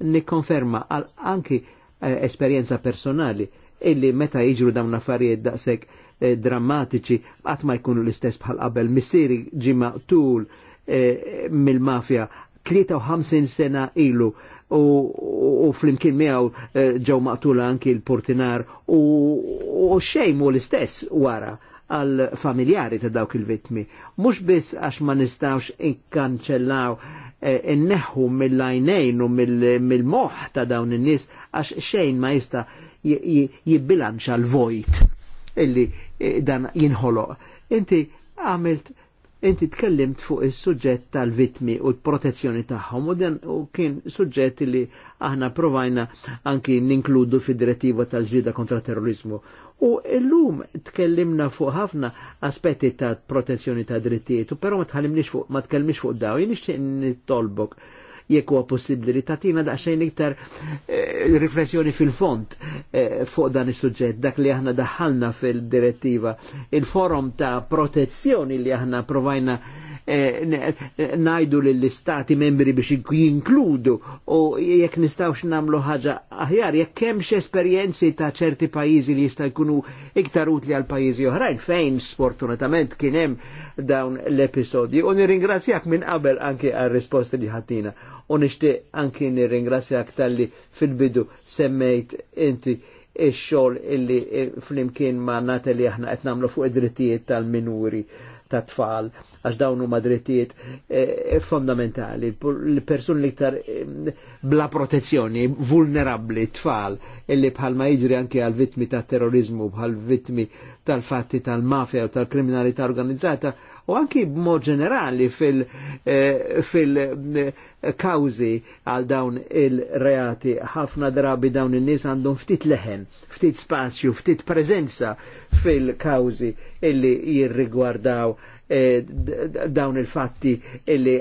nikkonferma għal anki esperjenza personali illi meta jiġru dawn affarijiet daqshekk drammatiċi qatt ma jkunu l-istess bħal qabel missieri ġimgħa tul mill-mafja 53 sena ilu u fl-imkien miegħu eh, ġew maqtula anki l-portinar u xejn mu l-istess wara għal familjari ta' dawk il-vitmi. Mhux biss għax ma nistawx ikkanċellaw eh, inneħħu mill-għajnejn u mill-moħħ ta' dawn in-nies għax xejn ma jista' jibbilanċa l-vojt illi eh, dan jinħoloq. Inti għamilt Inti tkellimt fuq is-suġġett tal-vitmi u l-protezzjoni tagħhom u dan u kien suġġett li aħna provajna anki ninkludu fid-direttiva tal-ġlida kontra terrorizmu. U illum tkellimna fuq ħafna aspetti ta' protezzjoni ta' drittijiet, u però ma tħallimniex fuq ma tkellmix fuq daw, jien nixtieq nittolbok jekk huwa possibbli li tagħtina daqsxejn iktar eh, riflessjoni fil-font eh, fuq dan is-suġġett dak li aħna daħħalna fil-direttiva. Il-forum ta' protezzjoni li aħna provajna Eh, eh, najdu lill-istati membri biex jinkludu u jekk nistawx namlu ħaġa aħjar, jekk hemmx esperjenzi ta' ċerti pajjiżi li jista' jkunu iktar utli għal pajjiżi oħrajn fejn sfortunatament kien hemm dawn l-episodji. U nirringrazzjak minn qabel anke għal-risposti li ħatina. U nixtieq anke nirringrazzjak tal-li fil-bidu semmejt inti ix-xogħol illi eh, flimkien ma' nata li aħna qed nagħmlu fuq id-drittijiet tal-minuri ta' tfal, għax dawn huma drittijiet eh, eh fondamentali. L-persuni liktar eh, bla protezzjoni, vulnerabli tfal, illi bħalma jiġri anke għal vittmi ta' terrorizmu, bħal vittmi tal-fatti tal-mafja u tal-kriminalità organizzata, u anki b'mod ġenerali fil-kawzi fil eh, eh, għal dawn il-reati. ħafna drabi dawn il-nis għandhom ftit leħen, ftit spazju, ftit prezenza fil-kawzi illi jirrigwardaw eh, dawn il-fatti illi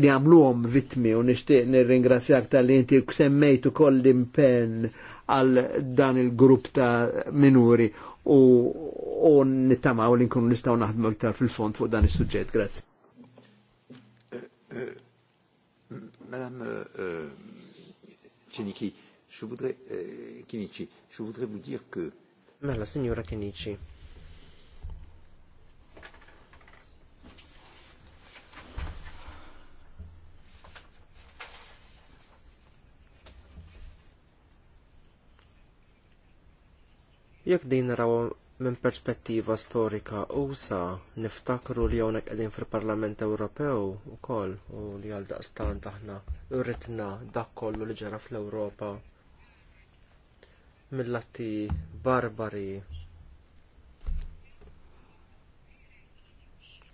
għamluhom vittmi u nishtiq nirringrazzjak tal-li inti semmejtu koll impenn għal dan il-grupp ta' minuri u nittamaw li nkunu nistaw naħdmu iktar fil-fond fuq dan is-suġġett. Grazzi. Madame euh, Chiniki, je voudrais, Kinichi, euh, je voudrais vous dire que... Mela, signora Kinichi, Jekk din naraw minn perspettiva storika usa niftakru li hawnhekk qegħdin fil-Parlament Ewropew ukoll u li għal daqstant aħna irritna dak kollu li ġara fl-Ewropa mill-latti barbari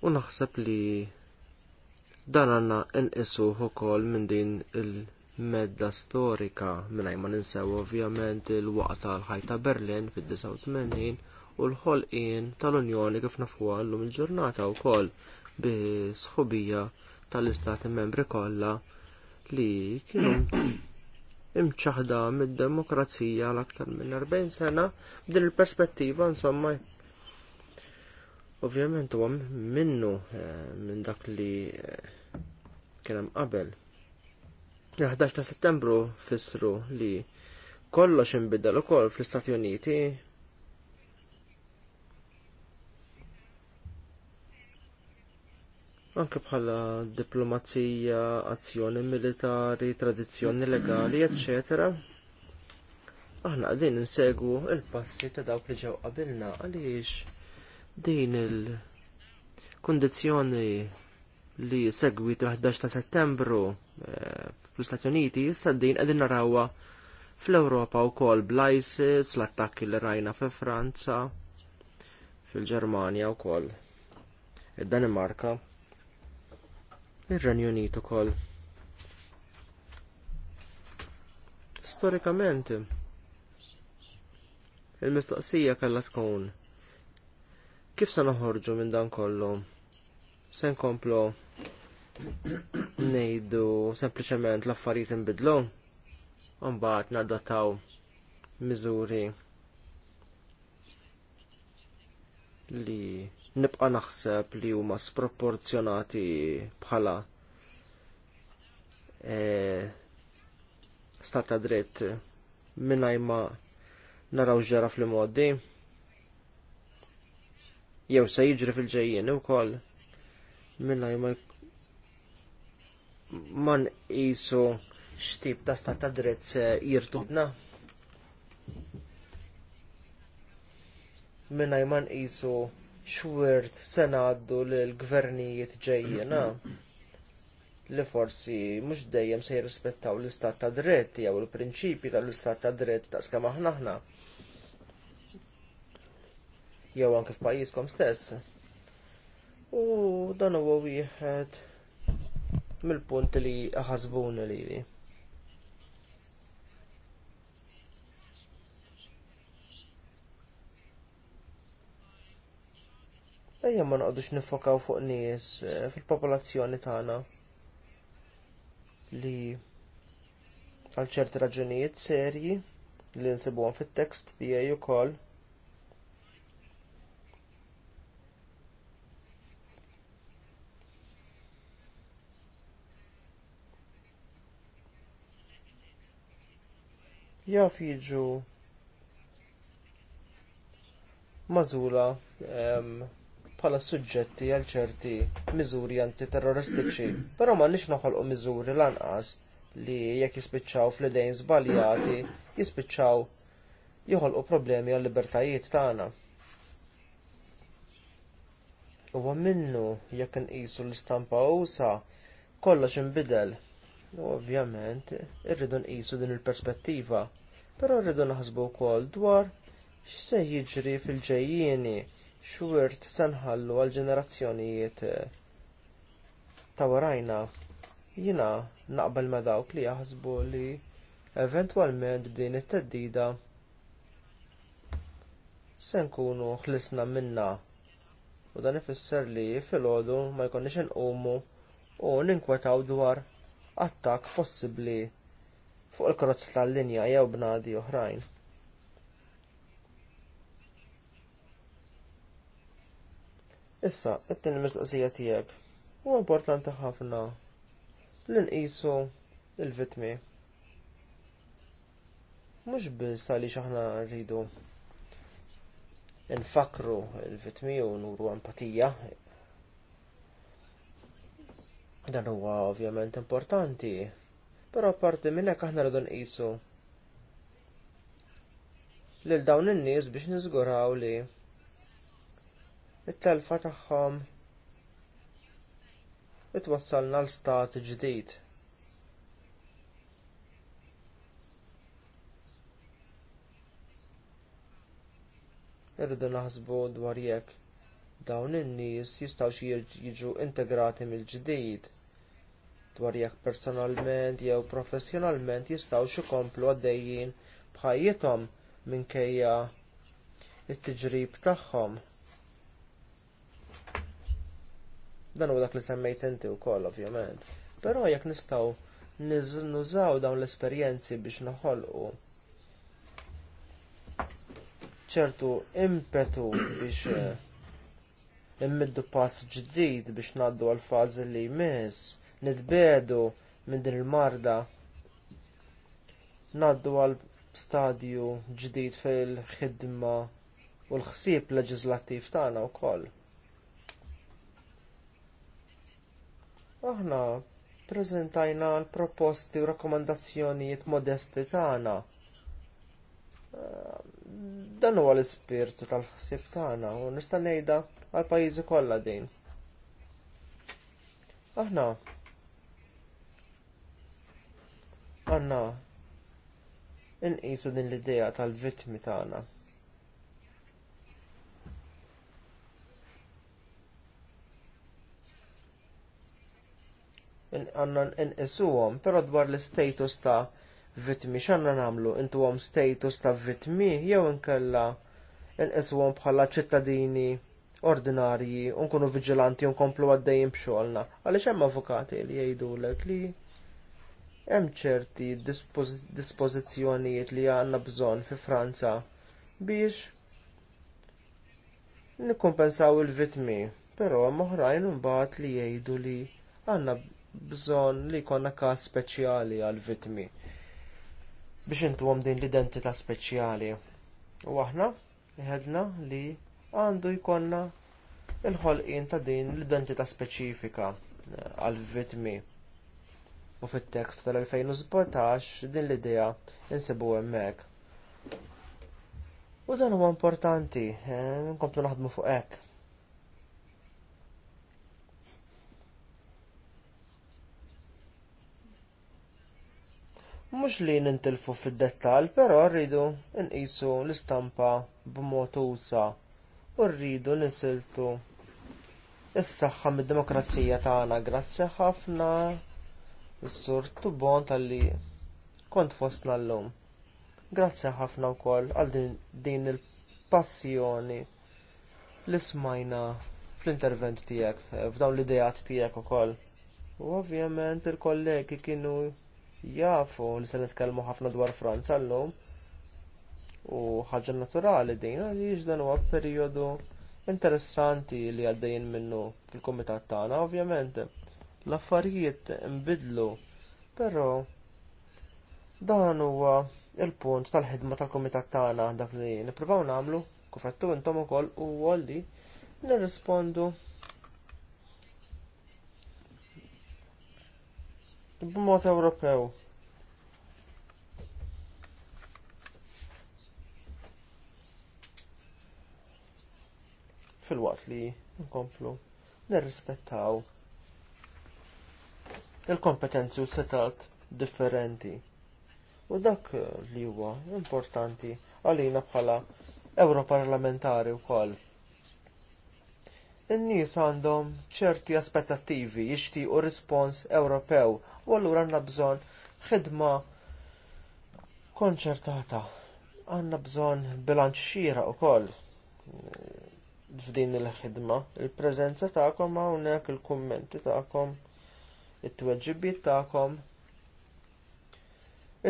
u naħseb li dan għandna inqisu ukoll minn din il- medda storika mingħajr ma ninsew ovvjament il-waqt tal ħajj ta' Berlin fid-89 u l-ħolqien tal-Unjoni kif nafuha llum il-ġurnata wkoll bi sħubija tal-istati membri kollha li kienu imċaħda mid-demokrazija l-aktar minn 40 sena b'din il-perspettiva insomma ovvjament huwa minnu eh, minn dak li eh, kien hemm qabel 11 ta' settembru fissru li kollox inbidel ukoll fl-Istati Uniti anke bħala diplomazija, azzjoni militari, tradizzjoni legali, eccetera. Aħna din insegu l passi ta' dawk li ġew qabilna għaliex din il-kundizzjoni li l 11 ta' settembru eh, fl-Istati Uniti, issa din qegħdin narawha fl-Ewropa wkoll bl-ISIS, l-attakki li rajna fi Franza, fil-Ġermanja wkoll. Id-Danimarka, ir-Renju Unit ukoll. Storikament, il-mistoqsija kellha tkun kif se noħorġu minn dan kollu? Se nkomplu ngħidu sempliċement l-affarijiet inbidlu u mbagħad nadottaw miżuri li nibqa' naħseb li huma sproporzjonati bħala e, stat ta' dritt mingħajr ma naraw ġara fl-modi jew se jiġri fil-ġejjien wkoll. minnaj ma man jisu xtib ta' stat ta' dritt jirtudna. Minna jman jisu xwirt senaddu l-gvernijiet ġejjena li forsi mhux dejjem se jirrispettaw l-istat ta' dritt jew il-prinċipji tal-istat ta' dritt ta' skema ħnaħna. Jew anke f'pajjiżkom stess. U dan huwa wieħed mill-punt li ħasbuni lili. Ejja ma noqdux nifokaw fuq nies eh, fil-popolazzjoni tagħna li għal ċerti raġunijiet serji li nsibuhom fit text tiegħi wkoll jaf jiġu mażula bħala suġġetti għal ċerti miżuri antiterroristiċi, però ma nix noħolqu miżuri lanqas li jekk jispiċċaw fl-idejn żbaljati jispiċċaw joħolqu problemi għal libertajiet tagħna. Huwa minnu jekk inqisu l-istampa usa kollox inbidel U ovvjament, irridu nqisu din il-perspettiva, però rridu naħsbu wkoll dwar x'se jiġri fil-ġejjieni xwirt se nħallu għal ġenerazzjonijiet ta' warajna. Jiena naqbel ma' dawk li jaħsbu li eventwalment din it-teddida se nkunu ħlisna minnha u dan ifisser li filgħodu ma jkunniex inqumu u ninkwetaw dwar attakk possibbli fuq il-karozza tal-linja jew bnadi oħrajn. Issa, it-tieni mistoqsija tiegħek. Huwa importanti ħafna li nqisu l-vittmi. Mhux biss għaliex aħna rridu nfakru l-vittmi u nuru empatija, Dan huwa ovvjament importanti, però apparti minn hekk aħna rridu nqisu lil dawn in-nies biex niżguraw li it-telfa tagħhom itwassalna l-stat ġdid. Irridu naħsbu dwar jekk dawn in-nies jistgħu jiġu integrati mill-ġdid dwar jekk personalment jew professjonalment jistgħux ikomplu għaddejjin bħajjithom minkejja t tiġrib tagħhom. Dan huwa dak li semmejt inti wkoll ovvjament. Però jekk nistgħu nużaw dawn l-esperjenzi biex noħolqu ċertu impetu biex eh, immiddu pass ġdid biex ngħaddu għall fażi li jmiss nitbedu minn din il-marda naddu għal stadju ġdid fil-ħidma u l-ħsieb leġislattiv tagħna wkoll. Aħna preżentajna l-proposti u rakkomandazzjonijiet modesti tagħna. Dan huwa l-ispirtu tal-ħsieb tagħna u nista' ngħidha għall pajjiżi kollha din. Aħna għanna inqisu din l-idea tal-vittmi tagħna. Għanna inqisuhom, però dwar l-status ta' vittmi x'għandna nagħmlu intuhom status ta' vittmi jew inkella inqisuhom bħala ċittadini ordinarji u nkunu viġilanti u nkomplu għaddejjin b'xogħolna. Għaliex hemm avukati li jgħidulek li hemm ċerti dispożizzjonijiet li għandna bżonn fi Franza biex nikkompensaw il vittmi però hemm oħrajn imbagħad li jgħidu li għandna bżonn li jkollna każ speċjali għall vittmi biex intuhom din l-identità speċjali. U aħna ħedna li għandu jkollna il ħolqien ta' din l-identità speċifika għall vittmi u fit-tekst tal-2017 din l-idea insibu hemmhekk. U dan huwa importanti, eh, nkomplu naħdmu fuq hekk. Mhux li nintilfu fid-dettall, però rridu nqisu l-istampa b'mod usa u rridu nisiltu is-saħħa mid-demokrazija tagħna. Grazzi ħafna s-sur Tubon tal-li kont fostna l-lum. Grazzi ħafna wkoll għal din il-passjoni li smajna fl-intervent tiegħek, f'dawn l-idejat tiegħek ukoll. U ovvjament il-kollegi kienu jafu li se nitkellmu ħafna dwar Franza llum. U ħaġa naturali din għaliex dan huwa perjodu interessanti li għaddejjin minnu fil-kumitat tagħna, ovvjament l-affarijiet nbidlu, però dan huwa il-punt tal-ħidma tal-kumitat tagħna dak li nippruvaw nagħmlu kif qed intom ukoll huwa li nirrispondu b'mod Ewropew. fil-waqt li nkomplu nirrispettaw il-kompetenzi u setat differenti. U dak eh, li huwa importanti għalina bħala Europarlamentari wkoll. In-nies għandhom ċerti aspettattivi jixtiequ rispons Ewropew u allura għandna bżonn ħidma konċertata. Għandna bżonn bilanċ xira wkoll eh, f'din il-ħidma, il prezenza tagħkom hawnhekk il-kummenti tagħkom it-tweġibiet tagħkom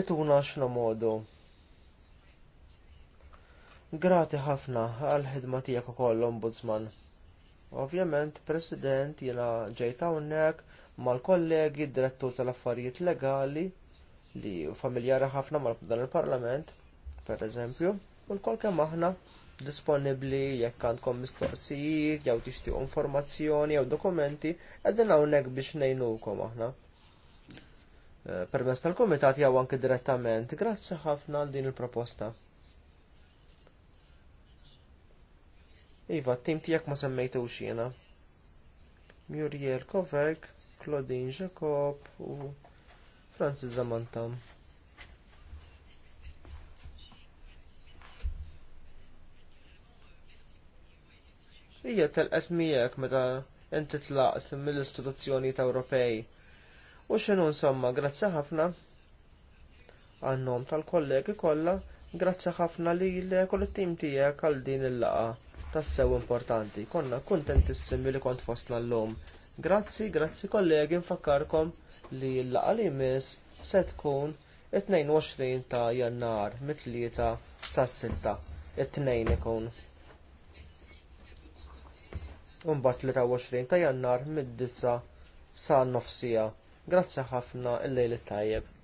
ituna x'na modu. Grati ħafna għall ħidma tiegħek ukoll ombudsman. Ovvjament, President jiena ġejt hawnhekk mal-kollegi direttur tal-affarijiet legali li familjari ħafna mal dan il-Parlament, pereżempju, u l-kol kemm aħna disponibbli jekk għandkom mistoqsijiet, jew tixtiequ informazzjoni jew dokumenti, qegħdin hawnhekk biex ngħinukom aħna. Eh, Permess tal-Kumitat jew anke direttament. Grazzi ħafna għal din il-proposta. Iva, t-tim tiegħek ma semmejtux jiena. Muriel Kovek, Claudine Jacob u Francis Zamantam. hija telqet miegħek meta inti tlaqt mill-istituzzjoni ta' Ewropej. U x'inhu insomma, grazzi ħafna għannom tal-kollegi kollha, grazzi ħafna li l tim tiegħek għal din il laqgħa tassew importanti. Konna kuntentissimi li kont fostna llum. Grazzi, grazzi kollegi, nfakkarkom li l laqgħa li jmiss se tkun 22 ta' jannar mit-tlieta sas-sitta. It-tnejn ikun u mbagħad 23 ta' Jannar mid-disa sa' nofsija. Grazzi ħafna il-lejl tajjeb.